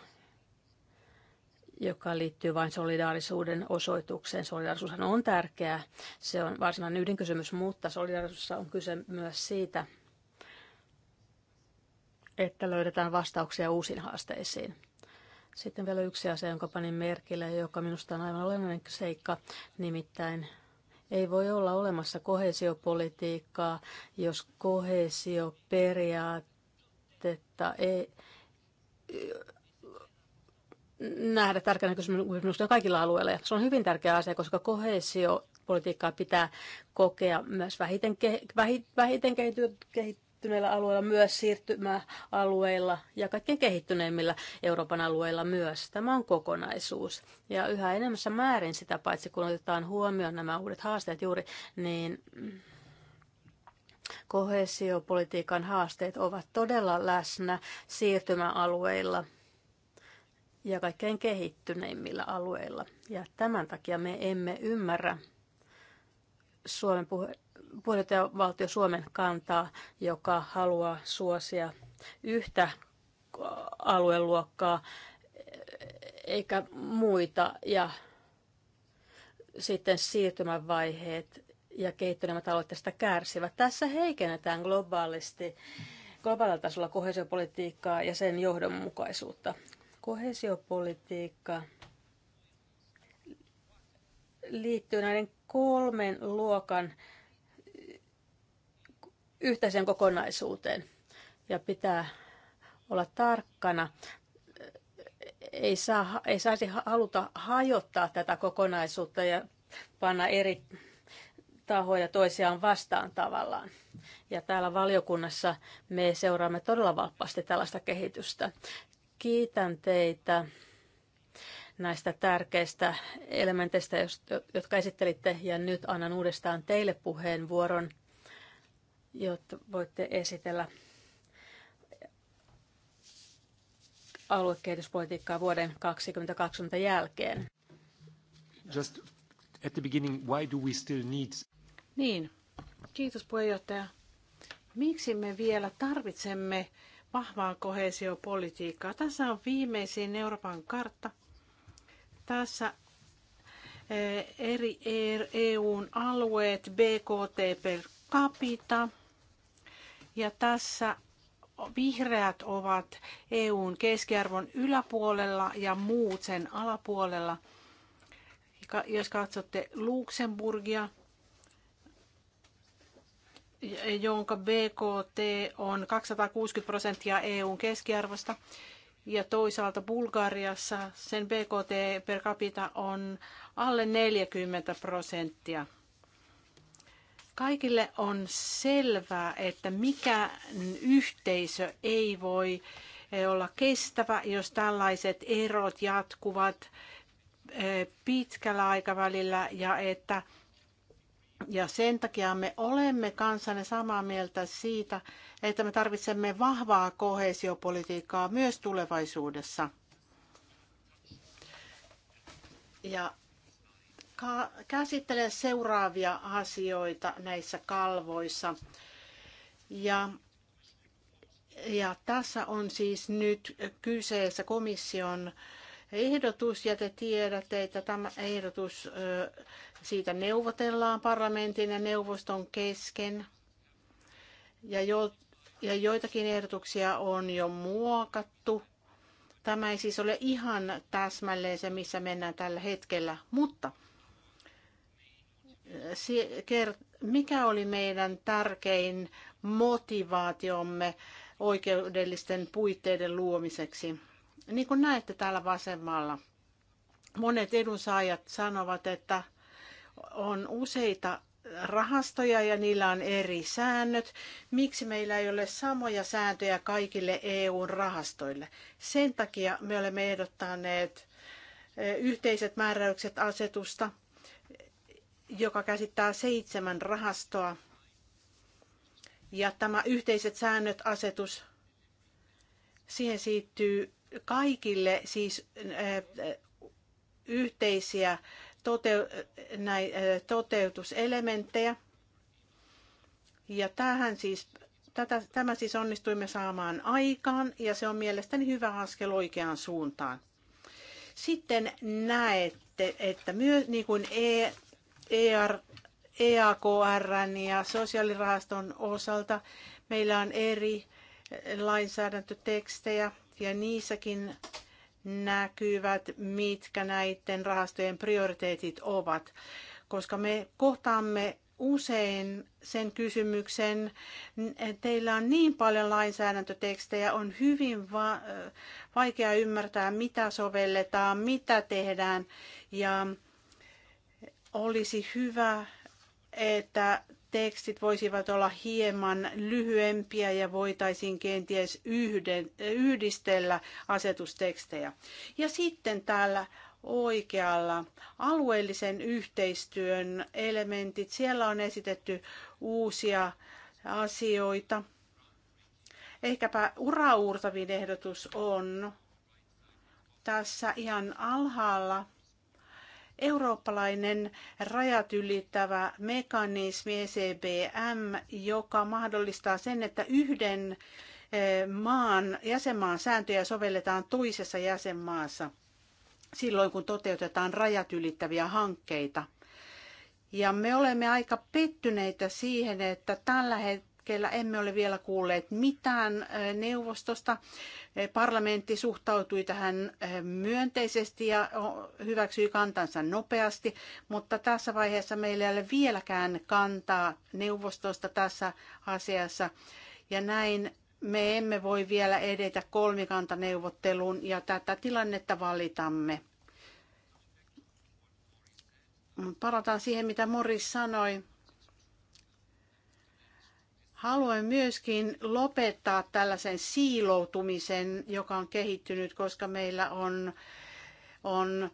joka liittyy vain solidaarisuuden osoitukseen. Solidaarisuushan on tärkeää, se on varsinainen ydinkysymys, mutta solidaarisuudessa on kyse myös siitä, että löydetään vastauksia uusiin haasteisiin. Sitten vielä yksi asia, jonka panin merkille, joka minusta on aivan olennainen seikka, nimittäin ei voi olla olemassa kohesiopolitiikkaa, jos kohesioperiaatetta ei nähdä tärkeänä kysymyksenä kaikilla alueilla. Ja se on hyvin tärkeä asia, koska kohesiopolitiikkaa pitää kokea myös vähiten, ke, vähiten kehity, kehittyneillä alueilla, myös siirtymäalueilla ja kaikkein kehittyneimmillä Euroopan alueilla myös. Tämä on kokonaisuus. Ja yhä enemmässä määrin sitä, paitsi kun otetaan huomioon nämä uudet haasteet juuri, niin kohesiopolitiikan haasteet ovat todella läsnä siirtymäalueilla ja kaikkein kehittyneimmillä alueilla. Ja tämän takia me emme ymmärrä Suomen puheen puheenjohtajavaltio Suomen kantaa, joka haluaa suosia yhtä alueluokkaa eikä muita ja sitten siirtymävaiheet ja kehittyneemmät alueet tästä kärsivät. Tässä heikennetään globaalisti, globaalilla tasolla kohesiopolitiikkaa ja sen johdonmukaisuutta. Kohesiopolitiikka liittyy näiden kolmen luokan yhteiseen kokonaisuuteen ja pitää olla tarkkana. Ei, saa, ei saisi haluta hajottaa tätä kokonaisuutta ja panna eri tahoja toisiaan vastaan tavallaan. Ja täällä valiokunnassa me seuraamme todella vapaasti tällaista kehitystä. Kiitän teitä näistä tärkeistä elementeistä, jotka esittelitte, ja nyt annan uudestaan teille puheenvuoron jotta voitte esitellä aluekehityspolitiikkaa vuoden 2020 jälkeen. Just at the beginning, why do we still need... Niin, kiitos puheenjohtaja. Miksi me vielä tarvitsemme vahvaa kohesiopolitiikkaa? Tässä on viimeisin Euroopan kartta. Tässä eh, eri EUn e alueet, BKT per capita – ja tässä vihreät ovat EUn keskiarvon yläpuolella ja muut sen alapuolella. Jos katsotte Luxemburgia, jonka BKT on 260 prosenttia EUn keskiarvosta, ja toisaalta Bulgariassa sen BKT per capita on alle 40 prosenttia. Kaikille on selvää, että mikä yhteisö ei voi eh, olla kestävä, jos tällaiset erot jatkuvat eh, pitkällä aikavälillä ja että ja sen takia me olemme kansanne samaa mieltä siitä, että me tarvitsemme vahvaa kohesiopolitiikkaa myös tulevaisuudessa. Ja Käsittelen seuraavia asioita näissä kalvoissa. Ja, ja tässä on siis nyt kyseessä komission ehdotus, ja te tiedätte, että tämä ehdotus, siitä neuvotellaan parlamentin ja neuvoston kesken. Ja, jo, ja joitakin ehdotuksia on jo muokattu. Tämä ei siis ole ihan täsmälleen se, missä mennään tällä hetkellä, mutta mikä oli meidän tärkein motivaatiomme oikeudellisten puitteiden luomiseksi. Niin kuin näette täällä vasemmalla, monet edunsaajat sanovat, että on useita rahastoja ja niillä on eri säännöt. Miksi meillä ei ole samoja sääntöjä kaikille EUn rahastoille? Sen takia me olemme ehdottaneet eh, yhteiset määräykset asetusta – joka käsittää seitsemän rahastoa. Ja tämä yhteiset säännöt asetus, siihen siittyy kaikille siis eh, yhteisiä eh, toteutuselementtejä. Ja tähän siis, tätä, tämä siis onnistuimme saamaan aikaan ja se on mielestäni hyvä askel oikeaan suuntaan. Sitten näette, että myös niin kuin e, ER, EAKRn ja sosiaalirahaston osalta meillä on eri eh, lainsäädäntötekstejä ja niissäkin näkyvät, mitkä näiden rahastojen prioriteetit ovat, koska me kohtaamme usein sen kysymyksen, että teillä on niin paljon lainsäädäntötekstejä, on hyvin va- eh, vaikea ymmärtää, mitä sovelletaan, mitä tehdään. Ja olisi hyvä, että tekstit voisivat olla hieman lyhyempiä ja voitaisiin kenties yhden, yhdistellä asetustekstejä. Ja sitten täällä oikealla alueellisen yhteistyön elementit. Siellä on esitetty uusia asioita. Ehkäpä uraurtavin ehdotus on tässä ihan alhaalla eurooppalainen rajat ylittävä mekanismi ECBM, joka mahdollistaa sen, että yhden e, maan, jäsenmaan sääntöjä sovelletaan toisessa jäsenmaassa silloin, kun toteutetaan rajat ylittäviä hankkeita. Ja me olemme aika pettyneitä siihen, että tällä, hetkellä hetkellä emme ole vielä kuulleet mitään neuvostosta. Parlamentti suhtautui tähän myönteisesti ja hyväksyi kantansa nopeasti, mutta tässä vaiheessa meillä ei ole vieläkään kantaa neuvostosta tässä asiassa. Ja näin me emme voi vielä edetä kolmikantaneuvotteluun ja tätä tilannetta valitamme. Palataan siihen, mitä Morris sanoi Haluan myöskin lopettaa tällaisen siiloutumisen, joka on kehittynyt, koska meillä on, on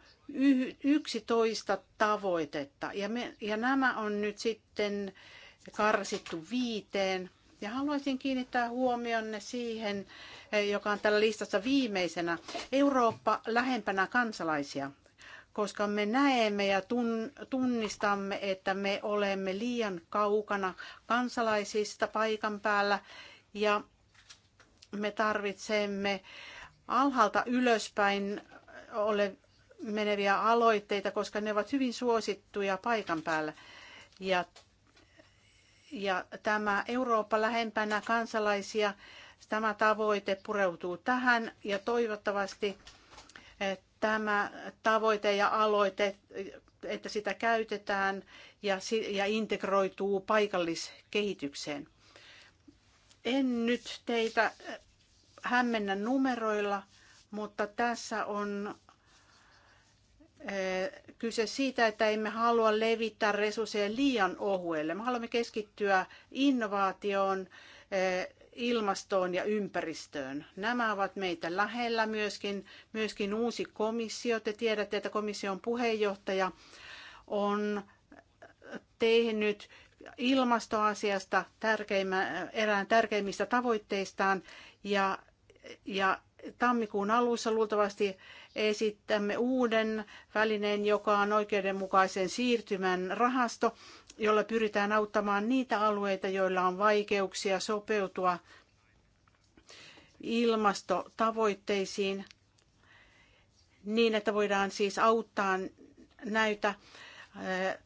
toista tavoitetta. Ja, me, ja nämä on nyt sitten karsittu viiteen. Ja haluaisin kiinnittää huomionne siihen, eh, joka on tällä listassa viimeisenä. Eurooppa lähempänä kansalaisia koska me näemme ja tunnistamme, että me olemme liian kaukana kansalaisista paikan päällä ja me tarvitsemme alhaalta ylöspäin ole, meneviä aloitteita, koska ne ovat hyvin suosittuja paikan päällä. Ja, ja tämä Eurooppa lähempänä kansalaisia, tämä tavoite pureutuu tähän ja toivottavasti eh, tämä tavoite ja aloite, että sitä käytetään ja, ja integroituu paikalliskehitykseen. En nyt teitä äh, hämmennä numeroilla, mutta tässä on äh, kyse siitä, että emme halua levittää resursseja liian ohuelle. Me haluamme keskittyä innovaatioon, äh, ilmastoon ja ympäristöön. Nämä ovat meitä lähellä myöskin, myöskin uusi komissio. Te tiedätte, että komission puheenjohtaja on tehnyt ilmastoasiasta tärkeimmä, erään tärkeimmistä tavoitteistaan ja, ja tammikuun alussa luultavasti esittämme uuden välineen, joka on oikeudenmukaisen siirtymän rahasto, jolla pyritään auttamaan niitä alueita, joilla on vaikeuksia sopeutua ilmastotavoitteisiin niin, että voidaan siis auttaa näitä eh,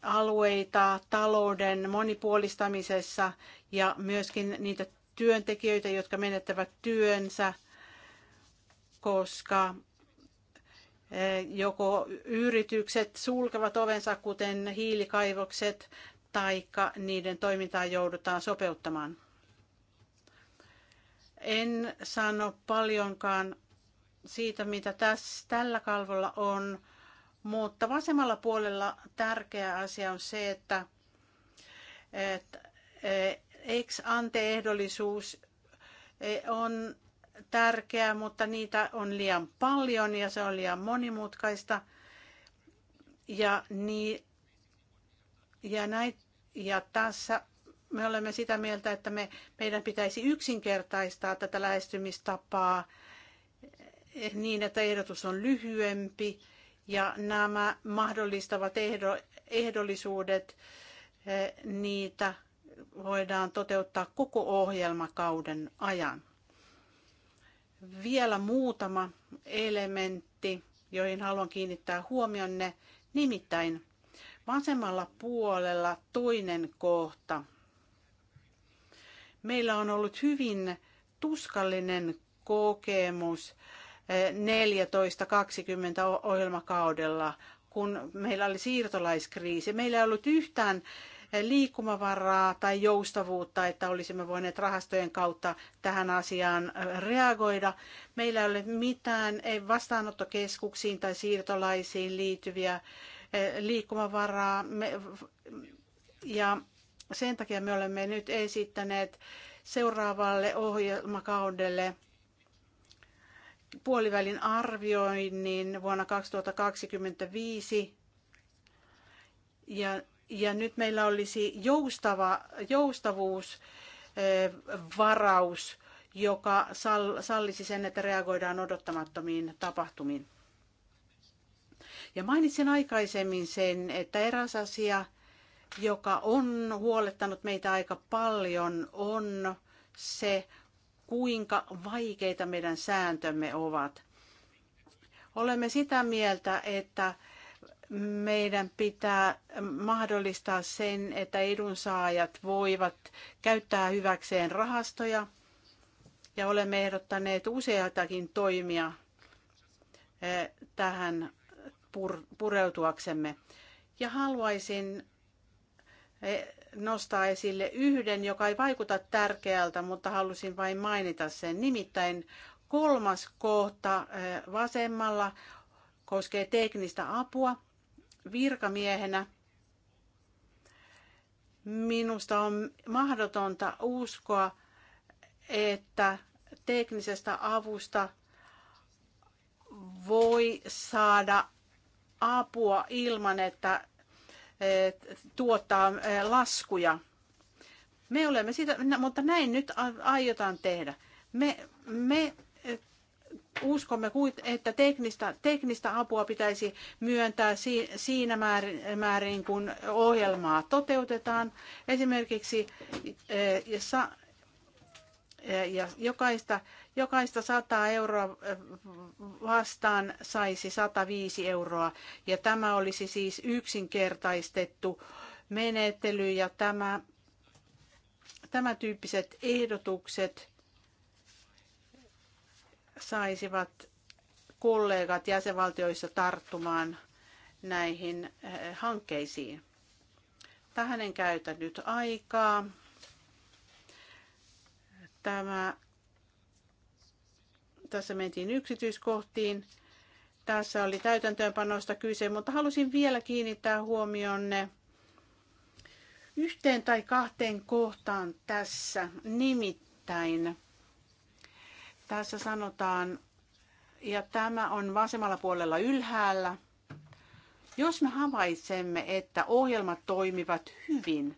alueita talouden monipuolistamisessa ja myöskin niitä työntekijöitä, jotka menettävät työnsä, koska eh, joko yritykset sulkevat ovensa, kuten hiilikaivokset, taikka niiden toimintaa joudutaan sopeuttamaan. En sano paljonkaan siitä, mitä tässä, tällä kalvolla on, mutta vasemmalla puolella tärkeä asia on se, että, että eh, ex ante ehdollisuus eh, on tärkeä, mutta niitä on liian paljon ja se on liian monimutkaista. Ja, niin, ja näitä ja tässä me olemme sitä mieltä, että me, meidän pitäisi yksinkertaistaa tätä lähestymistapaa eh, niin, että ehdotus on lyhyempi ja nämä mahdollistavat ehdo, ehdollisuudet, eh, niitä voidaan toteuttaa koko ohjelmakauden ajan. Vielä muutama elementti, joihin haluan kiinnittää huomionne, nimittäin Vasemmalla puolella toinen kohta. Meillä on ollut hyvin tuskallinen kokemus 14-20 eh, ohjelmakaudella, kun meillä oli siirtolaiskriisi. Meillä ei ollut yhtään eh, liikkumavaraa tai joustavuutta, että olisimme voineet rahastojen kautta tähän asiaan eh, reagoida. Meillä ei ole mitään ei vastaanottokeskuksiin tai siirtolaisiin liittyviä Eh, liikkumavaraa. ja sen takia me olemme nyt esittäneet seuraavalle ohjelmakaudelle puolivälin arvioinnin vuonna 2025. Ja, ja nyt meillä olisi joustava, joustavuus eh, varaus, joka sallisi sen, että reagoidaan odottamattomiin tapahtumiin. Ja mainitsin aikaisemmin sen, että eräs asia, joka on huolettanut meitä aika paljon, on se, kuinka vaikeita meidän sääntömme ovat. Olemme sitä mieltä, että meidän pitää mahdollistaa sen, että edunsaajat voivat käyttää hyväkseen rahastoja, ja olemme ehdottaneet useatakin toimia eh, tähän pureutuaksemme. Ja haluaisin e, nostaa esille yhden, joka ei vaikuta tärkeältä, mutta halusin vain mainita sen. Nimittäin kolmas kohta e, vasemmalla koskee teknistä apua virkamiehenä. Minusta on mahdotonta uskoa, että teknisestä avusta voi saada apua ilman, että tuottaa laskuja. Me olemme sitä, mutta näin nyt aiotaan tehdä. Me, me uskomme, että teknistä, teknistä apua pitäisi myöntää siinä määrin, kun ohjelmaa toteutetaan. Esimerkiksi ja, ja jokaista Jokaista 100 euroa vastaan saisi 105 euroa ja tämä olisi siis yksinkertaistettu menettely ja tämä, tämä tyyppiset ehdotukset saisivat kollegat jäsenvaltioissa tarttumaan näihin hankkeisiin. Tähän en käytä nyt aikaa. Tämä tässä mentiin yksityiskohtiin. Tässä oli täytäntöönpanosta kyse, mutta halusin vielä kiinnittää huomionne yhteen tai kahteen kohtaan tässä. Nimittäin tässä sanotaan, ja tämä on vasemmalla puolella ylhäällä, jos me havaitsemme, että ohjelmat toimivat hyvin,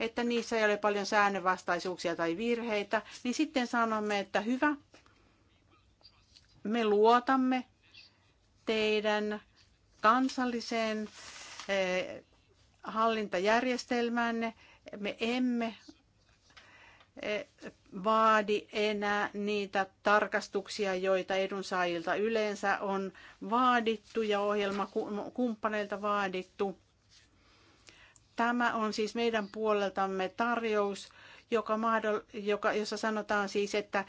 että niissä ei ole paljon säännönvastaisuuksia tai virheitä, niin sitten sanomme, että hyvä, me luotamme teidän kansalliseen eh, hallintajärjestelmäänne. Me emme eh, vaadi enää niitä tarkastuksia, joita edunsaajilta yleensä on vaadittu ja ohjelmakumppaneilta vaadittu. Tämä on siis meidän puoleltamme tarjous, joka, joka, jossa sanotaan siis, että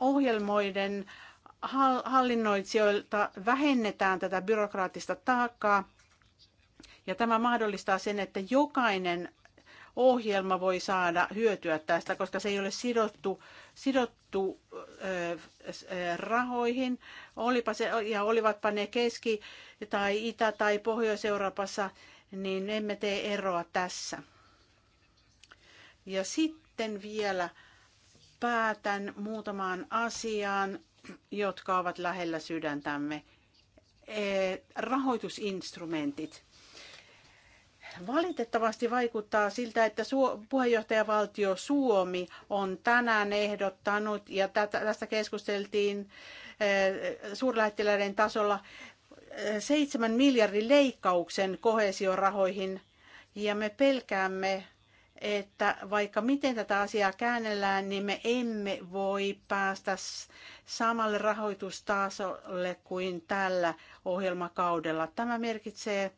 ohjelmoiden hallinnoitsijoilta vähennetään tätä byrokraattista taakkaa ja tämä mahdollistaa sen, että jokainen ohjelma voi saada hyötyä tästä, koska se ei ole sidottu, sidottu rahoihin. Olipa se, ja olivatpa ne Keski- tai Itä- tai Pohjois-Euroopassa, niin emme tee eroa tässä. Ja sitten vielä päätän muutamaan asiaan, jotka ovat lähellä sydäntämme. E, rahoitusinstrumentit. Valitettavasti vaikuttaa siltä, että puheenjohtajavaltio Suomi on tänään ehdottanut, ja tästä keskusteltiin e, suurlähettiläiden tasolla, e, seitsemän miljardin leikkauksen kohesiorahoihin, ja me pelkäämme, että vaikka miten tätä asiaa käännellään, niin me emme voi päästä samalle rahoitustasolle kuin tällä ohjelmakaudella. Tämä merkitsee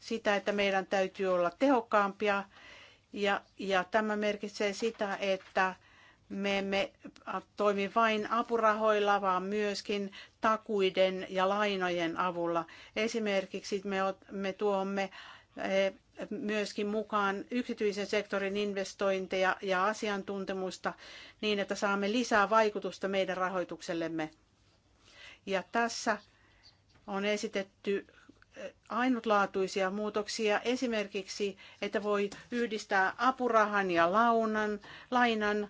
sitä, että meidän täytyy olla tehokkaampia ja, ja tämä merkitsee sitä, että me emme toimi vain apurahoilla, vaan myöskin takuiden ja lainojen avulla. Esimerkiksi me, me tuomme eh, myöskin mukaan yksityisen sektorin investointeja ja asiantuntemusta niin, että saamme lisää vaikutusta meidän rahoituksellemme. Ja tässä on esitetty eh, ainutlaatuisia muutoksia, esimerkiksi, että voi yhdistää apurahan ja launan, lainan,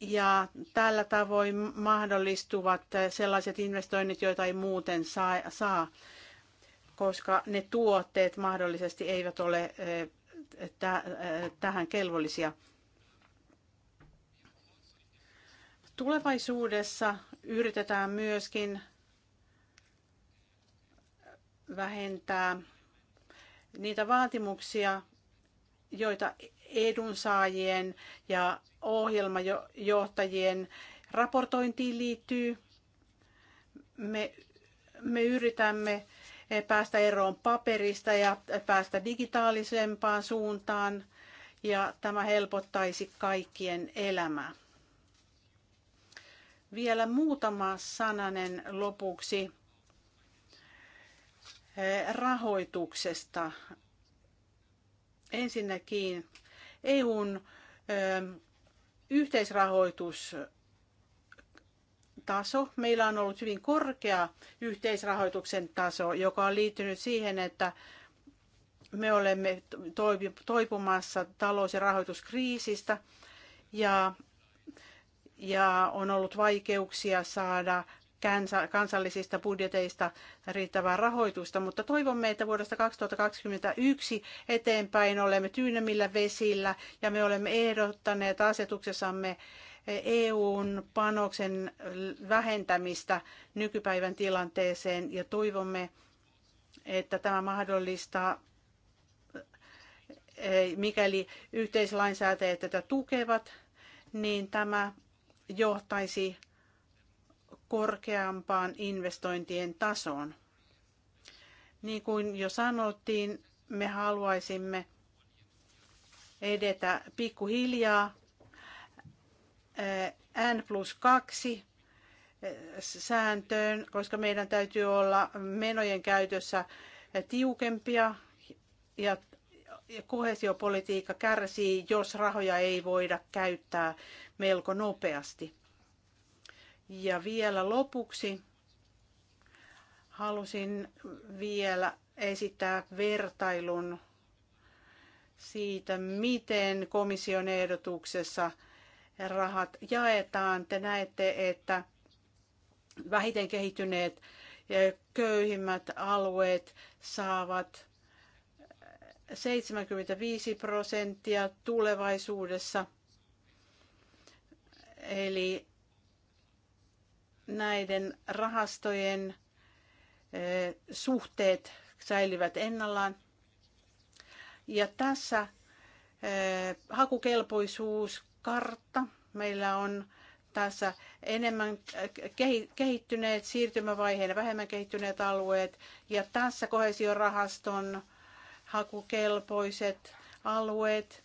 ja tällä tavoin mahdollistuvat eh, sellaiset investoinnit, joita ei muuten saa koska ne tuotteet mahdollisesti eivät ole eh, eh, tähän kelvollisia. Tulevaisuudessa yritetään myöskin vähentää niitä vaatimuksia, joita edunsaajien ja ohjelmajohtajien raportointiin liittyy. Me, me yritämme päästä eroon paperista ja päästä digitaalisempaan suuntaan ja tämä helpottaisi kaikkien elämää. Vielä muutama sananen lopuksi eh, rahoituksesta. Ensinnäkin EUn eh, yhteisrahoitus taso. Meillä on ollut hyvin korkea yhteisrahoituksen taso, joka on liittynyt siihen, että me olemme toipumassa talous- ja rahoituskriisistä ja, ja on ollut vaikeuksia saada kansallisista budjeteista riittävää rahoitusta, mutta toivomme, että vuodesta 2021 eteenpäin olemme tyynemmillä vesillä ja me olemme ehdottaneet asetuksessamme EUn panoksen vähentämistä nykypäivän tilanteeseen ja toivomme, että tämä mahdollistaa, eh, mikäli yhteislainsäätäjät tätä tukevat, niin tämä johtaisi korkeampaan investointien tasoon. Niin kuin jo sanottiin, me haluaisimme edetä pikkuhiljaa N plus 2 sääntöön, koska meidän täytyy olla menojen käytössä tiukempia ja kohesiopolitiikka kärsii, jos rahoja ei voida käyttää melko nopeasti. Ja vielä lopuksi halusin vielä esittää vertailun siitä, miten komission ehdotuksessa – rahat jaetaan, te näette, että vähiten kehittyneet ja köyhimmät alueet saavat 75 prosenttia tulevaisuudessa. Eli näiden rahastojen e, suhteet säilyvät ennallaan. Ja tässä e, hakukelpoisuus kartta. Meillä on tässä enemmän kehittyneet, siirtymävaiheen vähemmän kehittyneet alueet ja tässä kohesiorahaston hakukelpoiset alueet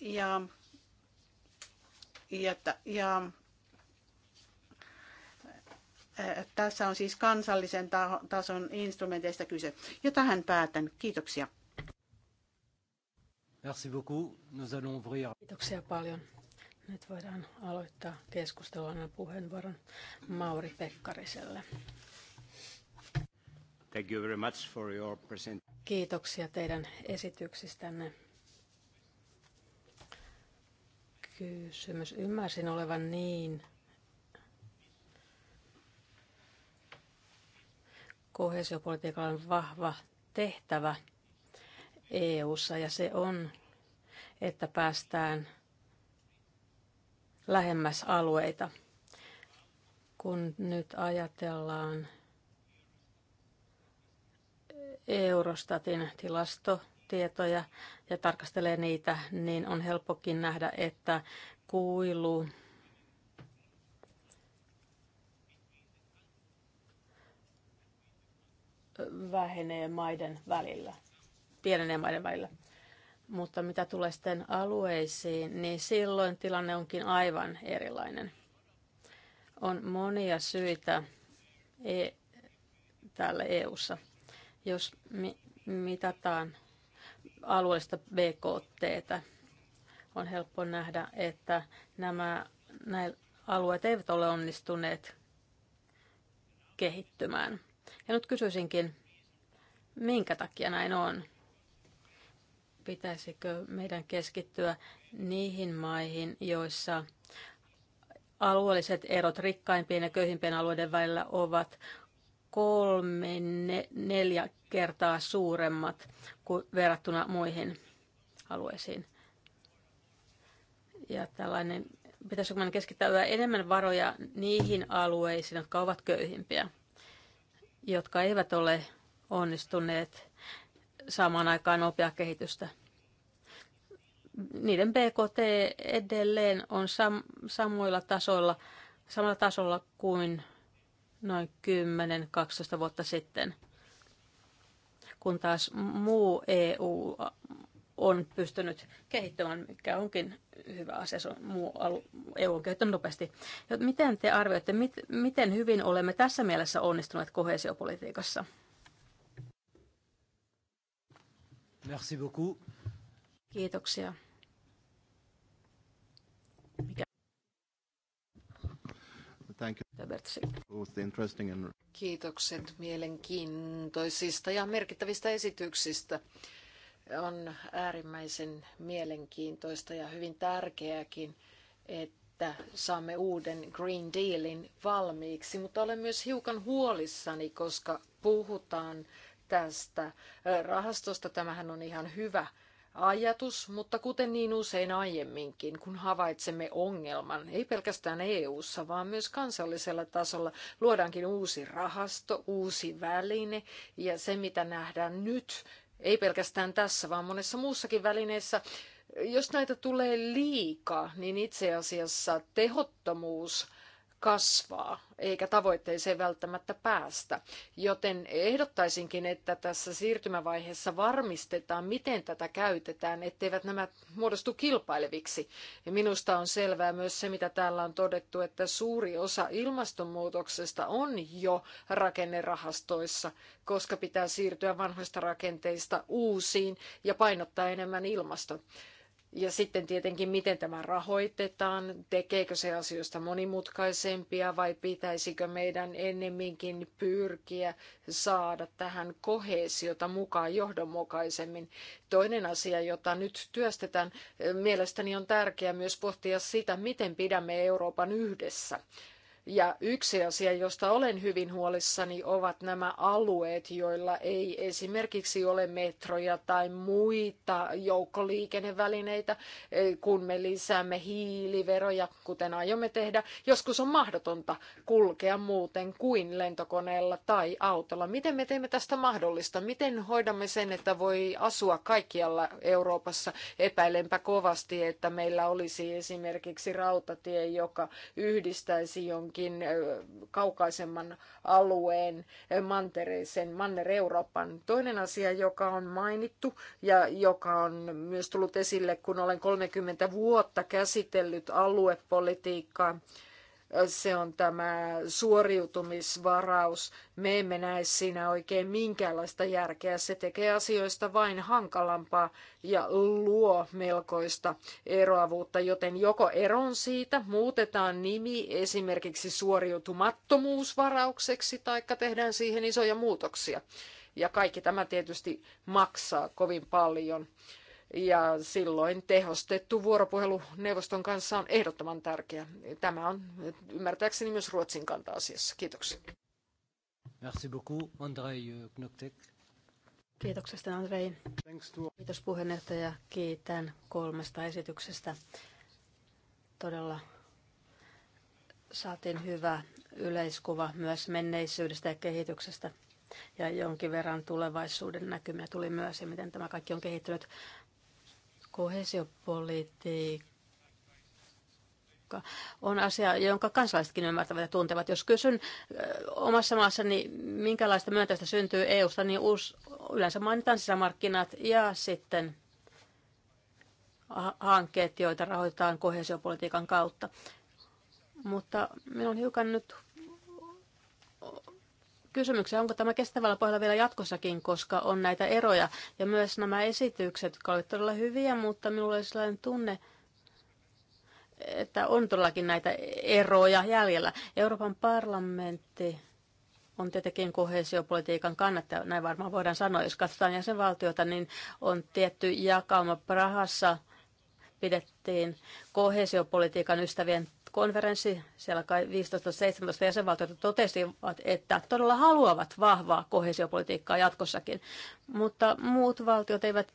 ja, ja, ja tässä on siis kansallisen tason instrumenteista kyse. Ja tähän päätän. Kiitoksia. Merci beaucoup. Nous allons ouvrir. Kiitoksia paljon. Nyt voidaan aloittaa keskustelua annan puheenvuoron Mauri Pekkariselle. Thank you very much for your present. Kiitoksia teidän esityksistänne. Kysymys ymmärsin olevan niin, kohesiopolitiikalla on vahva tehtävä – EU-ssa ja se on, että päästään lähemmäs alueita. Kun nyt ajatellaan Eurostatin tilastotietoja ja tarkastelee niitä, niin on helppokin nähdä, että kuilu vähenee maiden välillä pienenee maiden välillä. Mutta mitä tulee sitten alueisiin, niin silloin tilanne onkin aivan erilainen. On monia syitä e- täällä EU:ssa. Jos mi- mitataan alueellista BKT, on helppo nähdä, että nämä näillä alueet eivät ole onnistuneet kehittymään. Ja nyt kysyisinkin, minkä takia näin on? pitäisikö meidän keskittyä niihin maihin, joissa alueelliset erot rikkaimpien ja köyhimpien alueiden välillä ovat kolme, ne, neljä kertaa suuremmat kuin verrattuna muihin alueisiin. Ja tällainen, pitäisikö meidän keskittää yhä enemmän varoja niihin alueisiin, jotka ovat köyhimpiä, jotka eivät ole onnistuneet – saamaan aikaan nopea kehitystä. Niiden BKT edelleen on sam- samoilla tasoilla, samalla tasolla kuin noin 10-12 vuotta sitten, kun taas muu EU on pystynyt kehittämään, mikä onkin hyvä asia, se on muu alu, EU on kehittynyt nopeasti. Miten te arvioitte, mit, miten hyvin olemme tässä mielessä onnistuneet kohesiopolitiikassa? Merci beaucoup. Kiitoksia. Mikä? Thank you. Interesting and... Kiitokset mielenkiintoisista ja merkittävistä esityksistä. On äärimmäisen mielenkiintoista ja hyvin tärkeääkin, että saamme uuden Green Dealin valmiiksi, mutta olen myös hiukan huolissani, koska puhutaan tästä rahastosta. Tämähän on ihan hyvä ajatus, mutta kuten niin usein aiemminkin, kun havaitsemme ongelman, ei pelkästään EU-ssa, vaan myös kansallisella tasolla, luodaankin uusi rahasto, uusi väline ja se, mitä nähdään nyt, ei pelkästään tässä, vaan monessa muussakin välineessä, jos näitä tulee liikaa, niin itse asiassa tehottomuus kasvaa, eikä tavoitteeseen välttämättä päästä. Joten ehdottaisinkin, että tässä siirtymävaiheessa varmistetaan, miten tätä käytetään, etteivät nämä muodostu kilpaileviksi. Ja minusta on selvää myös se, mitä täällä on todettu, että suuri osa ilmastonmuutoksesta on jo rakennerahastoissa, koska pitää siirtyä vanhoista rakenteista uusiin ja painottaa enemmän ilmastoa. Ja sitten tietenkin, miten tämä rahoitetaan, tekeekö se asioista monimutkaisempia vai pitäisikö meidän ennemminkin pyrkiä saada tähän kohesiota mukaan johdonmukaisemmin. Toinen asia, jota nyt työstetään, mielestäni on tärkeää myös pohtia sitä, miten pidämme Euroopan yhdessä ja yksi asia, josta olen hyvin huolissani, ovat nämä alueet, joilla ei esimerkiksi ole metroja tai muita joukkoliikennevälineitä, e, kun me lisäämme hiiliveroja, kuten aiomme tehdä. Joskus on mahdotonta kulkea muuten kuin lentokoneella tai autolla. Miten me teemme tästä mahdollista? Miten hoidamme sen, että voi asua kaikkialla Euroopassa? Epäilenpä kovasti, että meillä olisi esimerkiksi rautatie, joka yhdistäisi jonkun jonkin kaukaisemman alueen mantereeseen, Manner-Euroopan. Toinen asia, joka on mainittu ja joka on myös tullut esille, kun olen 30 vuotta käsitellyt aluepolitiikkaa, se on tämä suoriutumisvaraus. Me emme näe siinä oikein minkäänlaista järkeä. Se tekee asioista vain hankalampaa ja luo melkoista eroavuutta, joten joko eron siitä muutetaan nimi esimerkiksi suoriutumattomuusvaraukseksi tai tehdään siihen isoja muutoksia. Ja kaikki tämä tietysti maksaa kovin paljon. Ja silloin tehostettu vuoropuhelu neuvoston kanssa on ehdottoman tärkeä. Tämä on ymmärtääkseni myös Ruotsin kanta asiassa. Kiitoksia. Merci beaucoup, Andrei Knoktek. Kiitoksesta Andrei. Kiitos puheenjohtaja. Kiitän kolmesta esityksestä. Todella saatiin hyvä yleiskuva myös menneisyydestä ja kehityksestä. Ja jonkin verran tulevaisuuden näkymiä tuli myös ja miten tämä kaikki on kehittynyt. Kohesiopolitiikka on asia, jonka kansalaisetkin ymmärtävät ja tuntevat. Jos kysyn omassa maassani, minkälaista myönteistä syntyy EUsta, niin yleensä mainitaan sisämarkkinat ja sitten hankkeet, joita rahoitetaan kohesiopolitiikan kautta. Mutta minun on hiukan nyt kysymyksiä, onko tämä kestävällä pohjalla vielä jatkossakin, koska on näitä eroja. Ja myös nämä esitykset, jotka olivat todella hyviä, mutta minulla oli sellainen tunne, että on todellakin näitä eroja jäljellä. Euroopan parlamentti on tietenkin kohesiopolitiikan kannattaja, näin varmaan voidaan sanoa. Jos katsotaan jäsenvaltiota, niin on tietty jakauma Prahassa pidettiin kohesiopolitiikan ystävien konferenssi, siellä kai 15-17 jäsenvaltiota totesivat, että todella haluavat vahvaa kohesiopolitiikkaa jatkossakin, mutta muut valtiot eivät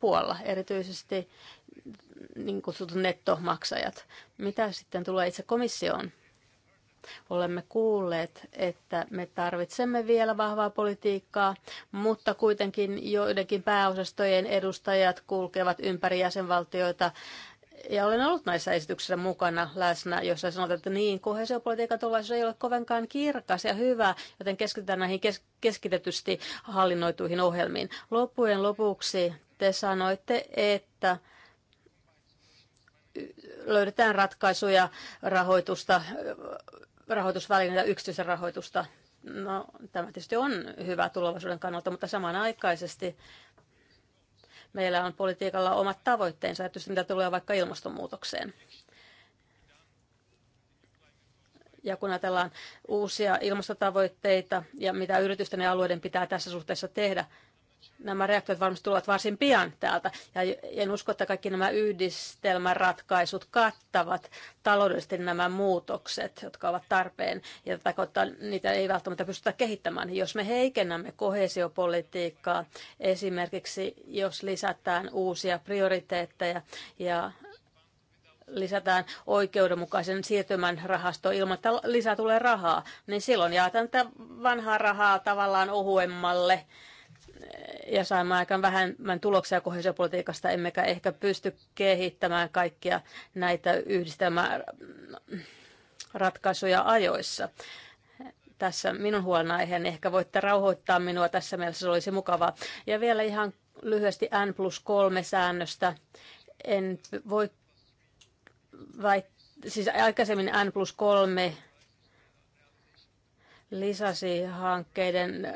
puolla, erityisesti niin kutsutut nettomaksajat. Mitä sitten tulee itse komissioon? Olemme kuulleet, että me tarvitsemme vielä vahvaa politiikkaa, mutta kuitenkin joidenkin pääosastojen edustajat kulkevat ympäri jäsenvaltioita ja olen ollut näissä esityksissä mukana läsnä, jossa sanotaan, että niin, kohesiopolitiikan tulevaisuus ei ole kovinkaan kirkas ja hyvä, joten keskitytään näihin kes- keskitetysti hallinnoituihin ohjelmiin. Loppujen lopuksi te sanoitte, että löydetään ratkaisuja rahoitusta, rahoitusvälineitä, yksityisen rahoitusta. No, tämä tietysti on hyvä tulevaisuuden kannalta, mutta samanaikaisesti Meillä on politiikalla omat tavoitteensa, että mitä tulee vaikka ilmastonmuutokseen. Ja kun ajatellaan uusia ilmastotavoitteita ja mitä yritysten ja alueiden pitää tässä suhteessa tehdä, nämä reaktiot varmasti tulevat varsin pian täältä. Ja en usko, että kaikki nämä yhdistelmäratkaisut kattavat taloudellisesti nämä muutokset, jotka ovat tarpeen. Ja tätä kautta niitä ei välttämättä pystytä kehittämään. Jos me heikennämme kohesiopolitiikkaa, esimerkiksi jos lisätään uusia prioriteetteja ja lisätään oikeudenmukaisen siirtymän rahasto ilman, että lisää tulee rahaa, niin silloin jaetaan tätä vanhaa rahaa tavallaan ohuemmalle ja saimme aikaan vähemmän tuloksia kohesiopolitiikasta, emmekä ehkä pysty kehittämään kaikkia näitä yhdistelmäratkaisuja ajoissa. Tässä minun huolenaiheeni. Ehkä voitte rauhoittaa minua tässä mielessä, se olisi mukavaa. Ja vielä ihan lyhyesti N plus 3 säännöstä. En voi väittää, siis aikaisemmin N plus 3 lisäsi hankkeiden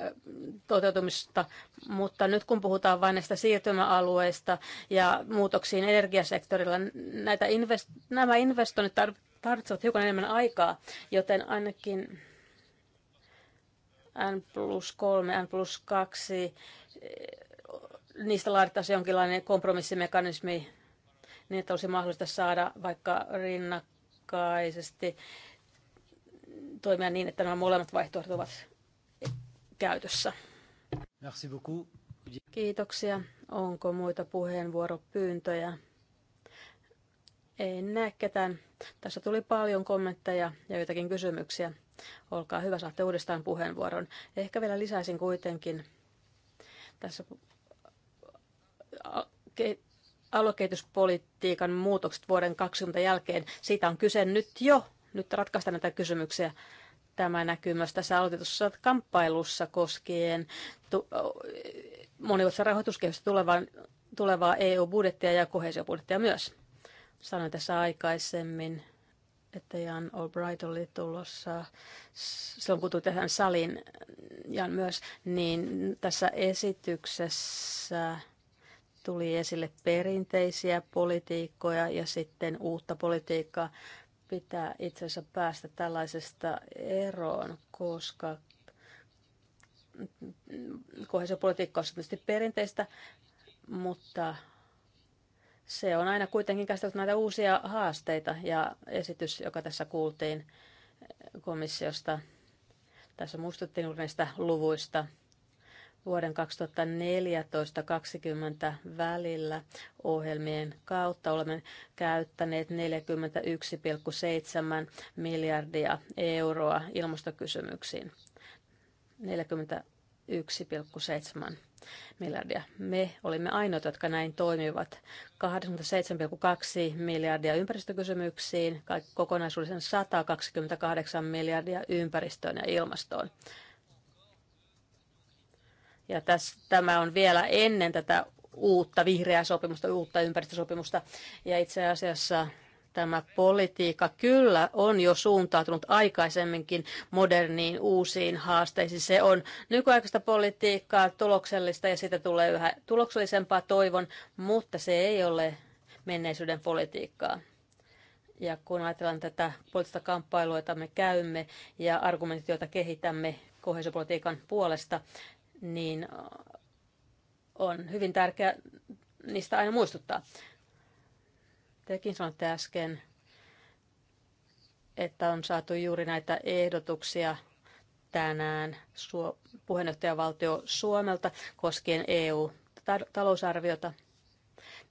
toteutumista, mutta nyt kun puhutaan vain näistä siirtymäalueista ja muutoksiin energiasektorilla, näitä invest- nämä investoinnit tarvitsevat hiukan enemmän aikaa, joten ainakin N plus 3, N plus 2, niistä laadittaisiin jonkinlainen kompromissimekanismi, niin että olisi mahdollista saada vaikka rinnakkaisesti toimia niin, että nämä molemmat vaihtoehdot ovat käytössä. Merci beaucoup. Kiitoksia. Onko muita puheenvuoropyyntöjä? En näe ketään. Tässä tuli paljon kommentteja ja joitakin kysymyksiä. Olkaa hyvä, saatte uudestaan puheenvuoron. Ehkä vielä lisäisin kuitenkin tässä äh, aluekehityspolitiikan muutokset vuoden 2020 jälkeen. Siitä on kyse nyt jo nyt ratkaista näitä kysymyksiä. Tämä näkyy myös tässä aloitetussa kamppailussa koskien tu- monivuotisen rahoituskehystä tulevaa, tulevaa EU-budjettia ja kohesiobudjettia myös. Sanoin tässä aikaisemmin, että Jan Albright oli tulossa, silloin kun tuli tähän salin Jan myös, niin tässä esityksessä tuli esille perinteisiä politiikkoja ja sitten uutta politiikkaa pitää itse asiassa päästä tällaisesta eroon, koska kohesiopolitiikka on tietysti perinteistä, mutta se on aina kuitenkin käsitellyt näitä uusia haasteita ja esitys, joka tässä kuultiin komissiosta, tässä muistuttiin näistä luvuista – vuoden 2014-2020 välillä ohjelmien kautta olemme käyttäneet 41,7 miljardia euroa ilmastokysymyksiin. 41,7 miljardia. Me olimme ainoat, jotka näin toimivat. 87,2 miljardia ympäristökysymyksiin, kokonaisuudessaan 128 miljardia ympäristöön ja ilmastoon. Ja tässä, tämä on vielä ennen tätä uutta vihreää sopimusta, uutta ympäristösopimusta. Ja itse asiassa tämä politiikka kyllä on jo suuntautunut aikaisemminkin moderniin uusiin haasteisiin. Se on nykyaikaista politiikkaa, tuloksellista ja siitä tulee yhä tuloksellisempaa toivon, mutta se ei ole menneisyyden politiikkaa. Ja kun ajatellaan tätä poliittista kamppailua, jota me käymme ja argumentit, joita kehitämme kohesiopolitiikan puolesta, niin äh, on hyvin tärkeää niistä aina muistuttaa. Tekin sanoitte äsken, että on saatu juuri näitä ehdotuksia tänään Suo- puheenjohtajavaltio Suomelta koskien EU-talousarviota.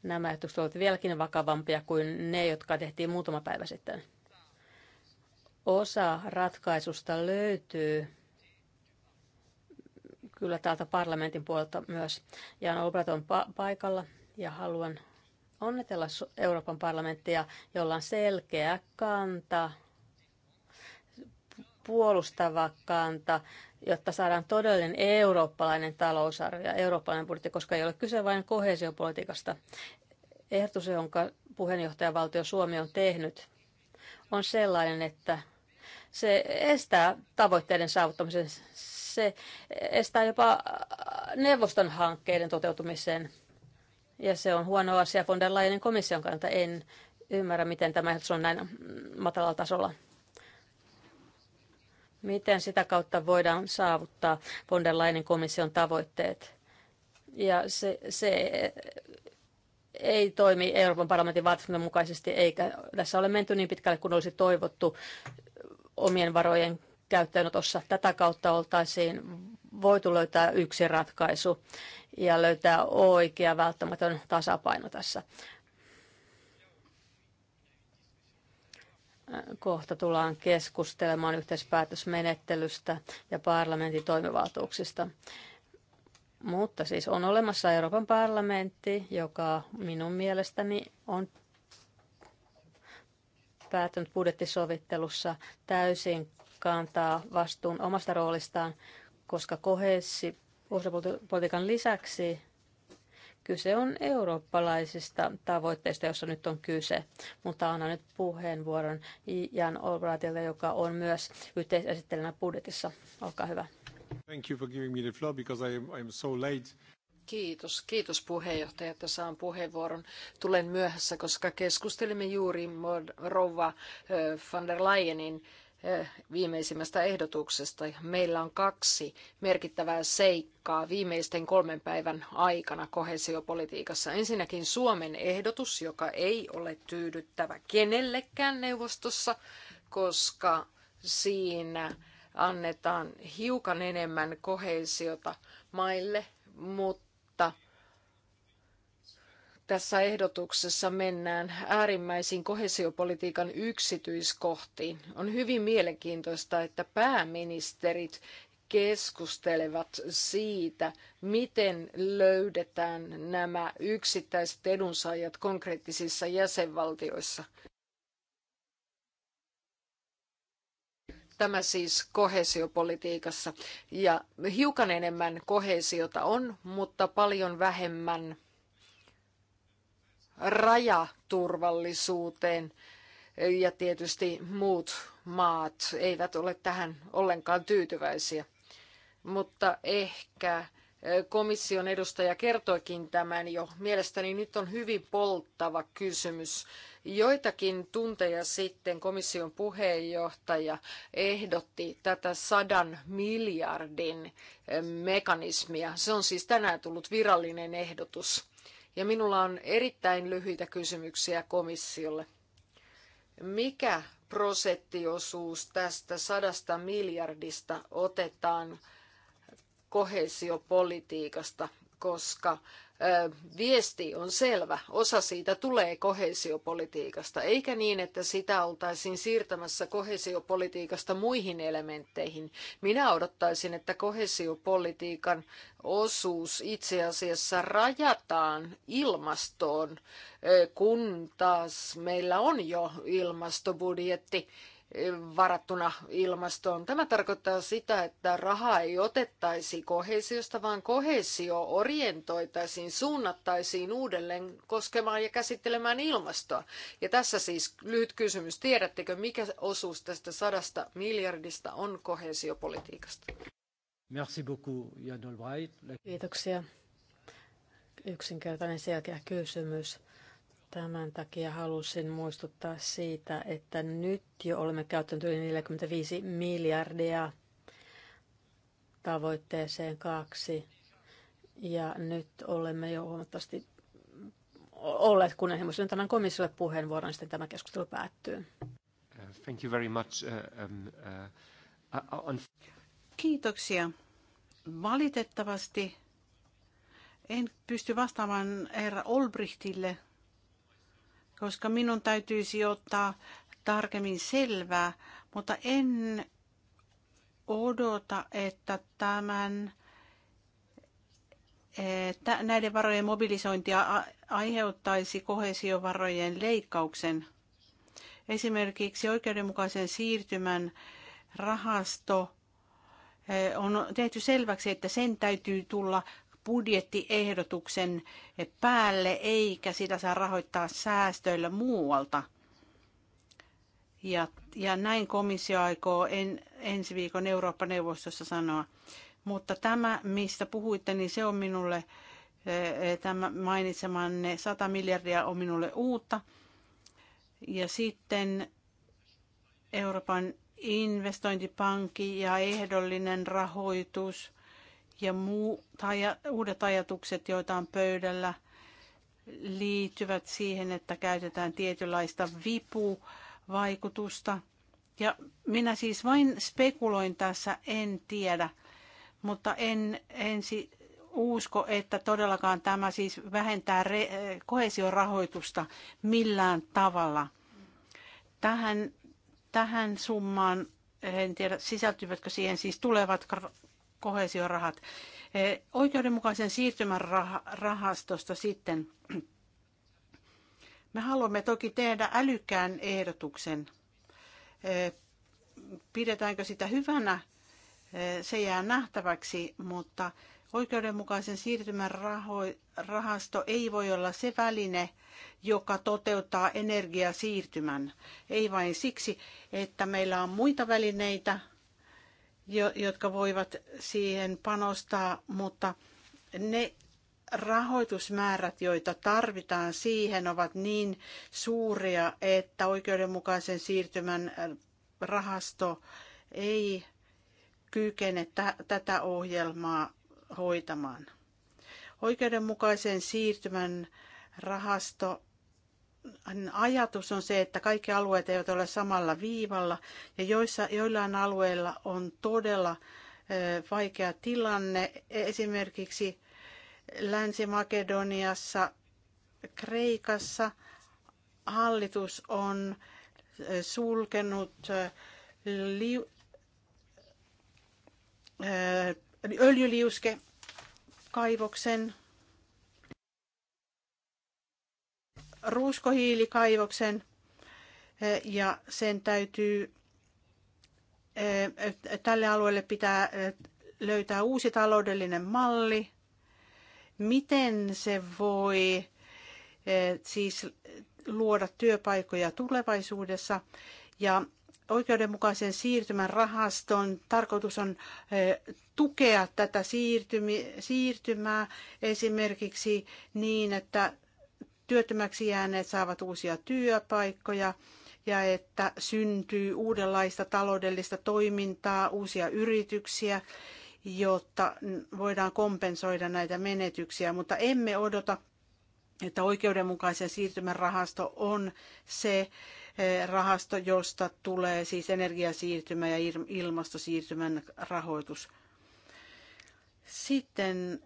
Nämä ehdotukset ovat vieläkin vakavampia kuin ne, jotka tehtiin muutama päivä sitten. Osa ratkaisusta löytyy kyllä täältä parlamentin puolelta myös. Jan Obrat on pa- paikalla ja haluan onnitella Euroopan parlamenttia, jolla on selkeä kanta, puolustava kanta, jotta saadaan todellinen eurooppalainen talousarvio ja eurooppalainen budjetti, koska ei ole kyse vain kohesiopolitiikasta. Ehdotus, jonka puheenjohtajavaltio Suomi on tehnyt, on sellainen, että se estää tavoitteiden saavuttamisen se estää jopa neuvoston hankkeiden toteutumiseen Ja se on huono asia von der Leyenin komission kannalta. En ymmärrä, miten tämä ehdotus on näin matalalla tasolla. Miten sitä kautta voidaan saavuttaa von der Leyenin komission tavoitteet? Ja se, se ei toimi Euroopan parlamentin vaatimusten mukaisesti, eikä tässä ole menty niin pitkälle kuin olisi toivottu omien varojen käyttöönotossa. Tätä kautta oltaisiin voitu löytää yksi ratkaisu ja löytää oikea välttämätön tasapaino tässä. Kohta tullaan keskustelemaan yhteispäätösmenettelystä ja parlamentin toimivaltuuksista. Mutta siis on olemassa Euroopan parlamentti, joka minun mielestäni on päätynyt budjettisovittelussa täysin kantaa vastuun omasta roolistaan, koska kohessi ulkopolitiikan lisäksi kyse on eurooppalaisista tavoitteista, jossa nyt on kyse. Mutta annan nyt puheenvuoron Jan Olbratille, joka on myös yhteisesittelijänä budjetissa. Olkaa hyvä. Thank you for giving me the floor because I am, I am so late. Kiitos, kiitos puheenjohtaja, että saan puheenvuoron. Tulen myöhässä, koska keskustelimme juuri Rova van der Leyenin Eh, viimeisimmästä ehdotuksesta. Meillä on kaksi merkittävää seikkaa viimeisten kolmen päivän aikana kohesiopolitiikassa. Ensinnäkin Suomen ehdotus, joka ei ole tyydyttävä kenellekään neuvostossa, koska siinä annetaan hiukan enemmän kohesiota maille, mutta tässä ehdotuksessa mennään äärimmäisiin koheesiopolitiikan yksityiskohtiin. On hyvin mielenkiintoista, että pääministerit keskustelevat siitä, miten löydetään nämä yksittäiset edunsaajat konkreettisissa jäsenvaltioissa. Tämä siis koheesiopolitiikassa Ja hiukan enemmän koheesiota on, mutta paljon vähemmän rajaturvallisuuteen ja tietysti muut maat eivät ole tähän ollenkaan tyytyväisiä. Mutta ehkä eh, komission edustaja kertoikin tämän jo. Mielestäni nyt on hyvin polttava kysymys. Joitakin tunteja sitten komission puheenjohtaja ehdotti tätä sadan miljardin eh, mekanismia. Se on siis tänään tullut virallinen ehdotus. Ja minulla on erittäin lyhyitä kysymyksiä komissiolle. Mikä prosenttiosuus tästä sadasta miljardista otetaan koheesiopolitiikasta, koska viesti on selvä. Osa siitä tulee kohesiopolitiikasta, eikä niin, että sitä oltaisiin siirtämässä kohesiopolitiikasta muihin elementteihin. Minä odottaisin, että kohesiopolitiikan osuus itse asiassa rajataan ilmastoon, kun taas meillä on jo ilmastobudjetti varattuna ilmastoon. Tämä tarkoittaa sitä, että rahaa ei otettaisi kohesiosta, vaan kohesio orientoitaisiin, suunnattaisiin uudelleen koskemaan ja käsittelemään ilmastoa. Ja tässä siis lyhyt kysymys. Tiedättekö, mikä osuus tästä sadasta miljardista on kohesiopolitiikasta? Merci beaucoup, Jan Kiitoksia. Yksinkertainen selkeä kysymys. Tämän takia halusin muistuttaa siitä, että nyt jo olemme käyttäneet yli 45 miljardia tavoitteeseen kaksi. Ja nyt olemme jo huomattavasti olleet Nyt annan komissiolle puheenvuoron, niin sitten tämä keskustelu päättyy. Thank you very much. Uh, um, uh, uh, Kiitoksia. Valitettavasti en pysty vastaamaan herra Olbrichtille koska minun täytyisi ottaa tarkemmin selvää, mutta en odota, että tämän että eh, näiden varojen mobilisointia aiheuttaisi kohesiovarojen leikkauksen. Esimerkiksi oikeudenmukaisen siirtymän rahasto eh, on tehty selväksi, että sen täytyy tulla budjettiehdotuksen päälle, eikä sitä saa rahoittaa säästöillä muualta. Ja, ja näin komissio aikoo en, ensi viikon Eurooppa-neuvostossa sanoa. Mutta tämä, mistä puhuitte, niin se on minulle, eh, eh, tämä mainitsemanne 100 miljardia on minulle uutta. Ja sitten Euroopan investointipankki ja ehdollinen rahoitus – ja muu, tai uudet ajatukset, joita on pöydällä, liittyvät siihen, että käytetään tietynlaista vipuvaikutusta. Ja minä siis vain spekuloin tässä, en tiedä, mutta en, ensi usko, että todellakaan tämä siis vähentää re, kohesiorahoitusta millään tavalla. Tähän, tähän summaan, en tiedä sisältyvätkö siihen siis tulevat koheesiorahat. Eh, oikeudenmukaisen siirtymän rahastosta sitten. Me haluamme toki tehdä älykkään ehdotuksen. Eh, pidetäänkö sitä hyvänä? Eh, se jää nähtäväksi, mutta oikeudenmukaisen siirtymän rahasto ei voi olla se väline, joka toteuttaa energiasiirtymän. Ei vain siksi, että meillä on muita välineitä, jotka voivat siihen panostaa, mutta ne rahoitusmäärät, joita tarvitaan siihen, ovat niin suuria, että oikeudenmukaisen siirtymän äh, rahasto ei kykene tätä ohjelmaa hoitamaan. Oikeudenmukaisen siirtymän rahasto ajatus on se, että kaikki alueet eivät ole samalla viivalla ja joissa, joillain alueilla on todella vaikea tilanne. Esimerkiksi Länsi-Makedoniassa, Kreikassa hallitus on sulkenut öljyliuske kaivoksen. ruuskohiilikaivoksen e, ja sen täytyy e, tälle alueelle pitää e, löytää uusi taloudellinen malli, miten se voi siis luoda työpaikkoja tulevaisuudessa ja oikeudenmukaisen siirtymän rahaston tarkoitus on tukea tätä siirtymää esimerkiksi niin, että työttömäksi jääneet saavat uusia työpaikkoja ja että syntyy uudenlaista taloudellista toimintaa, uusia yrityksiä, jotta voidaan kompensoida näitä menetyksiä, mutta emme odota, että oikeudenmukaisen siirtymän rahasto on se eh, rahasto, josta tulee siis energiasiirtymä ja ilmastosiirtymän rahoitus. Sitten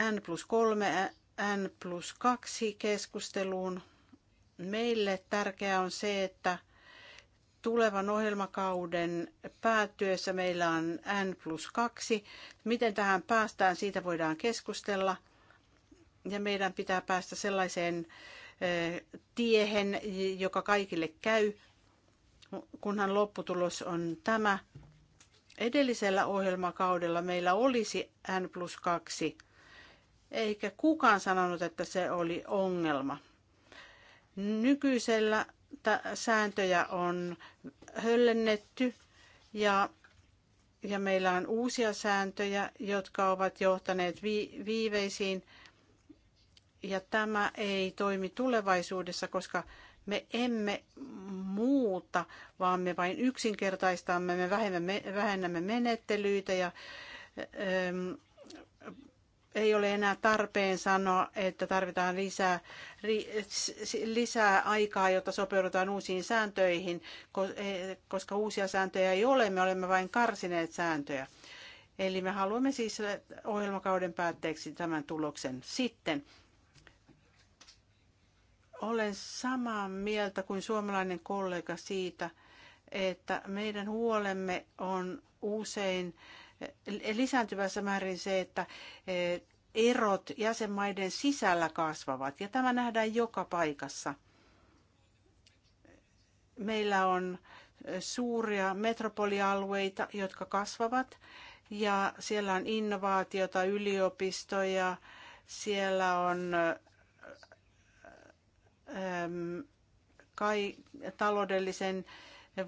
N plus 3 N plus 2 keskusteluun. Meille tärkeää on se, että tulevan ohjelmakauden päättyessä meillä on N plus 2. Miten tähän päästään, siitä voidaan keskustella. Ja meidän pitää päästä sellaiseen tiehen, joka kaikille käy, kunhan lopputulos on tämä. Edellisellä ohjelmakaudella meillä olisi N plus 2 eikä kukaan sanonut, että se oli ongelma. Nykyisellä sääntöjä on höllennetty ja, ja meillä on uusia sääntöjä, jotka ovat johtaneet vi, viiveisiin. Ja tämä ei toimi tulevaisuudessa, koska me emme muuta, vaan me vain yksinkertaistamme, me vähennämme menettelyitä ja ei ole enää tarpeen sanoa, että tarvitaan lisää, lisää aikaa, jotta sopeudutaan uusiin sääntöihin, e, koska uusia sääntöjä ei ole, me olemme vain karsineet sääntöjä. Eli me haluamme siis ohjelmakauden päätteeksi tämän tuloksen. Sitten olen samaa mieltä kuin suomalainen kollega siitä, että meidän huolemme on usein lisääntyvässä määrin se, että e, erot jäsenmaiden sisällä kasvavat. Ja tämä nähdään joka paikassa. Meillä on suuria metropolialueita, jotka kasvavat. Ja siellä on innovaatiota, yliopistoja, siellä on e, kai, taloudellisen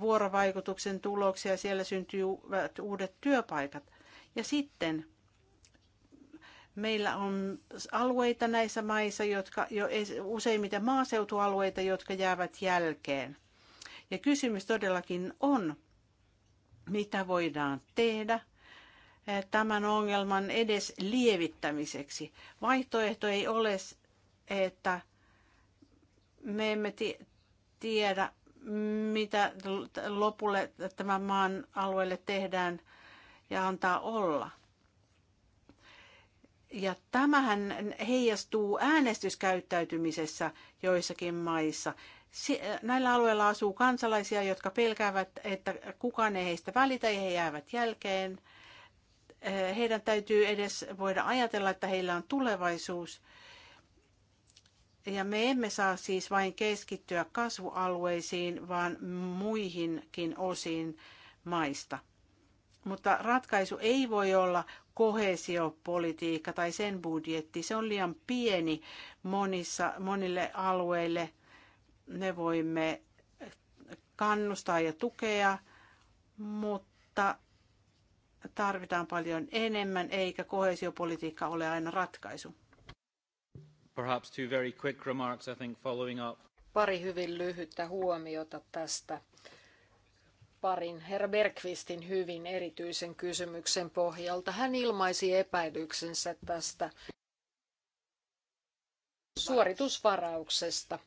vuorovaikutuksen tuloksia, siellä syntyy uudet työpaikat. Ja sitten meillä on alueita näissä maissa, jotka jo useimmiten maaseutualueita, jotka jäävät jälkeen. Ja kysymys todellakin on, mitä voidaan tehdä eh, tämän ongelman edes lievittämiseksi. Vaihtoehto ei ole, että me emme tiedä, mitä lopulle tämän maan alueelle tehdään ja antaa olla. Ja tämähän heijastuu äänestyskäyttäytymisessä joissakin maissa. Näillä alueilla asuu kansalaisia, jotka pelkäävät, että kukaan ei heistä välitä ja he jäävät jälkeen. Heidän täytyy edes voida ajatella, että heillä on tulevaisuus – ja me emme saa siis vain keskittyä kasvualueisiin, vaan muihinkin osiin maista. Mutta ratkaisu ei voi olla kohesiopolitiikka tai sen budjetti. Se on liian pieni monissa, monille alueille. Me voimme kannustaa ja tukea, mutta tarvitaan paljon enemmän, eikä kohesiopolitiikka ole aina ratkaisu. Pari hyvin lyhyttä huomiota tästä parin herra Bergqvistin hyvin erityisen kysymyksen pohjalta. Hän ilmaisi epäilyksensä tästä suoritusvarauksesta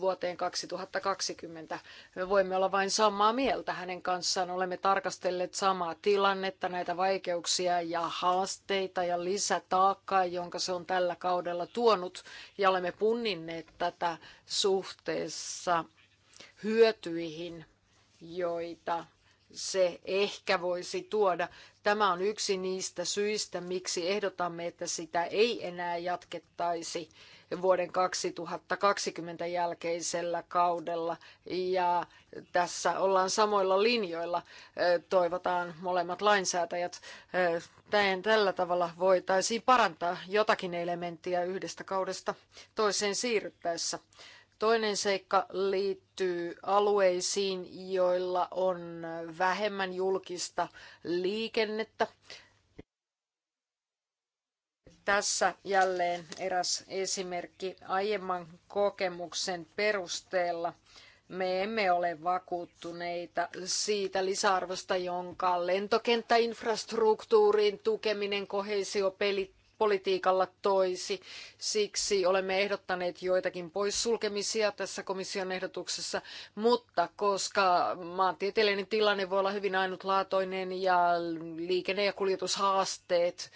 vuoteen 2020. Me voimme olla vain samaa mieltä hänen kanssaan. Olemme tarkastelleet samaa tilannetta, näitä vaikeuksia ja haasteita ja lisätaakkaa, jonka se on tällä kaudella tuonut. Ja olemme punninneet tätä suhteessa hyötyihin, joita se ehkä voisi tuoda. Tämä on yksi niistä syistä, miksi ehdotamme, että sitä ei enää jatkettaisi vuoden 2020 jälkeisellä kaudella. Ja tässä ollaan samoilla linjoilla, toivotaan molemmat lainsäätäjät. tän tällä tavalla voitaisiin parantaa jotakin elementtiä yhdestä kaudesta toiseen siirryttäessä. Toinen seikka liittyy alueisiin, joilla on vähemmän julkista liikennettä. Tässä jälleen eräs esimerkki aiemman kokemuksen perusteella. Me emme ole vakuuttuneita siitä lisäarvosta, jonka lentokenttäinfrastruktuurin tukeminen koheesiopolitiikalla toisi. Siksi olemme ehdottaneet joitakin poissulkemisia tässä komission ehdotuksessa, mutta koska maantieteellinen tilanne voi olla hyvin ainutlaatoinen ja liikenne- ja kuljetushaasteet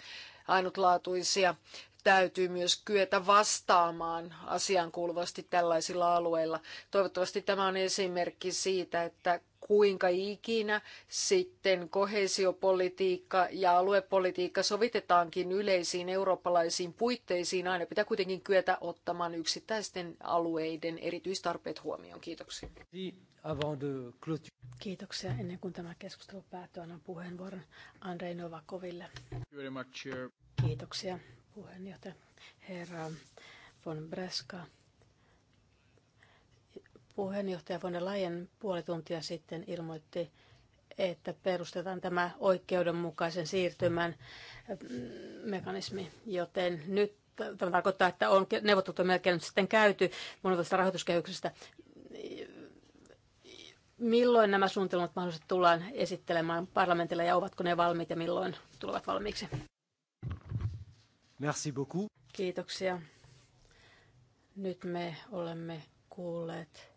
ainutlaatuisia. Täytyy myös kyetä vastaamaan asiaan tällaisilla alueilla. Toivottavasti tämä on esimerkki siitä, että kuinka ikinä sitten koheesiopolitiikka ja aluepolitiikka sovitetaankin yleisiin eurooppalaisiin puitteisiin, aina pitää kuitenkin kyetä ottamaan yksittäisten alueiden erityistarpeet huomioon. Kiitoksia avant de Kiitoksia. Ennen kuin tämä keskustelu päättyy, annan puheenvuoron Andrei Novakoville. Very much, Kiitoksia puheenjohtaja herra von Breska. Puheenjohtaja von Leyen puoli tuntia sitten ilmoitti, että perustetaan tämä oikeudenmukaisen siirtymän mm, mekanismi, joten nyt tämä tarkoittaa, että on neuvottelut on melkein nyt sitten käyty monivuotisesta rahoituskehyksestä. Milloin nämä suunnitelmat mahdollisesti tullaan esittelemään parlamentille ja ovatko ne valmiit ja milloin tulevat valmiiksi? Merci beaucoup. Kiitoksia. Nyt me olemme kuulleet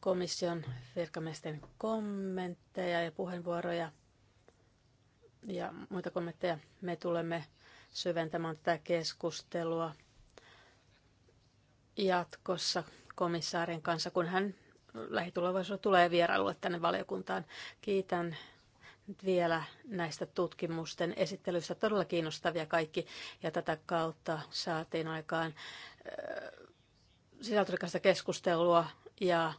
komission virkamiesten kommentteja ja puheenvuoroja ja muita kommentteja. Me tulemme syventämään tätä keskustelua jatkossa komissaarin kanssa, kun hän lähitulevaisuudessa tulee vierailulle tänne valiokuntaan. Kiitän nyt vielä näistä tutkimusten esittelyistä. Todella kiinnostavia kaikki ja tätä kautta saatiin aikaan äh, sisältörikasta keskustelua ja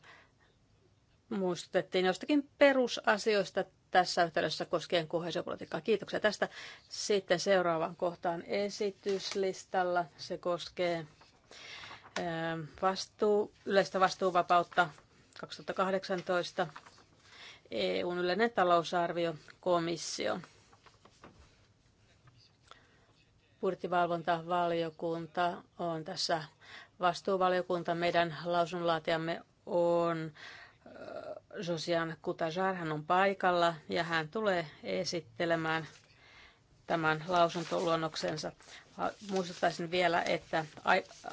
muistutettiin jostakin perusasioista tässä yhteydessä koskien kohesiopolitiikkaa. Kiitoksia tästä. Sitten seuraavaan kohtaan esityslistalla. Se koskee äh, vastuu, yleistä vastuuvapautta 2018 EUn yleinen talousarvio komissio. Budjettivalvontavaliokunta on tässä vastuuvaliokunta. Meidän lausunnonlaatiamme on Josian Kutajar, hän on paikalla ja hän tulee esittelemään tämän lausuntoluonnoksensa. Muistuttaisin vielä, että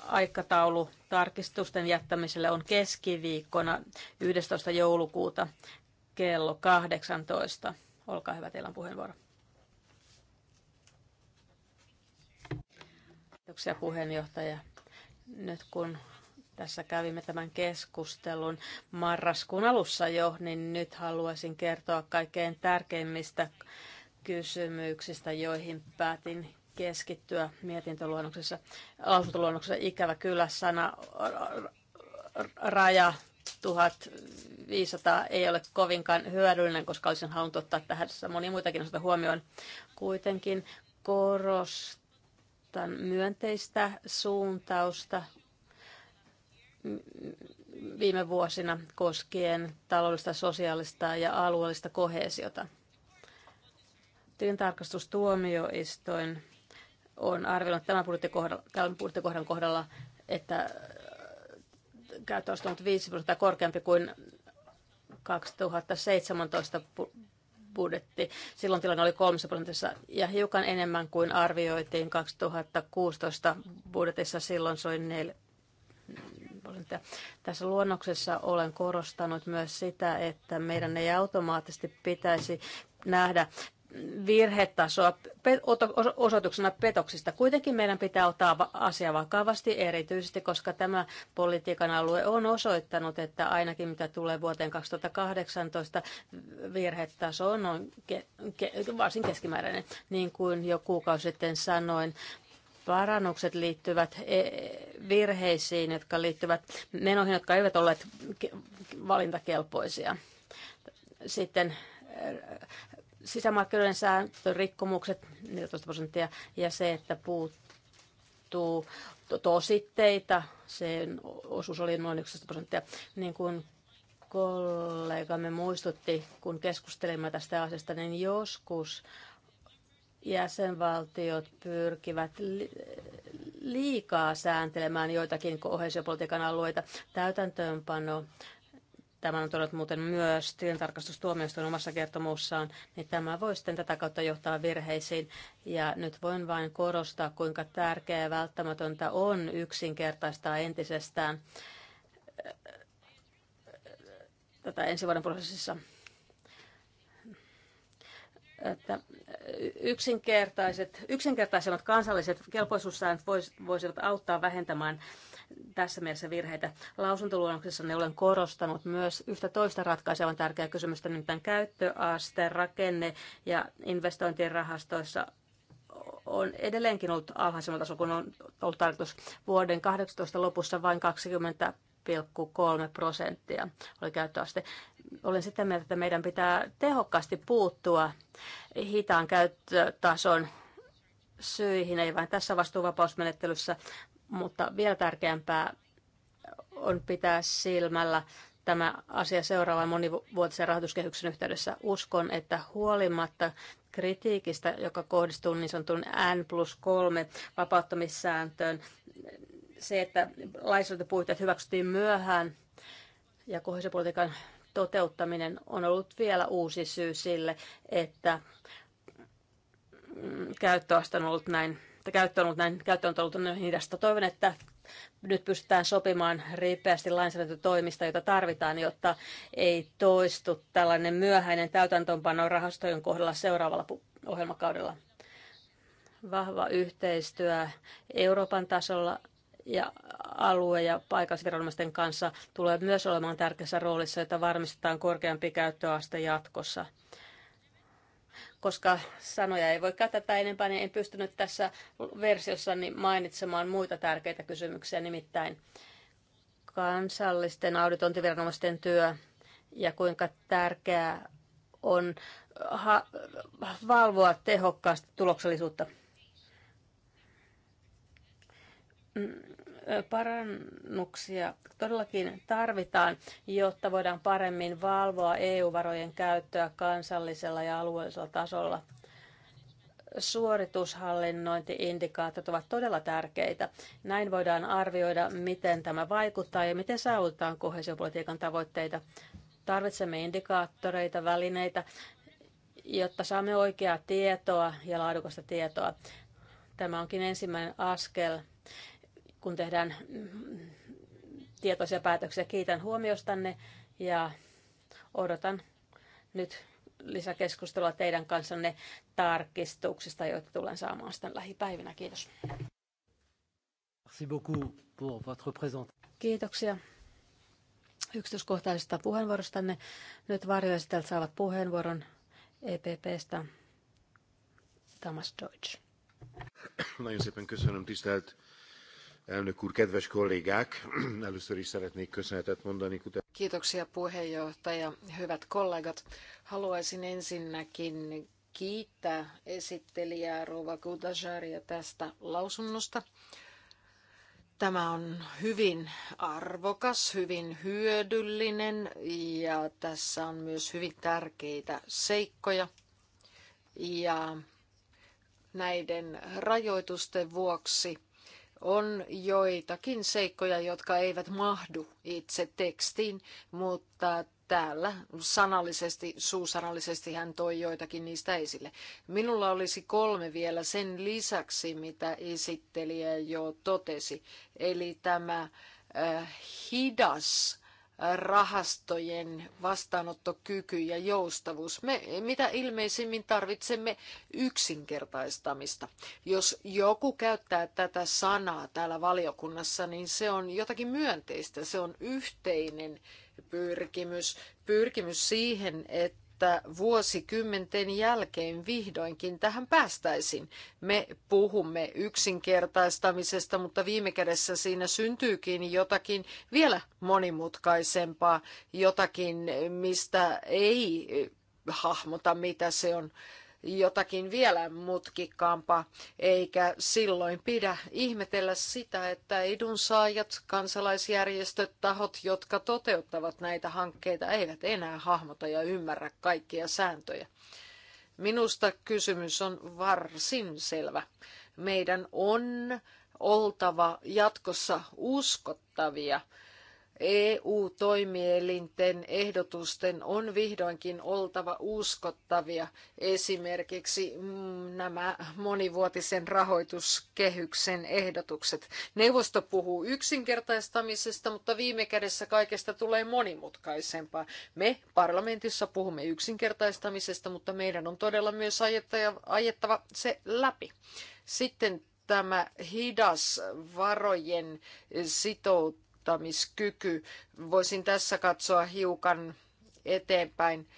aikataulu Tarkistusten jättämiselle on keskiviikkona 11. joulukuuta kello 18. Olkaa hyvä, teillä on puheenvuoro. Kiitoksia puheenjohtaja. Nyt kun tässä kävimme tämän keskustelun marraskuun alussa jo, niin nyt haluaisin kertoa kaikkein tärkeimmistä kysymyksistä, joihin päätin keskittyä mietintöluonnoksessa, lausuntoluonnoksessa. Ikävä kyllä sana raja 1500 ei ole kovinkaan hyödyllinen, koska olisin halunnut ottaa tähän monia muitakin asioita huomioon. Kuitenkin korostan myönteistä suuntausta viime vuosina koskien taloudellista, sosiaalista ja alueellista kohesiota. Tilintarkastustuomioistuin on arvioinut tämän budjettikohdan, tämän budjettikohdan kohdalla, että äh, käyttö on ollut 5 prosenttia korkeampi kuin 2017 budjetti. Silloin tilanne oli 3 prosentissa ja hiukan enemmän kuin arvioitiin 2016 budjetissa. Silloin se oli 4 prosenttia. Tässä luonnoksessa olen korostanut myös sitä, että meidän ei automaattisesti pitäisi nähdä virhetasoa osoituksena petoksista. Kuitenkin meidän pitää ottaa asia vakavasti erityisesti, koska tämä politiikan alue on osoittanut, että ainakin mitä tulee vuoteen 2018, virhetaso on noin ke- ke- varsin keskimääräinen. Niin kuin jo kuukausi sitten sanoin, parannukset liittyvät e- virheisiin, jotka liittyvät menoihin, jotka eivät olleet valintakelpoisia. Sitten sisämarkkinoiden sääntörikkomukset 14 prosenttia ja se, että puuttuu tositteita, sen osuus oli noin 11 prosenttia. Niin kuin kollegamme muistutti, kun keskustelimme tästä asiasta, niin joskus jäsenvaltiot pyrkivät liikaa sääntelemään joitakin kohesiopolitiikan alueita. Täytäntöönpano Tämä on todettu muuten myös tilintarkastustuomioistuin omassa kertomuussaan, niin tämä voi sitten tätä kautta johtaa virheisiin. Ja nyt voin vain korostaa, kuinka tärkeää ja välttämätöntä on yksinkertaistaa entisestään äh, tätä ensi vuoden prosessissa. Että äh, yksinkertaiset, yksinkertaisemmat kansalliset kelpoisuussäännöt voisivat auttaa vähentämään tässä mielessä virheitä. ne olen korostanut myös yhtä toista ratkaisevan tärkeää kysymystä, nimittäin käyttöaste, rakenne ja investointien rahastoissa on edelleenkin ollut alhaisemmalla tasolla, kun on ollut tarkoitus vuoden 18 lopussa vain 20 3 prosenttia oli käyttöaste. Olen sitä mieltä, että meidän pitää tehokkaasti puuttua hitaan käyttötason syihin, ei vain tässä vastuuvapausmenettelyssä, Mm. mutta vielä tärkeämpää on pitää silmällä tämä asia seuraavan monivuotisen rahoituskehyksen yhteydessä. Uskon, että huolimatta kritiikistä, joka kohdistuu niin sanotun N plus 3 vapauttamissääntöön, se, että lainsäädäntöpuitteet hyväksyttiin myöhään ja kohdistuspolitiikan toteuttaminen on ollut vielä uusi syy sille, että mm, käyttöaste on ollut näin että käyttö on ollut näin, käyttö on ollut näin hidasta. Toivon, että nyt pystytään sopimaan ripeästi lainsäädäntötoimista, joita tarvitaan, jotta ei toistu tällainen myöhäinen täytäntöönpano rahastojen kohdalla seuraavalla ohjelmakaudella. Vahva yhteistyö Euroopan tasolla ja alue- ja paikallisviranomaisten kanssa tulee myös olemaan tärkeässä roolissa, jotta varmistetaan korkeampi käyttöaste jatkossa – koska sanoja ei voi käyttää enempää, niin en pystynyt tässä versiossa mainitsemaan muita tärkeitä kysymyksiä, nimittäin kansallisten auditointiviranomaisten työ ja kuinka tärkeää on ha- valvoa tehokkaasti tuloksellisuutta. Mm, Parannuksia todellakin tarvitaan, jotta voidaan paremmin valvoa EU-varojen käyttöä kansallisella ja alueellisella tasolla. Suoritushallinnointiindikaatiot ovat todella tärkeitä. Näin voidaan arvioida, miten tämä vaikuttaa ja miten saavutetaan kohesiopolitiikan tavoitteita. Tarvitsemme indikaattoreita, välineitä, jotta saamme oikeaa tietoa ja laadukasta tietoa. Tämä onkin ensimmäinen askel kun tehdään mm, tietoisia päätöksiä. Kiitän huomiostanne ja odotan nyt lisäkeskustelua teidän kanssanne tarkistuksista, joita tulen saamaan sitten lähipäivinä. Kiitos. Kiitoksia yksityiskohtaisesta puheenvuorostanne. Nyt varjoesittelijät saavat puheenvuoron EPPstä. Thomas Deutsch. Nagyon szépen köszönöm, tisztelt Elnök úr, kedves kollégák! Először is szeretnék köszönetet mondani. Kiitoksia puheenjohtaja. Hyvät kollegat, haluaisin ensinnäkin kiittää esittelijää Rova Kutasaria tästä lausunnosta. Tämä on hyvin arvokas, hyvin hyödyllinen ja tässä on myös hyvin tärkeitä seikkoja. Ja näiden rajoitusten vuoksi on joitakin seikkoja, jotka eivät mahdu itse tekstiin, mutta täällä sanallisesti, suusanallisesti hän toi joitakin niistä esille. Minulla olisi kolme vielä sen lisäksi, mitä esittelijä jo totesi, eli tämä äh, hidas rahastojen vastaanottokyky ja joustavuus. Me mitä ilmeisimmin tarvitsemme yksinkertaistamista. Jos joku käyttää tätä sanaa täällä valiokunnassa, niin se on jotakin myönteistä. Se on yhteinen pyrkimys, pyrkimys siihen, että että vuosikymmenten jälkeen vihdoinkin tähän päästäisiin. Me puhumme yksinkertaistamisesta, mutta viime kädessä siinä syntyykin jotakin vielä monimutkaisempaa, jotakin, mistä ei hahmota, mitä se on jotakin vielä mutkikkaampaa, eikä silloin pidä ihmetellä sitä, että edunsaajat, kansalaisjärjestöt, tahot, jotka toteuttavat näitä hankkeita, eivät enää hahmota ja ymmärrä kaikkia sääntöjä. Minusta kysymys on varsin selvä. Meidän on oltava jatkossa uskottavia EU-toimielinten ehdotusten on vihdoinkin oltava uskottavia, esimerkiksi mm, nämä monivuotisen rahoituskehyksen ehdotukset. Neuvosto puhuu yksinkertaistamisesta, mutta viime kädessä kaikesta tulee monimutkaisempaa. Me parlamentissa puhumme yksinkertaistamisesta, mutta meidän on todella myös ajettava se läpi. Sitten tämä hidas varojen sitoutuminen vaikuttamiskyky. Voisin tässä katsoa hiukan eteenpäin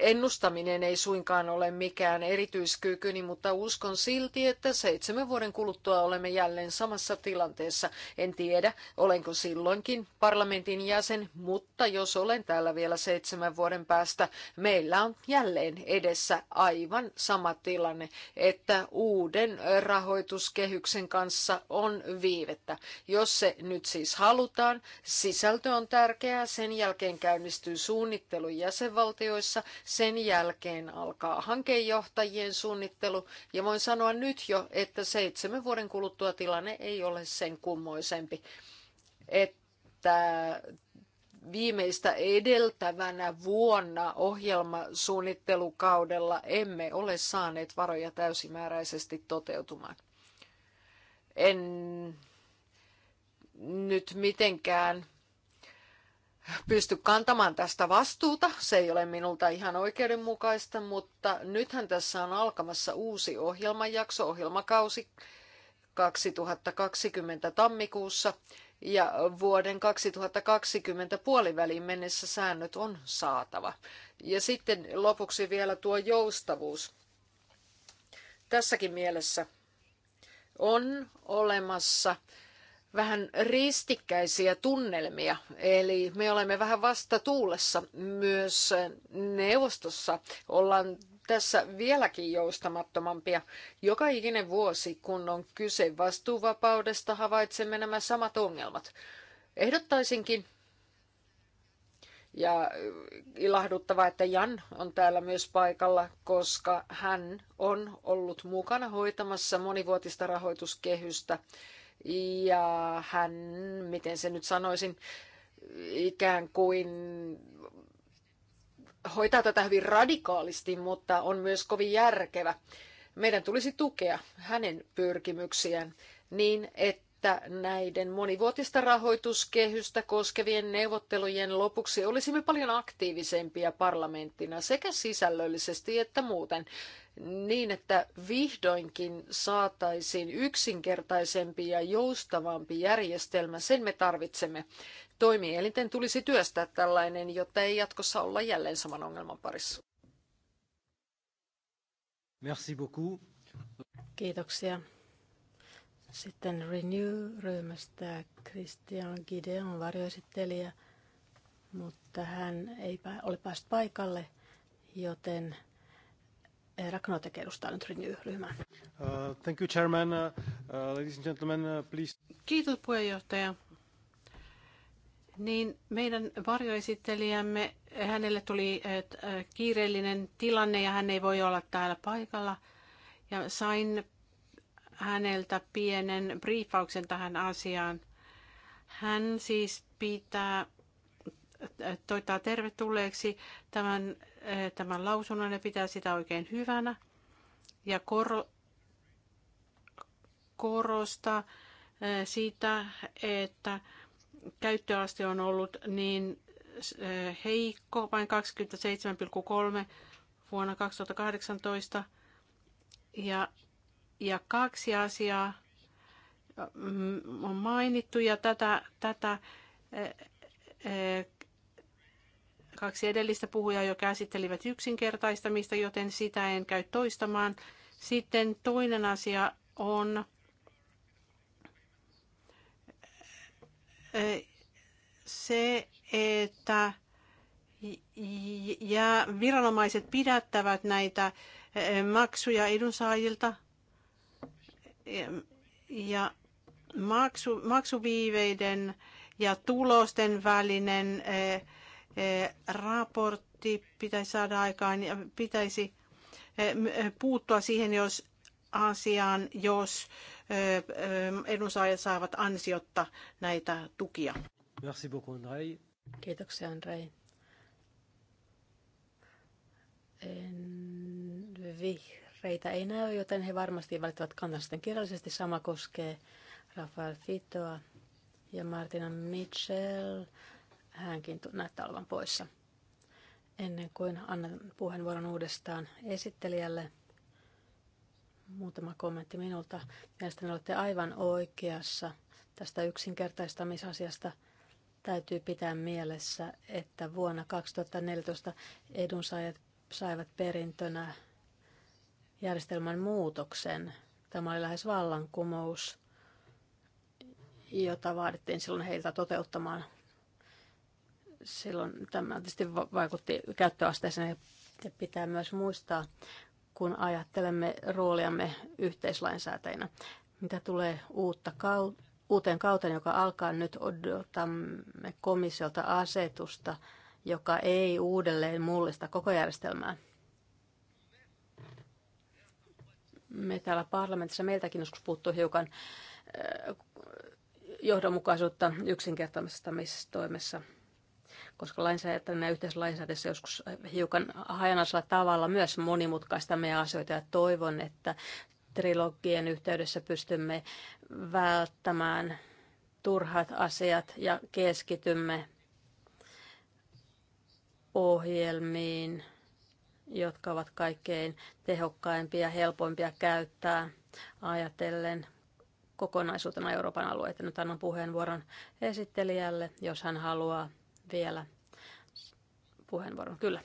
Ennustaminen ei suinkaan ole mikään erityiskykyni, mutta uskon silti, että seitsemän vuoden kuluttua olemme jälleen samassa tilanteessa. En tiedä, olenko silloinkin parlamentin jäsen, mutta jos olen täällä vielä seitsemän vuoden päästä, meillä on jälleen edessä aivan sama tilanne, että uuden rahoituskehyksen kanssa on viivettä. Jos se nyt siis halutaan, sisältö on tärkeää, sen jälkeen käynnistyy suunnittelu jäsenvaltioissa, ajoissa. Sen jälkeen alkaa hankejohtajien suunnittelu ja voin sanoa nyt jo, että seitsemän vuoden kuluttua tilanne ei ole sen kummoisempi, että viimeistä edeltävänä vuonna ohjelmasuunnittelukaudella emme ole saaneet varoja täysimääräisesti toteutumaan. En nyt mitenkään pysty kantamaan tästä vastuuta. Se ei ole minulta ihan oikeudenmukaista, mutta nythän tässä on alkamassa uusi ohjelmanjakso, ohjelmakausi 2020 tammikuussa ja vuoden 2020 puoliväliin mennessä säännöt on saatava. Ja sitten lopuksi vielä tuo joustavuus. Tässäkin mielessä on olemassa vähän ristikkäisiä tunnelmia, eli me olemme vähän vastatuulessa myös neuvostossa. Ollaan tässä vieläkin joustamattomampia. Joka ikinen vuosi, kun on kyse vastuuvapaudesta, havaitsemme nämä samat ongelmat. Ehdottaisinkin, ja ilahduttavaa, että Jan on täällä myös paikalla, koska hän on ollut mukana hoitamassa monivuotista rahoituskehystä ja hän, miten se nyt sanoisin, ikään kuin hoitaa tätä hyvin radikaalisti, mutta on myös kovin järkevä. Meidän tulisi tukea hänen pyrkimyksiään niin, että että näiden monivuotista rahoituskehystä koskevien neuvottelujen lopuksi olisimme paljon aktiivisempia parlamenttina sekä sisällöllisesti että muuten niin, että vihdoinkin saataisiin yksinkertaisempi ja joustavampi järjestelmä. Sen me tarvitsemme. Toimielinten tulisi työstää tällainen, jotta ei jatkossa olla jälleen saman ongelman parissa. Merci beaucoup. Kiitoksia. Sitten Renew-ryhmästä Christian Gide on varjoesittelijä, mutta hän ei ole päässyt paikalle, joten eh, Ragnotek edustaa nyt Renew-ryhmää. Uh, thank you, Chairman. Uh, uh, ladies and gentlemen, uh, please. Kiitos puheenjohtaja. Niin meidän varjoesittelijämme, hänelle tuli eh, eh, kiireellinen tilanne ja hän ei voi olla täällä paikalla. Ja sain häneltä pienen briefauksen tähän asiaan. Hän siis pitää toittaa tervetulleeksi tämän, eh, tämän lausunnon ja pitää sitä oikein hyvänä ja kor, korostaa eh, sitä, että käyttöaste on ollut niin eh, heikko, vain 27,3 vuonna 2018 ja ja kaksi asiaa mm, on mainittu ja tätä, tätä eh, eh, kaksi edellistä puhujaa jo käsittelivät yksinkertaistamista, joten sitä en käy toistamaan. Sitten toinen asia on eh, se, että ja viranomaiset pidättävät näitä maksuja edunsaajilta – ja maksu, maksuviiveiden ja tulosten välinen e, e, raportti pitäisi saada aikaan ja pitäisi e, puuttua siihen, jos asiaan, jos edunsaajat saavat ansiotta näitä tukia. Merci beaucoup, Andrei. Kiitoksia, Andrei. En... Vih Reitä ei näy, joten he varmasti välittävät kantansa sitten kirjallisesti. Sama koskee Rafael Fitoa ja Martina Mitchell. Hänkin näyttää olevan poissa. Ennen kuin annan puheenvuoron uudestaan esittelijälle, muutama kommentti minulta. Mielestäni olette aivan oikeassa tästä yksinkertaistamisasiasta täytyy pitää mielessä, että vuonna 2014 edunsaajat saivat perintönä järjestelmän muutoksen. Tämä oli lähes vallankumous, jota vaadittiin silloin heiltä toteuttamaan. Silloin tämä tietysti vaikutti käyttöasteeseen ja pitää myös muistaa, kun ajattelemme rooliamme yhteislainsäätäjinä. Mitä tulee uutta kautta, uuteen kauteen, joka alkaa nyt, odotamme komissiolta asetusta, joka ei uudelleen mullista koko järjestelmää. Me täällä parlamentissa meiltäkin joskus puuttuu hiukan eh, johdonmukaisuutta toimessa, koska lainsäädäntönä ja yhteislainsäädännössä joskus hiukan hajanaisella tavalla myös meidän asioita ja toivon, että trilogien yhteydessä pystymme välttämään turhat asiat ja keskitymme ohjelmiin, jotka ovat kaikkein tehokkaimpia ja helpoimpia käyttää ajatellen kokonaisuutena Euroopan alueita. Nyt annan puheenvuoron esittelijälle, jos hän haluaa vielä puheenvuoron. Kyllä.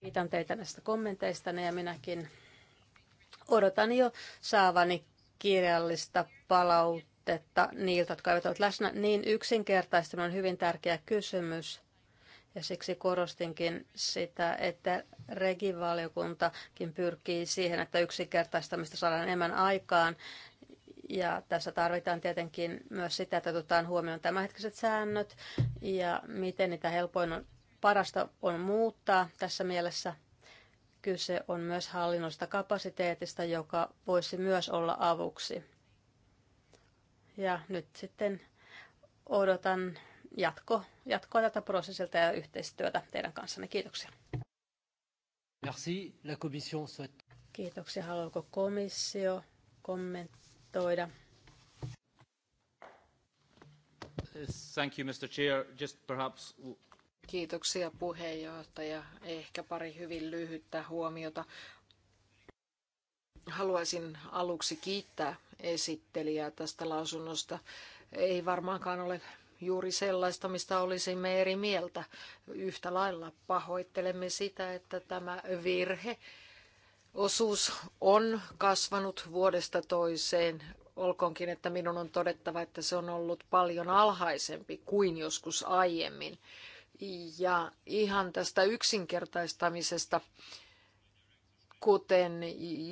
Kiitän teitä näistä kommenteista ja minäkin odotan jo saavani kirjallista palautetta niiltä, jotka eivät ole läsnä. Niin yksinkertaisesti on hyvin tärkeä kysymys. Ja siksi korostinkin sitä, että regivaliokuntakin pyrkii siihen, että yksinkertaistamista saadaan enemmän aikaan. Ja tässä tarvitaan tietenkin myös sitä, että otetaan huomioon tämänhetkiset säännöt ja miten niitä helpoin on, parasta on muuttaa tässä mielessä. Kyse on myös hallinnosta kapasiteetista, joka voisi myös olla avuksi. Ja nyt sitten odotan jatko, jatkoa tätä prosessilta ja yhteistyötä teidän kanssanne. Kiitoksia. Merci. La commission souhaite... Kiitoksia. Haluaako komissio kommentoida? Thank you, Mr. Chair. Just perhaps... Kiitoksia puheenjohtaja. Ehkä pari hyvin lyhyttä huomiota. Haluaisin aluksi kiittää esittelijää tästä lausunnosta. Ei varmaankaan ole juuri sellaista, mistä olisimme eri mieltä. Yhtä lailla pahoittelemme sitä, että tämä virhe osuus on kasvanut vuodesta toiseen. Olkoonkin, että minun on todettava, että se on ollut paljon alhaisempi kuin joskus aiemmin. Ja ihan tästä yksinkertaistamisesta kuten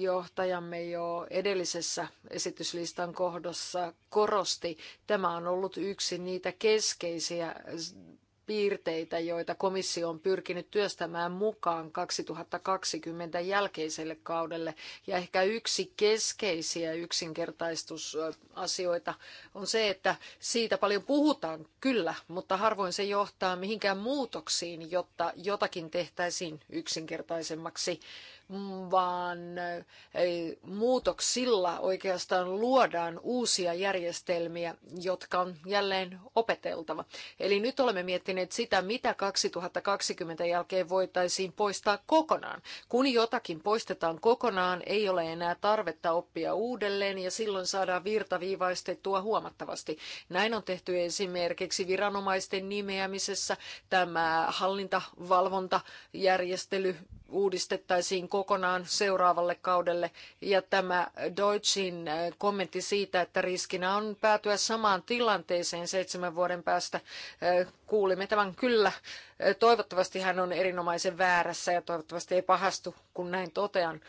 johtajamme jo edellisessä esityslistan kohdossa korosti, tämä on ollut yksi niitä keskeisiä piirteitä, joita komissio on pyrkinyt työstämään mukaan 2020 jälkeiselle kaudelle. Ja ehkä yksi keskeisiä yksinkertaistusasioita on se, että siitä paljon puhutaan kyllä, mutta harvoin se johtaa mihinkään muutoksiin, jotta jotakin tehtäisiin yksinkertaisemmaksi vaan eh, muutoksilla oikeastaan luodaan uusia järjestelmiä, jotka on jälleen opeteltava. Eli nyt olemme miettineet sitä, mitä 2020 jälkeen voitaisiin poistaa kokonaan. Kun jotakin poistetaan kokonaan, ei ole enää tarvetta oppia uudelleen ja silloin saadaan virtaviivaistettua huomattavasti. Näin on tehty esimerkiksi viranomaisten nimeämisessä tämä hallintavalvontajärjestely uudistettaisiin kokonaan seuraavalle kaudelle. Ja tämä Deutschin äh, kommentti siitä, että riskinä on päätyä samaan tilanteeseen seitsemän vuoden päästä, äh, kuulimme tämän kyllä. Äh, toivottavasti hän on erinomaisen väärässä ja toivottavasti ei pahastu, kun näin totean.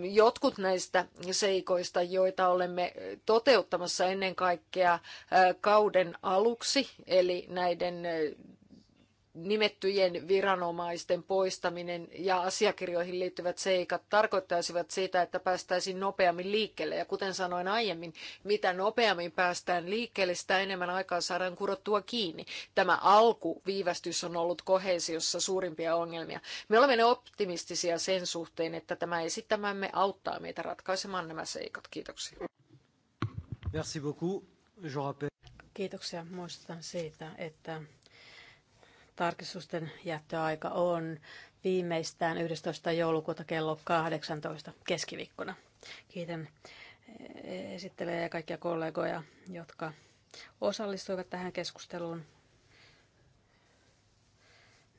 Jotkut näistä seikoista, joita olemme toteuttamassa ennen kaikkea kauden aluksi, eli näiden nimettyjen viranomaisten poistaminen ja asiakirjoihin liittyvät seikat tarkoittaisivat sitä, että päästäisiin nopeammin liikkeelle. Ja kuten sanoin aiemmin, mitä nopeammin päästään liikkeelle, sitä enemmän aikaa saadaan kurottua kiinni. Tämä alkuviivästys on ollut kohesiossa suurimpia ongelmia. Me olemme optimistisia sen suhteen, että tämä esittämämme auttaa meitä ratkaisemaan nämä seikat. Kiitoksia. Kiitoksia. Muistutan siitä, että Tarkistusten jättöaika on viimeistään 11. joulukuuta kello 18 keskiviikkona. Kiitän eh, esittelee ja kaikkia kollegoja, jotka osallistuivat tähän keskusteluun.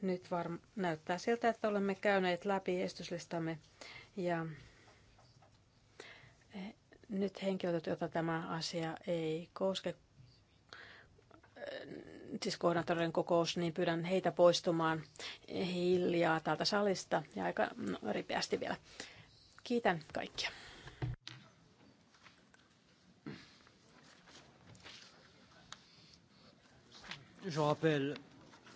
Nyt varm- näyttää siltä, että olemme käyneet läpi estyslistamme ja eh, nyt henkilöt, joita tämä asia ei koske, siis koordinaattorien kokous, niin pyydän heitä poistumaan hiljaa täältä salista ja aika no, ripeästi vielä. Kiitän kaikkia. Je rappelle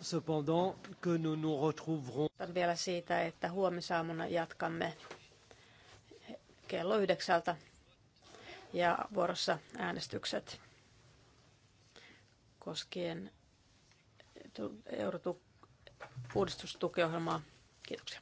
cependant que nous nous retrouverons. Vielä siitä, että huomisaamuna jatkamme kello yhdeksältä ja vuorossa äänestykset koskien uudistustukiohjelmaa. Kiitoksia.